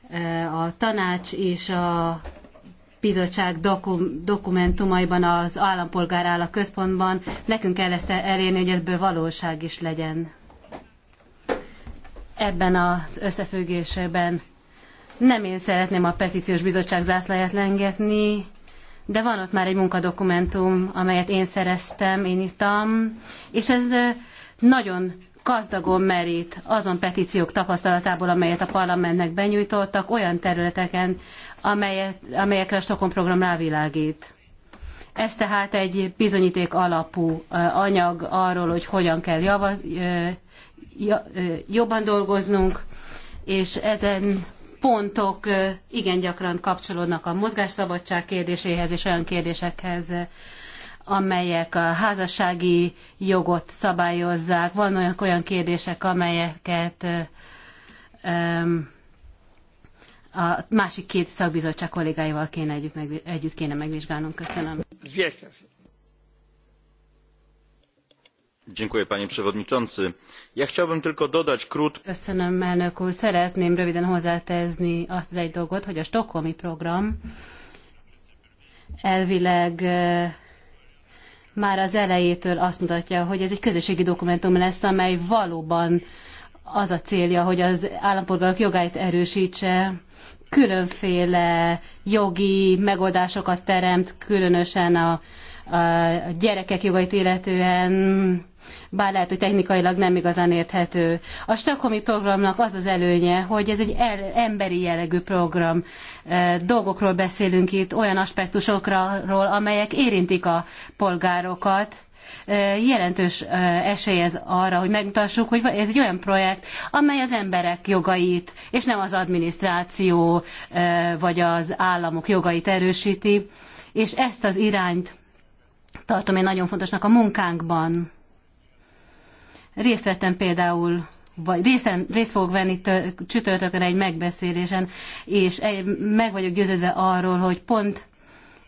E, a tanács és a bizottság dokum, dokumentumaiban az állampolgár áll a központban. Nekünk kell ezt elérni, hogy ebből valóság is legyen. Ebben az összefüggésben nem én szeretném a petíciós bizottság zászlaját lengetni, de van ott már egy munkadokumentum, amelyet én szereztem, én ittam, és ez nagyon gazdagon merít azon petíciók tapasztalatából, amelyet a parlamentnek benyújtottak, olyan területeken, amelyet, amelyekre a Stockholm program rávilágít. Ez tehát egy bizonyíték alapú anyag arról, hogy hogyan kell java, jobban dolgoznunk, és ezen pontok igen gyakran kapcsolódnak a mozgásszabadság kérdéséhez és olyan kérdésekhez, amelyek a házassági jogot szabályozzák. Van olyan, olyan kérdések, amelyeket a másik két szakbizottság kollégáival kéne együtt, meg, együtt kéne megvizsgálnunk. Köszönöm chciałbym tylko dodać szeretném röviden hozzátenni azt az egy dolgot hogy a stockholmi program elvileg már az elejétől azt mutatja hogy ez egy közösségi dokumentum lesz amely valóban az a célja hogy az állampolgárok jogait erőstse különféle jogi megoldásokat teremt különösen a a gyerekek jogait illetően, bár lehet, hogy technikailag nem igazán érthető. A Stockholmi programnak az az előnye, hogy ez egy el, emberi jellegű program. E, dolgokról beszélünk itt, olyan aspektusokról, amelyek érintik a polgárokat, e, jelentős e, esély ez arra, hogy megmutassuk, hogy ez egy olyan projekt, amely az emberek jogait, és nem az adminisztráció vagy az államok jogait erősíti, és ezt az irányt tartom én nagyon fontosnak a munkánkban. Részt vettem például vagy részen, részt fogok venni tő, csütörtökön egy megbeszélésen, és meg vagyok győződve arról, hogy pont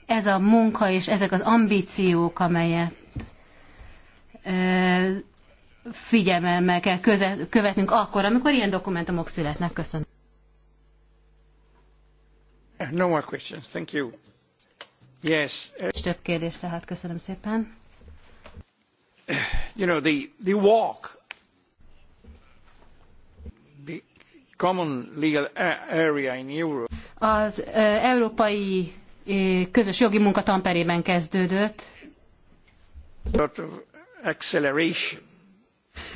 ez a munka és ezek az ambíciók, amelyet ö, figyelmemmel kell köze, követnünk akkor, amikor ilyen dokumentumok születnek. Köszönöm. No more questions. Thank you. Yes. Több kérdés tehát, köszönöm szépen. You know, the, the walk, the common legal area in Europe. Az európai közös jogi munka Tamperében kezdődött. Sort of acceleration.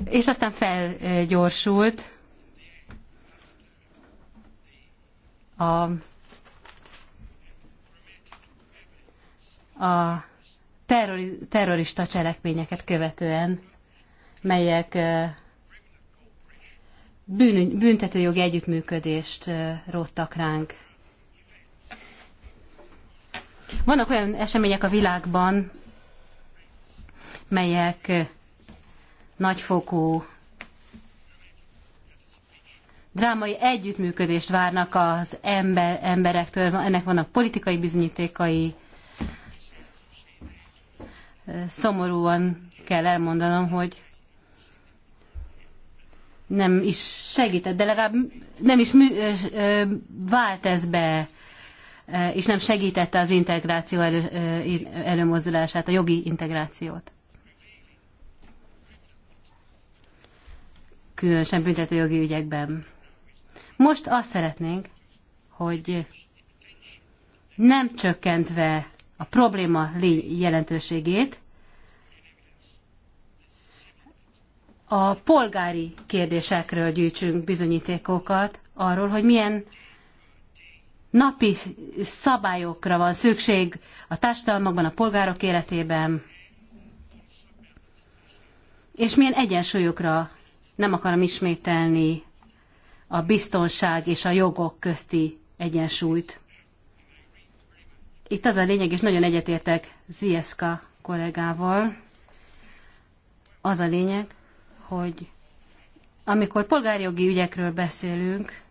És aztán felgyorsult. a a terrori, terrorista cselekményeket követően, melyek bűn, büntetőjogi együttműködést róttak ránk. Vannak olyan események a világban, melyek nagyfokú drámai együttműködést várnak az ember, emberektől, ennek vannak politikai bizonyítékai, szomorúan kell elmondanom, hogy nem is segített, de legalább nem is mű, ö, vált ez be, és nem segítette az integráció elő, előmozdulását, a jogi integrációt. Különösen büntetőjogi ügyekben. Most azt szeretnénk, hogy nem csökkentve a probléma jelentőségét, a polgári kérdésekről gyűjtsünk bizonyítékokat arról, hogy milyen napi szabályokra van szükség a társadalmakban, a polgárok életében, és milyen egyensúlyokra nem akarom ismételni a biztonság és a jogok közti egyensúlyt. Itt az a lényeg, és nagyon egyetértek Zieska kollégával, az a lényeg, hogy amikor polgárjogi ügyekről beszélünk,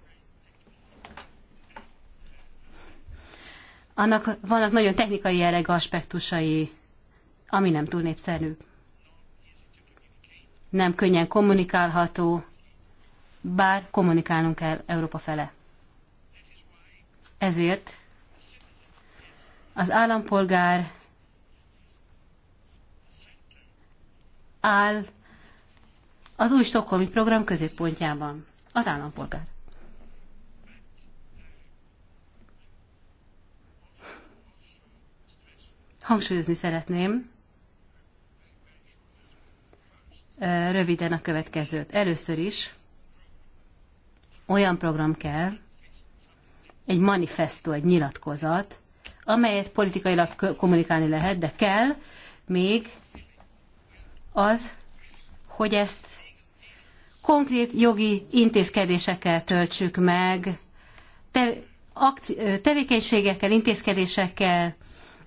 annak vannak nagyon technikai jelleg aspektusai, ami nem túl népszerű. Nem könnyen kommunikálható, bár kommunikálnunk kell Európa fele. Ezért az állampolgár áll az új stokholmi program középpontjában. Az állampolgár. Hangsúlyozni szeretném röviden a következőt. Először is olyan program kell, egy manifesto, egy nyilatkozat, amelyet politikailag kommunikálni lehet, de kell még az, hogy ezt konkrét jogi intézkedésekkel töltsük meg, te, akci- tevékenységekkel, intézkedésekkel,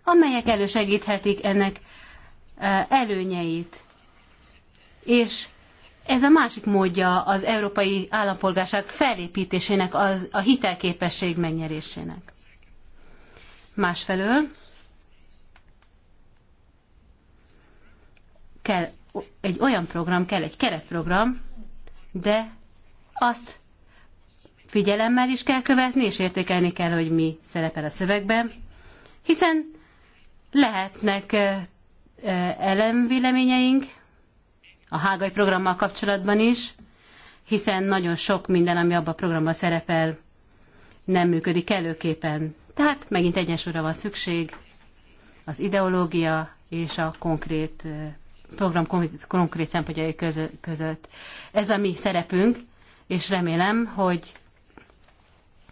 amelyek elősegíthetik ennek előnyeit. És ez a másik módja az európai állampolgárság felépítésének, az, a hitelképesség megnyerésének. Másfelől kell egy olyan program, kell egy keretprogram, de azt figyelemmel is kell követni, és értékelni kell, hogy mi szerepel a szövegben, hiszen lehetnek elemvéleményeink a hágai programmal kapcsolatban is, hiszen nagyon sok minden, ami abban a programban szerepel, nem működik előképpen. Tehát megint egyensúlyra van szükség az ideológia és a konkrét program konkrét szempontjai között. Ez a mi szerepünk, és remélem, hogy,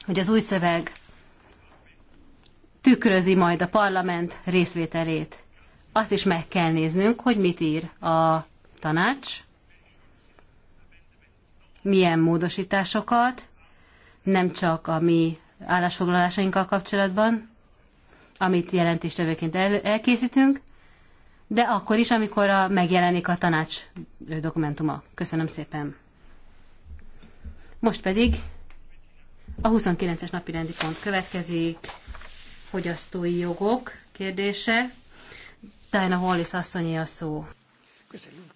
hogy az új szöveg tükrözi majd a parlament részvételét. Azt is meg kell néznünk, hogy mit ír a tanács, milyen módosításokat, nem csak a mi állásfoglalásainkkal kapcsolatban, amit jelentéstevőként el, elkészítünk, de akkor is, amikor a, megjelenik a tanács dokumentuma. Köszönöm szépen. Most pedig a 29-es napi rendi pont következik, fogyasztói jogok kérdése. Diana Hollis asszonyi a szó. Köszönöm.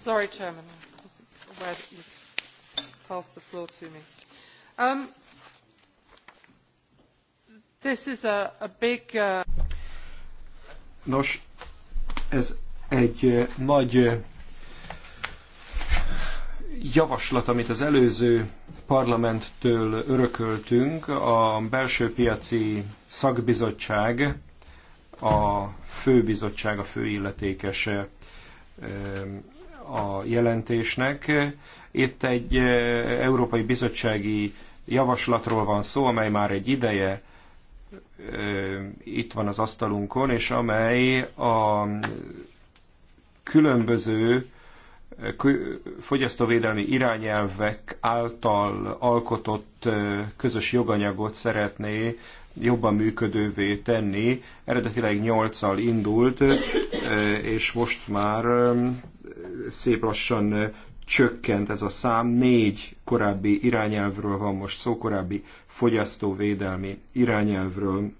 Sorry, Chairman. I wasn't aware that you passed the floor to me. Um, this is a, a big... Uh... Nos, ez egy uh, nagy uh, javaslat, amit az előző parlamenttől örököltünk, a belső piaci szakbizottság, a főbizottság, a főilletékese um, a jelentésnek. Itt egy Európai Bizottsági javaslatról van szó, amely már egy ideje itt van az asztalunkon, és amely a különböző fogyasztóvédelmi irányelvek által alkotott közös joganyagot szeretné jobban működővé tenni. Eredetileg 8-al indult, és most már szép lassan csökkent ez a szám. Négy korábbi irányelvről van most szó, korábbi fogyasztóvédelmi irányelvről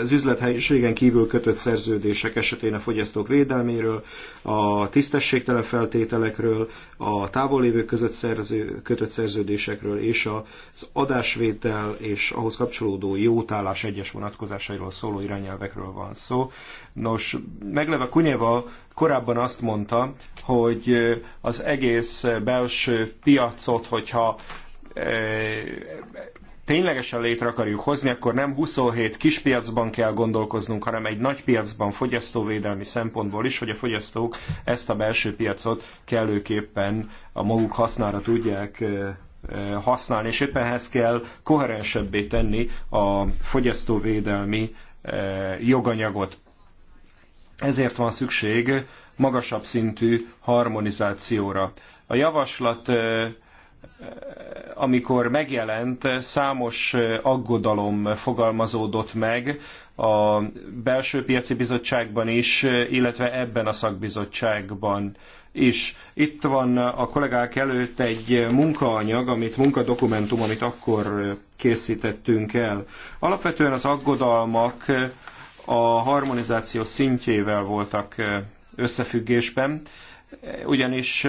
az üzlethelyiségen kívül kötött szerződések esetén a fogyasztók védelméről, a tisztességtelen feltételekről, a távollévők között szerző, kötött szerződésekről és az adásvétel és ahhoz kapcsolódó jótállás egyes vonatkozásairól szóló irányelvekről van szó. Nos, megleve Kunyeva korábban azt mondta, hogy az egész belső piacot, hogyha eh, ténylegesen létre akarjuk hozni, akkor nem 27 kis piacban kell gondolkoznunk, hanem egy nagy piacban fogyasztóvédelmi szempontból is, hogy a fogyasztók ezt a belső piacot kellőképpen a maguk hasznára tudják használni, és éppen ehhez kell koherensebbé tenni a fogyasztóvédelmi joganyagot. Ezért van szükség magasabb szintű harmonizációra. A javaslat amikor megjelent, számos aggodalom fogalmazódott meg a belső piaci bizottságban is, illetve ebben a szakbizottságban is. Itt van a kollégák előtt egy munkaanyag, amit munkadokumentum, amit akkor készítettünk el. Alapvetően az aggodalmak a harmonizáció szintjével voltak összefüggésben ugyanis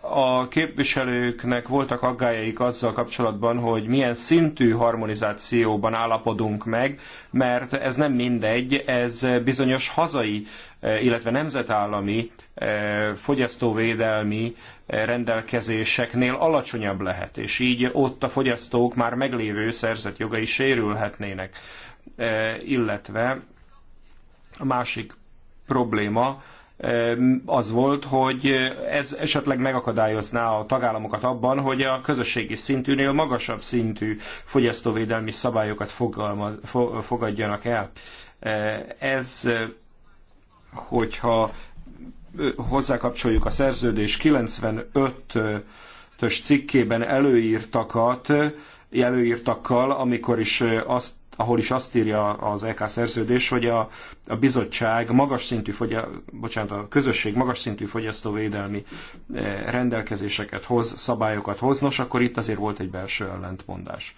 a képviselőknek voltak aggájaik azzal kapcsolatban, hogy milyen szintű harmonizációban állapodunk meg, mert ez nem mindegy, ez bizonyos hazai, illetve nemzetállami fogyasztóvédelmi rendelkezéseknél alacsonyabb lehet, és így ott a fogyasztók már meglévő szerzett jogai sérülhetnének, illetve a másik probléma, az volt, hogy ez esetleg megakadályozná a tagállamokat abban, hogy a közösségi szintűnél magasabb szintű fogyasztóvédelmi szabályokat fogalmaz, fogadjanak el. Ez, hogyha hozzákapcsoljuk a szerződés 95-ös cikkében előírtakat, előírtakkal, amikor is azt ahol is azt írja az EK szerződés, hogy a, a bizottság magas szintű, fogya, bocsánat, a közösség magas szintű fogyasztóvédelmi eh, rendelkezéseket hoz, szabályokat hoz, nos, akkor itt azért volt egy belső ellentmondás.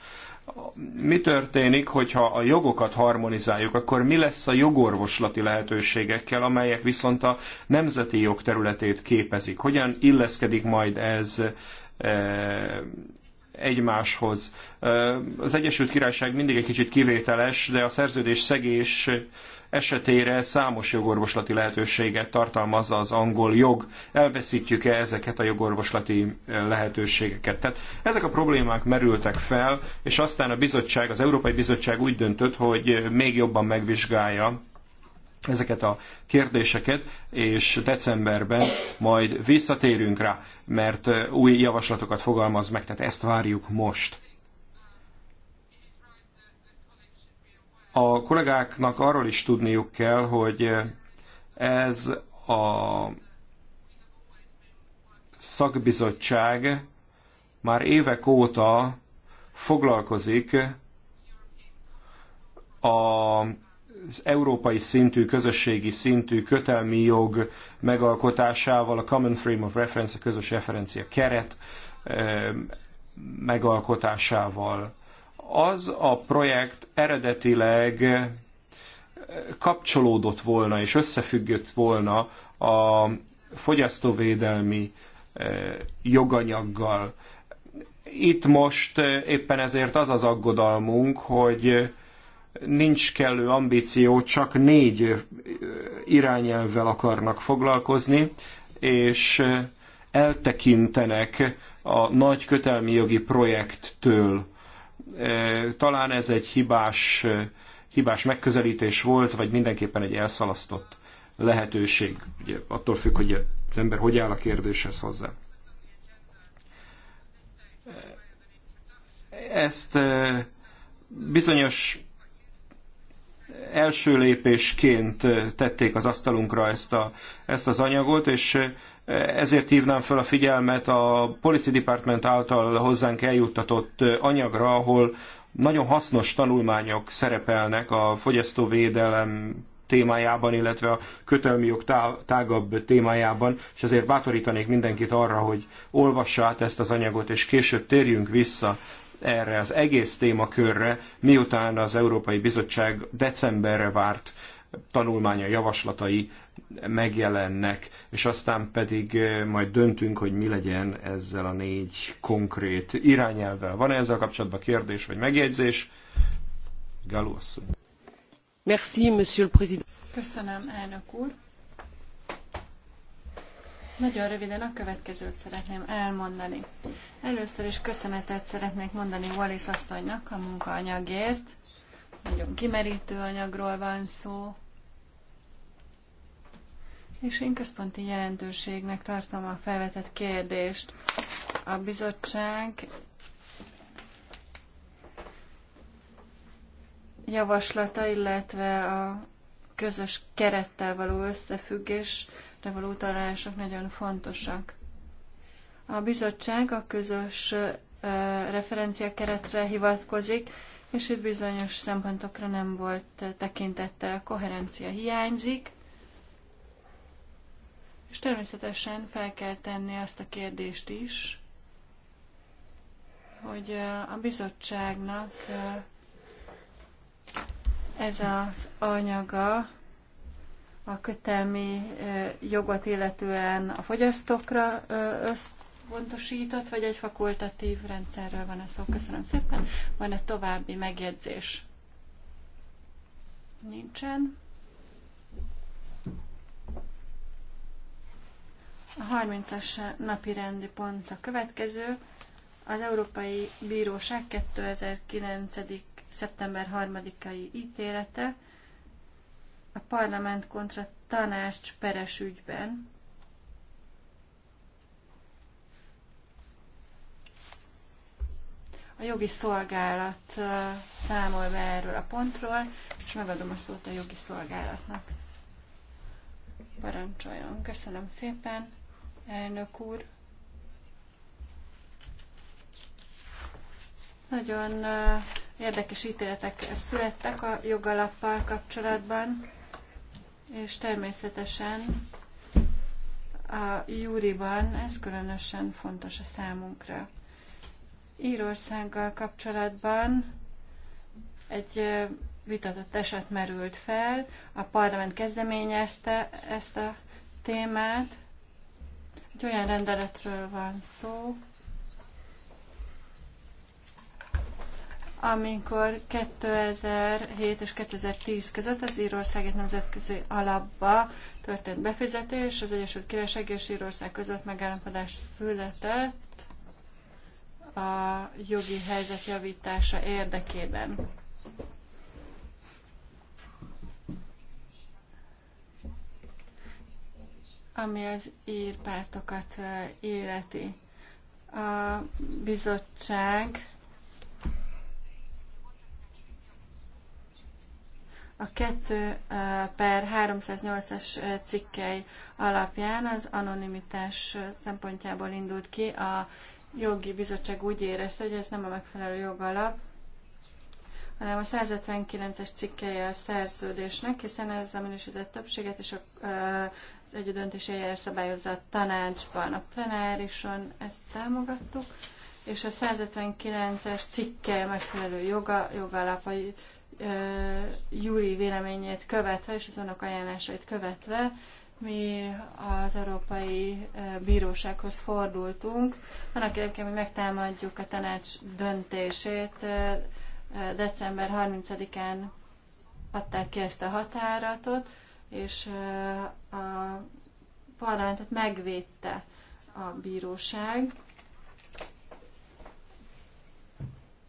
Mi történik, hogyha a jogokat harmonizáljuk, akkor mi lesz a jogorvoslati lehetőségekkel, amelyek viszont a nemzeti jog területét képezik? Hogyan illeszkedik majd ez eh, egymáshoz. Az Egyesült Királyság mindig egy kicsit kivételes, de a szerződés szegés esetére számos jogorvoslati lehetőséget tartalmazza az angol jog. Elveszítjük-e ezeket a jogorvoslati lehetőségeket? Tehát ezek a problémák merültek fel, és aztán a bizottság, az Európai Bizottság úgy döntött, hogy még jobban megvizsgálja ezeket a kérdéseket, és decemberben majd visszatérünk rá, mert új javaslatokat fogalmaz meg, tehát ezt várjuk most. A kollégáknak arról is tudniuk kell, hogy ez a szakbizottság már évek óta foglalkozik a az európai szintű, közösségi szintű kötelmi jog megalkotásával, a Common Frame of Reference, a közös referencia keret megalkotásával. Az a projekt eredetileg kapcsolódott volna és összefüggött volna a fogyasztóvédelmi joganyaggal. Itt most éppen ezért az az aggodalmunk, hogy nincs kellő ambíció, csak négy irányelvvel akarnak foglalkozni, és eltekintenek a nagy kötelmi jogi projekttől. Talán ez egy hibás, hibás megközelítés volt, vagy mindenképpen egy elszalasztott lehetőség. Ugye attól függ, hogy az ember hogy áll a kérdéshez hozzá. Ezt bizonyos első lépésként tették az asztalunkra ezt, a, ezt az anyagot, és ezért hívnám fel a figyelmet a Policy Department által hozzánk eljuttatott anyagra, ahol nagyon hasznos tanulmányok szerepelnek a fogyasztóvédelem témájában, illetve a kötelmi jog tágabb témájában, és ezért bátorítanék mindenkit arra, hogy olvassa át ezt az anyagot, és később térjünk vissza erre az egész témakörre, miután az Európai Bizottság decemberre várt tanulmánya, javaslatai megjelennek, és aztán pedig eh, majd döntünk, hogy mi legyen ezzel a négy konkrét irányelvvel. Van-e ezzel kapcsolatban kérdés vagy megjegyzés? Galo asszony. Merci, monsieur le président. Köszönöm, elnök úr. Nagyon röviden a következőt szeretném elmondani. Először is köszönetet szeretnék mondani Wallis asszonynak a munkaanyagért. Nagyon kimerítő anyagról van szó. És én központi jelentőségnek tartom a felvetett kérdést. A bizottság javaslata, illetve a közös kerettel való összefüggés Istenre való utalások nagyon fontosak. A bizottság a közös referencia keretre hivatkozik, és itt bizonyos szempontokra nem volt tekintettel koherencia hiányzik, és természetesen fel kell tenni azt a kérdést is, hogy a bizottságnak ez az anyaga a kötelmi jogot illetően a fogyasztókra összpontosított, vagy egy fakultatív rendszerről van a szó? Köszönöm szépen. Van-e további megjegyzés? Nincsen. A 30-as napi rendi pont a következő. Az Európai Bíróság 2009. szeptember 3-ai ítélete a parlament kontra tanács peres ügyben. A jogi szolgálat számol be erről a pontról, és megadom a szót a jogi szolgálatnak. Parancsoljon. Köszönöm szépen, elnök úr. Nagyon érdekes ítéletek születtek a jogalappal kapcsolatban és természetesen a júriban ez különösen fontos a számunkra. Írországgal kapcsolatban egy vitatott eset merült fel, a parlament kezdeményezte ezt a témát, egy olyan rendeletről van szó, amikor 2007 és 2010 között az Írország egy nemzetközi alapba történt befizetés, az Egyesült Királyság és Írország között megállapodás született a jogi helyzet javítása érdekében. ami az írpártokat eh, illeti. A bizottság A 2 per 308-as cikkei alapján az anonimitás szempontjából indult ki. A jogi bizottság úgy érezte, hogy ez nem a megfelelő jogalap, hanem a 159-es cikkeje a szerződésnek, hiszen ez a minősített többséget és a döntési eljárás szabályozza a tanácsban, a plenárison, ezt támogattuk, és a 159-es cikke megfelelő joga, jogalap, a Júri véleményét követve és az önök ajánlásait követve mi az Európai Bírósághoz fordultunk, annak érdekében, hogy megtámadjuk a tanács döntését. December 30-án adták ki ezt a határatot, és a parlamentet megvédte a bíróság.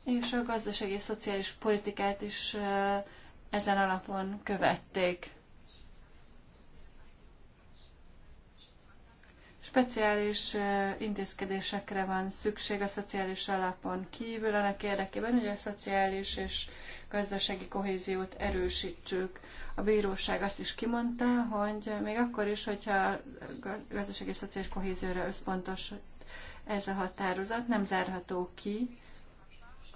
és a gazdasági és szociális politikát is ezen alapon követték. Speciális intézkedésekre van szükség a szociális alapon kívül, annak érdekében, hogy a szociális és gazdasági kohéziót erősítsük. A bíróság azt is kimondta, hogy még akkor is, hogyha gazdasági és szociális kohézióra összpontos ez a határozat, nem zárható ki,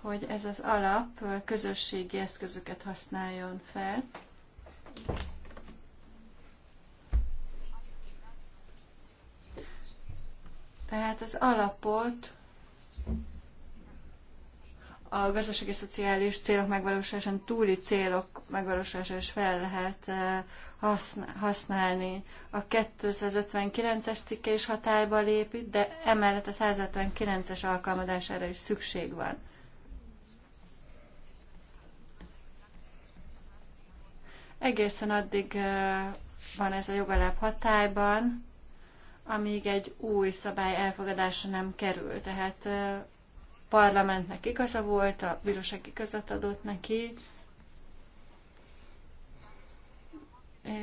hogy ez az alap közösségi eszközöket használjon fel. Tehát az alapot a gazdasági szociális célok megvalósításán túli célok megvalósulására is fel lehet eh, használni. A 259-es cikke is hatályba lép, de emellett a 159-es alkalmazására is szükség van. Egészen addig van ez a jogalap hatályban, amíg egy új szabály elfogadása nem kerül. Tehát parlamentnek igaza volt, a bíróság igazat adott neki,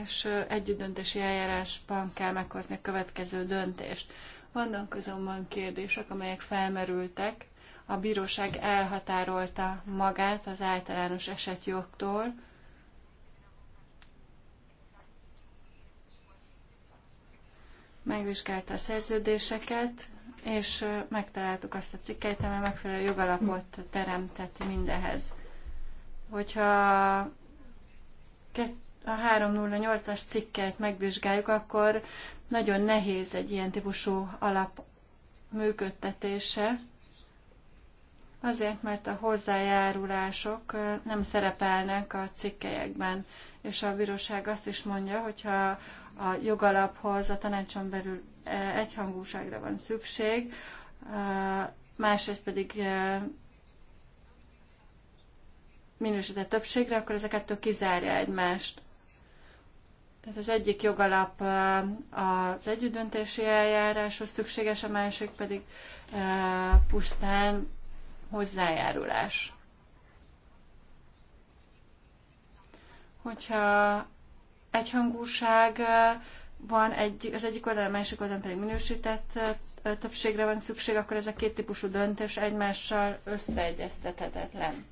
és együttdöntési eljárásban kell meghozni a következő döntést. Vannak azonban kérdések, amelyek felmerültek. A bíróság elhatárolta magát az általános esetjogtól, megvizsgálta a szerződéseket, és megtaláltuk azt a cikket, amely megfelelő jogalapot teremtett mindehez. Hogyha a 308-as cikket megvizsgáljuk, akkor nagyon nehéz egy ilyen típusú alap működtetése, azért, mert a hozzájárulások nem szerepelnek a cikkelyekben és a bíróság azt is mondja, hogyha a jogalaphoz a tanácson belül e, egyhangúságra van szükség, e, másrészt pedig e, minősített többségre, akkor ezek kettő kizárja egymást. Tehát az egyik jogalap az együttdöntési eljáráshoz szükséges, a másik pedig pusztán hozzájárulás. hogyha egyhangúság van egy, az egyik oldal a másik oldal pedig minősített többségre van szükség, akkor ez a két típusú döntés egymással összeegyeztethetetlen.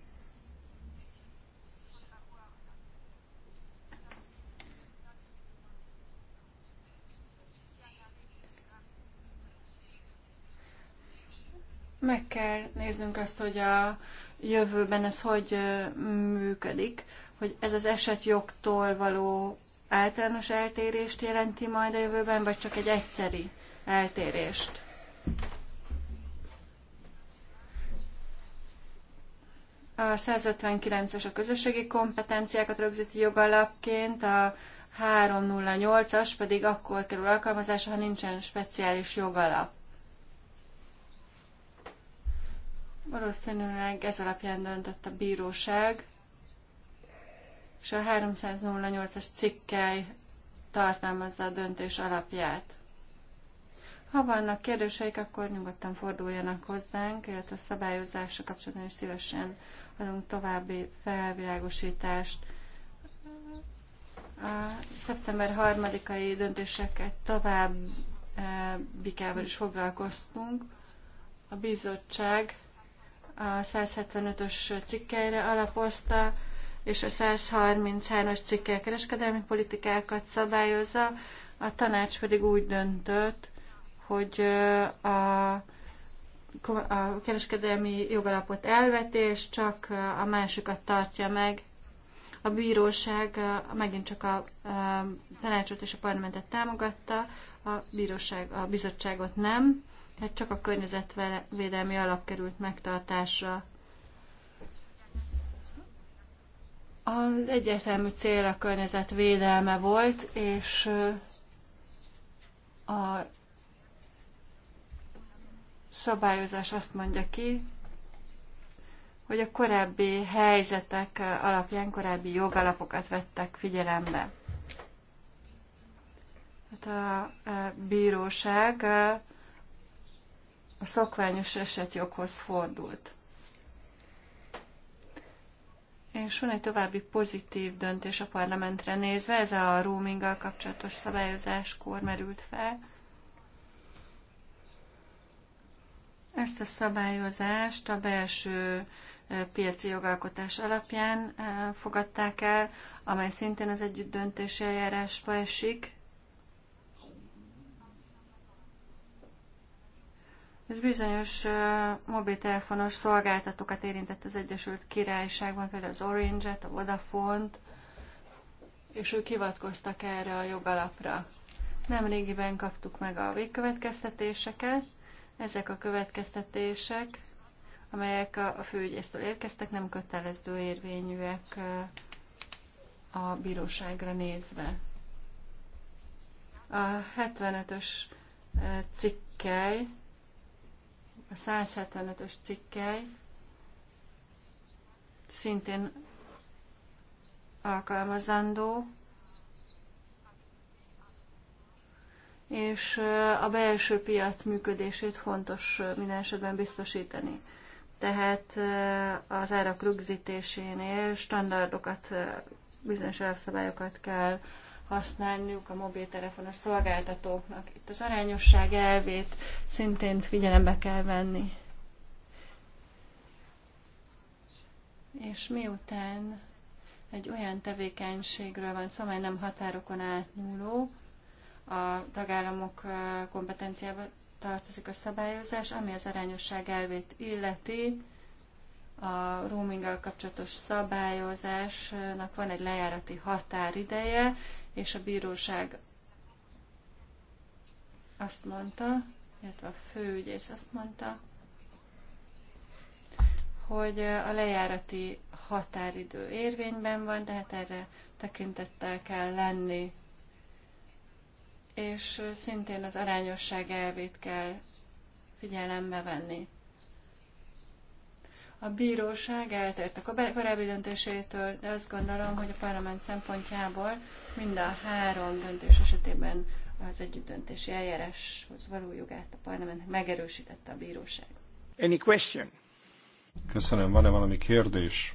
Meg kell néznünk azt, hogy a jövőben ez hogy működik hogy ez az eset jogtól való általános eltérést jelenti majd a jövőben, vagy csak egy egyszeri eltérést? A 159-es a közösségi kompetenciákat rögzíti jogalapként, a 308-as pedig akkor kerül alkalmazásra, ha nincsen speciális jogalap. Valószínűleg ez alapján döntött a bíróság és a 308-as cikkely tartalmazza a döntés alapját. Ha vannak kérdéseik, akkor nyugodtan forduljanak hozzánk, illetve a szabályozásra kapcsolatban is szívesen adunk további felvilágosítást. A szeptember 3-ai döntéseket tovább e, bikával is foglalkoztunk. A bizottság a 175-ös cikkeire alapozta és a 133-as cikkel kereskedelmi politikákat szabályozza, a tanács pedig úgy döntött, hogy a, a kereskedelmi jogalapot elveti, és csak a másikat tartja meg. A bíróság megint csak a, a tanácsot és a parlamentet támogatta, a bíróság a bizottságot nem, tehát csak a környezetvédelmi alap került megtartásra. Az egyetemű cél a környezet védelme volt, és a szabályozás azt mondja ki, hogy a korábbi helyzetek alapján korábbi jogalapokat vettek figyelembe. Hát a bíróság a szokványos esetjoghoz fordult. És van egy további pozitív döntés a parlamentre nézve, ez a roaminggal kapcsolatos szabályozáskor merült fel. Ezt a szabályozást a belső piaci jogalkotás alapján fogadták el, amely szintén az együtt döntési eljárásba esik. Ez bizonyos mobiltelefonos szolgáltatókat érintett az Egyesült Királyságban, például az Orange-et, a Vodafont, és ők hivatkoztak erre a jogalapra. Nemrégiben kaptuk meg a végkövetkeztetéseket. Ezek a következtetések, amelyek a főügyésztől érkeztek, nem kötelező érvényűek a bíróságra nézve. A 75-ös cikkely a 175-ös cikkely szintén alkalmazandó, és a belső piac működését fontos minden esetben biztosítani. Tehát az árak rögzítésénél standardokat, bizonyos elszabályokat kell használniuk a mobiltelefonos szolgáltatóknak. Itt az arányosság elvét szintén figyelembe kell venni. És miután egy olyan tevékenységről van szó, amely nem határokon átnyúló, a tagállamok kompetenciába tartozik a szabályozás, ami az arányosság elvét illeti, a roaminggal kapcsolatos szabályozásnak van egy lejárati határideje, és a bíróság azt mondta, illetve a főügyész azt mondta, hogy a lejárati határidő érvényben van, tehát erre tekintettel kell lenni. És szintén az arányosság elvét kell figyelembe venni. A bíróság eltért a korábbi döntésétől, de azt gondolom, hogy a parlament szempontjából mind a három döntés esetében az együttdöntési eljáráshoz való jogát a parlament megerősítette a bíróság. Any question? Köszönöm. Van-e valami kérdés?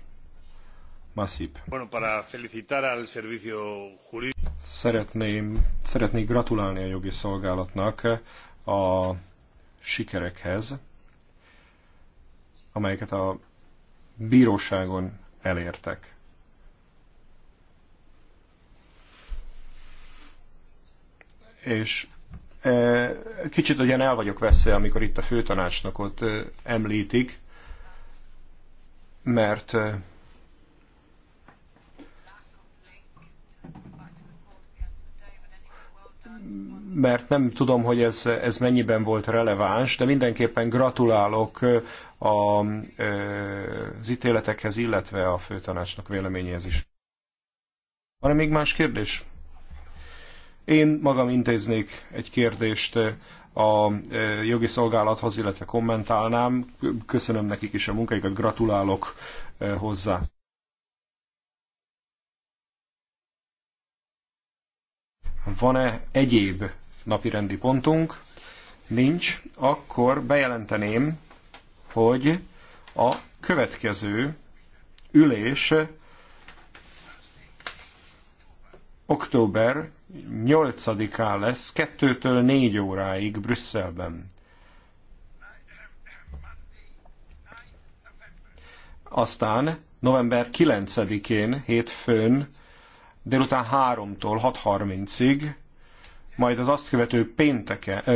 Masip. Bueno, para felicitar al servicio jurídico. Szeretném, szeretnék gratulálni a jogi szolgálatnak a sikerekhez, amelyeket a bíróságon elértek. És e, kicsit ugyan el vagyok veszve, amikor itt a főtanácsnokot e, említik, mert e, mert nem tudom, hogy ez, ez mennyiben volt releváns, de mindenképpen gratulálok a, az ítéletekhez, illetve a főtanácsnak véleményéhez is. Van-e még más kérdés? Én magam intéznék egy kérdést a jogi szolgálathoz, illetve kommentálnám. Köszönöm nekik is a munkáikat, gratulálok hozzá. Van-e egyéb napirendi pontunk? Nincs. Akkor bejelenteném, hogy a következő ülés október 8-án lesz 2-től 4 óráig Brüsszelben. Aztán november 9-én hétfőn délután 3-tól 6.30-ig, majd az azt követő pénteke,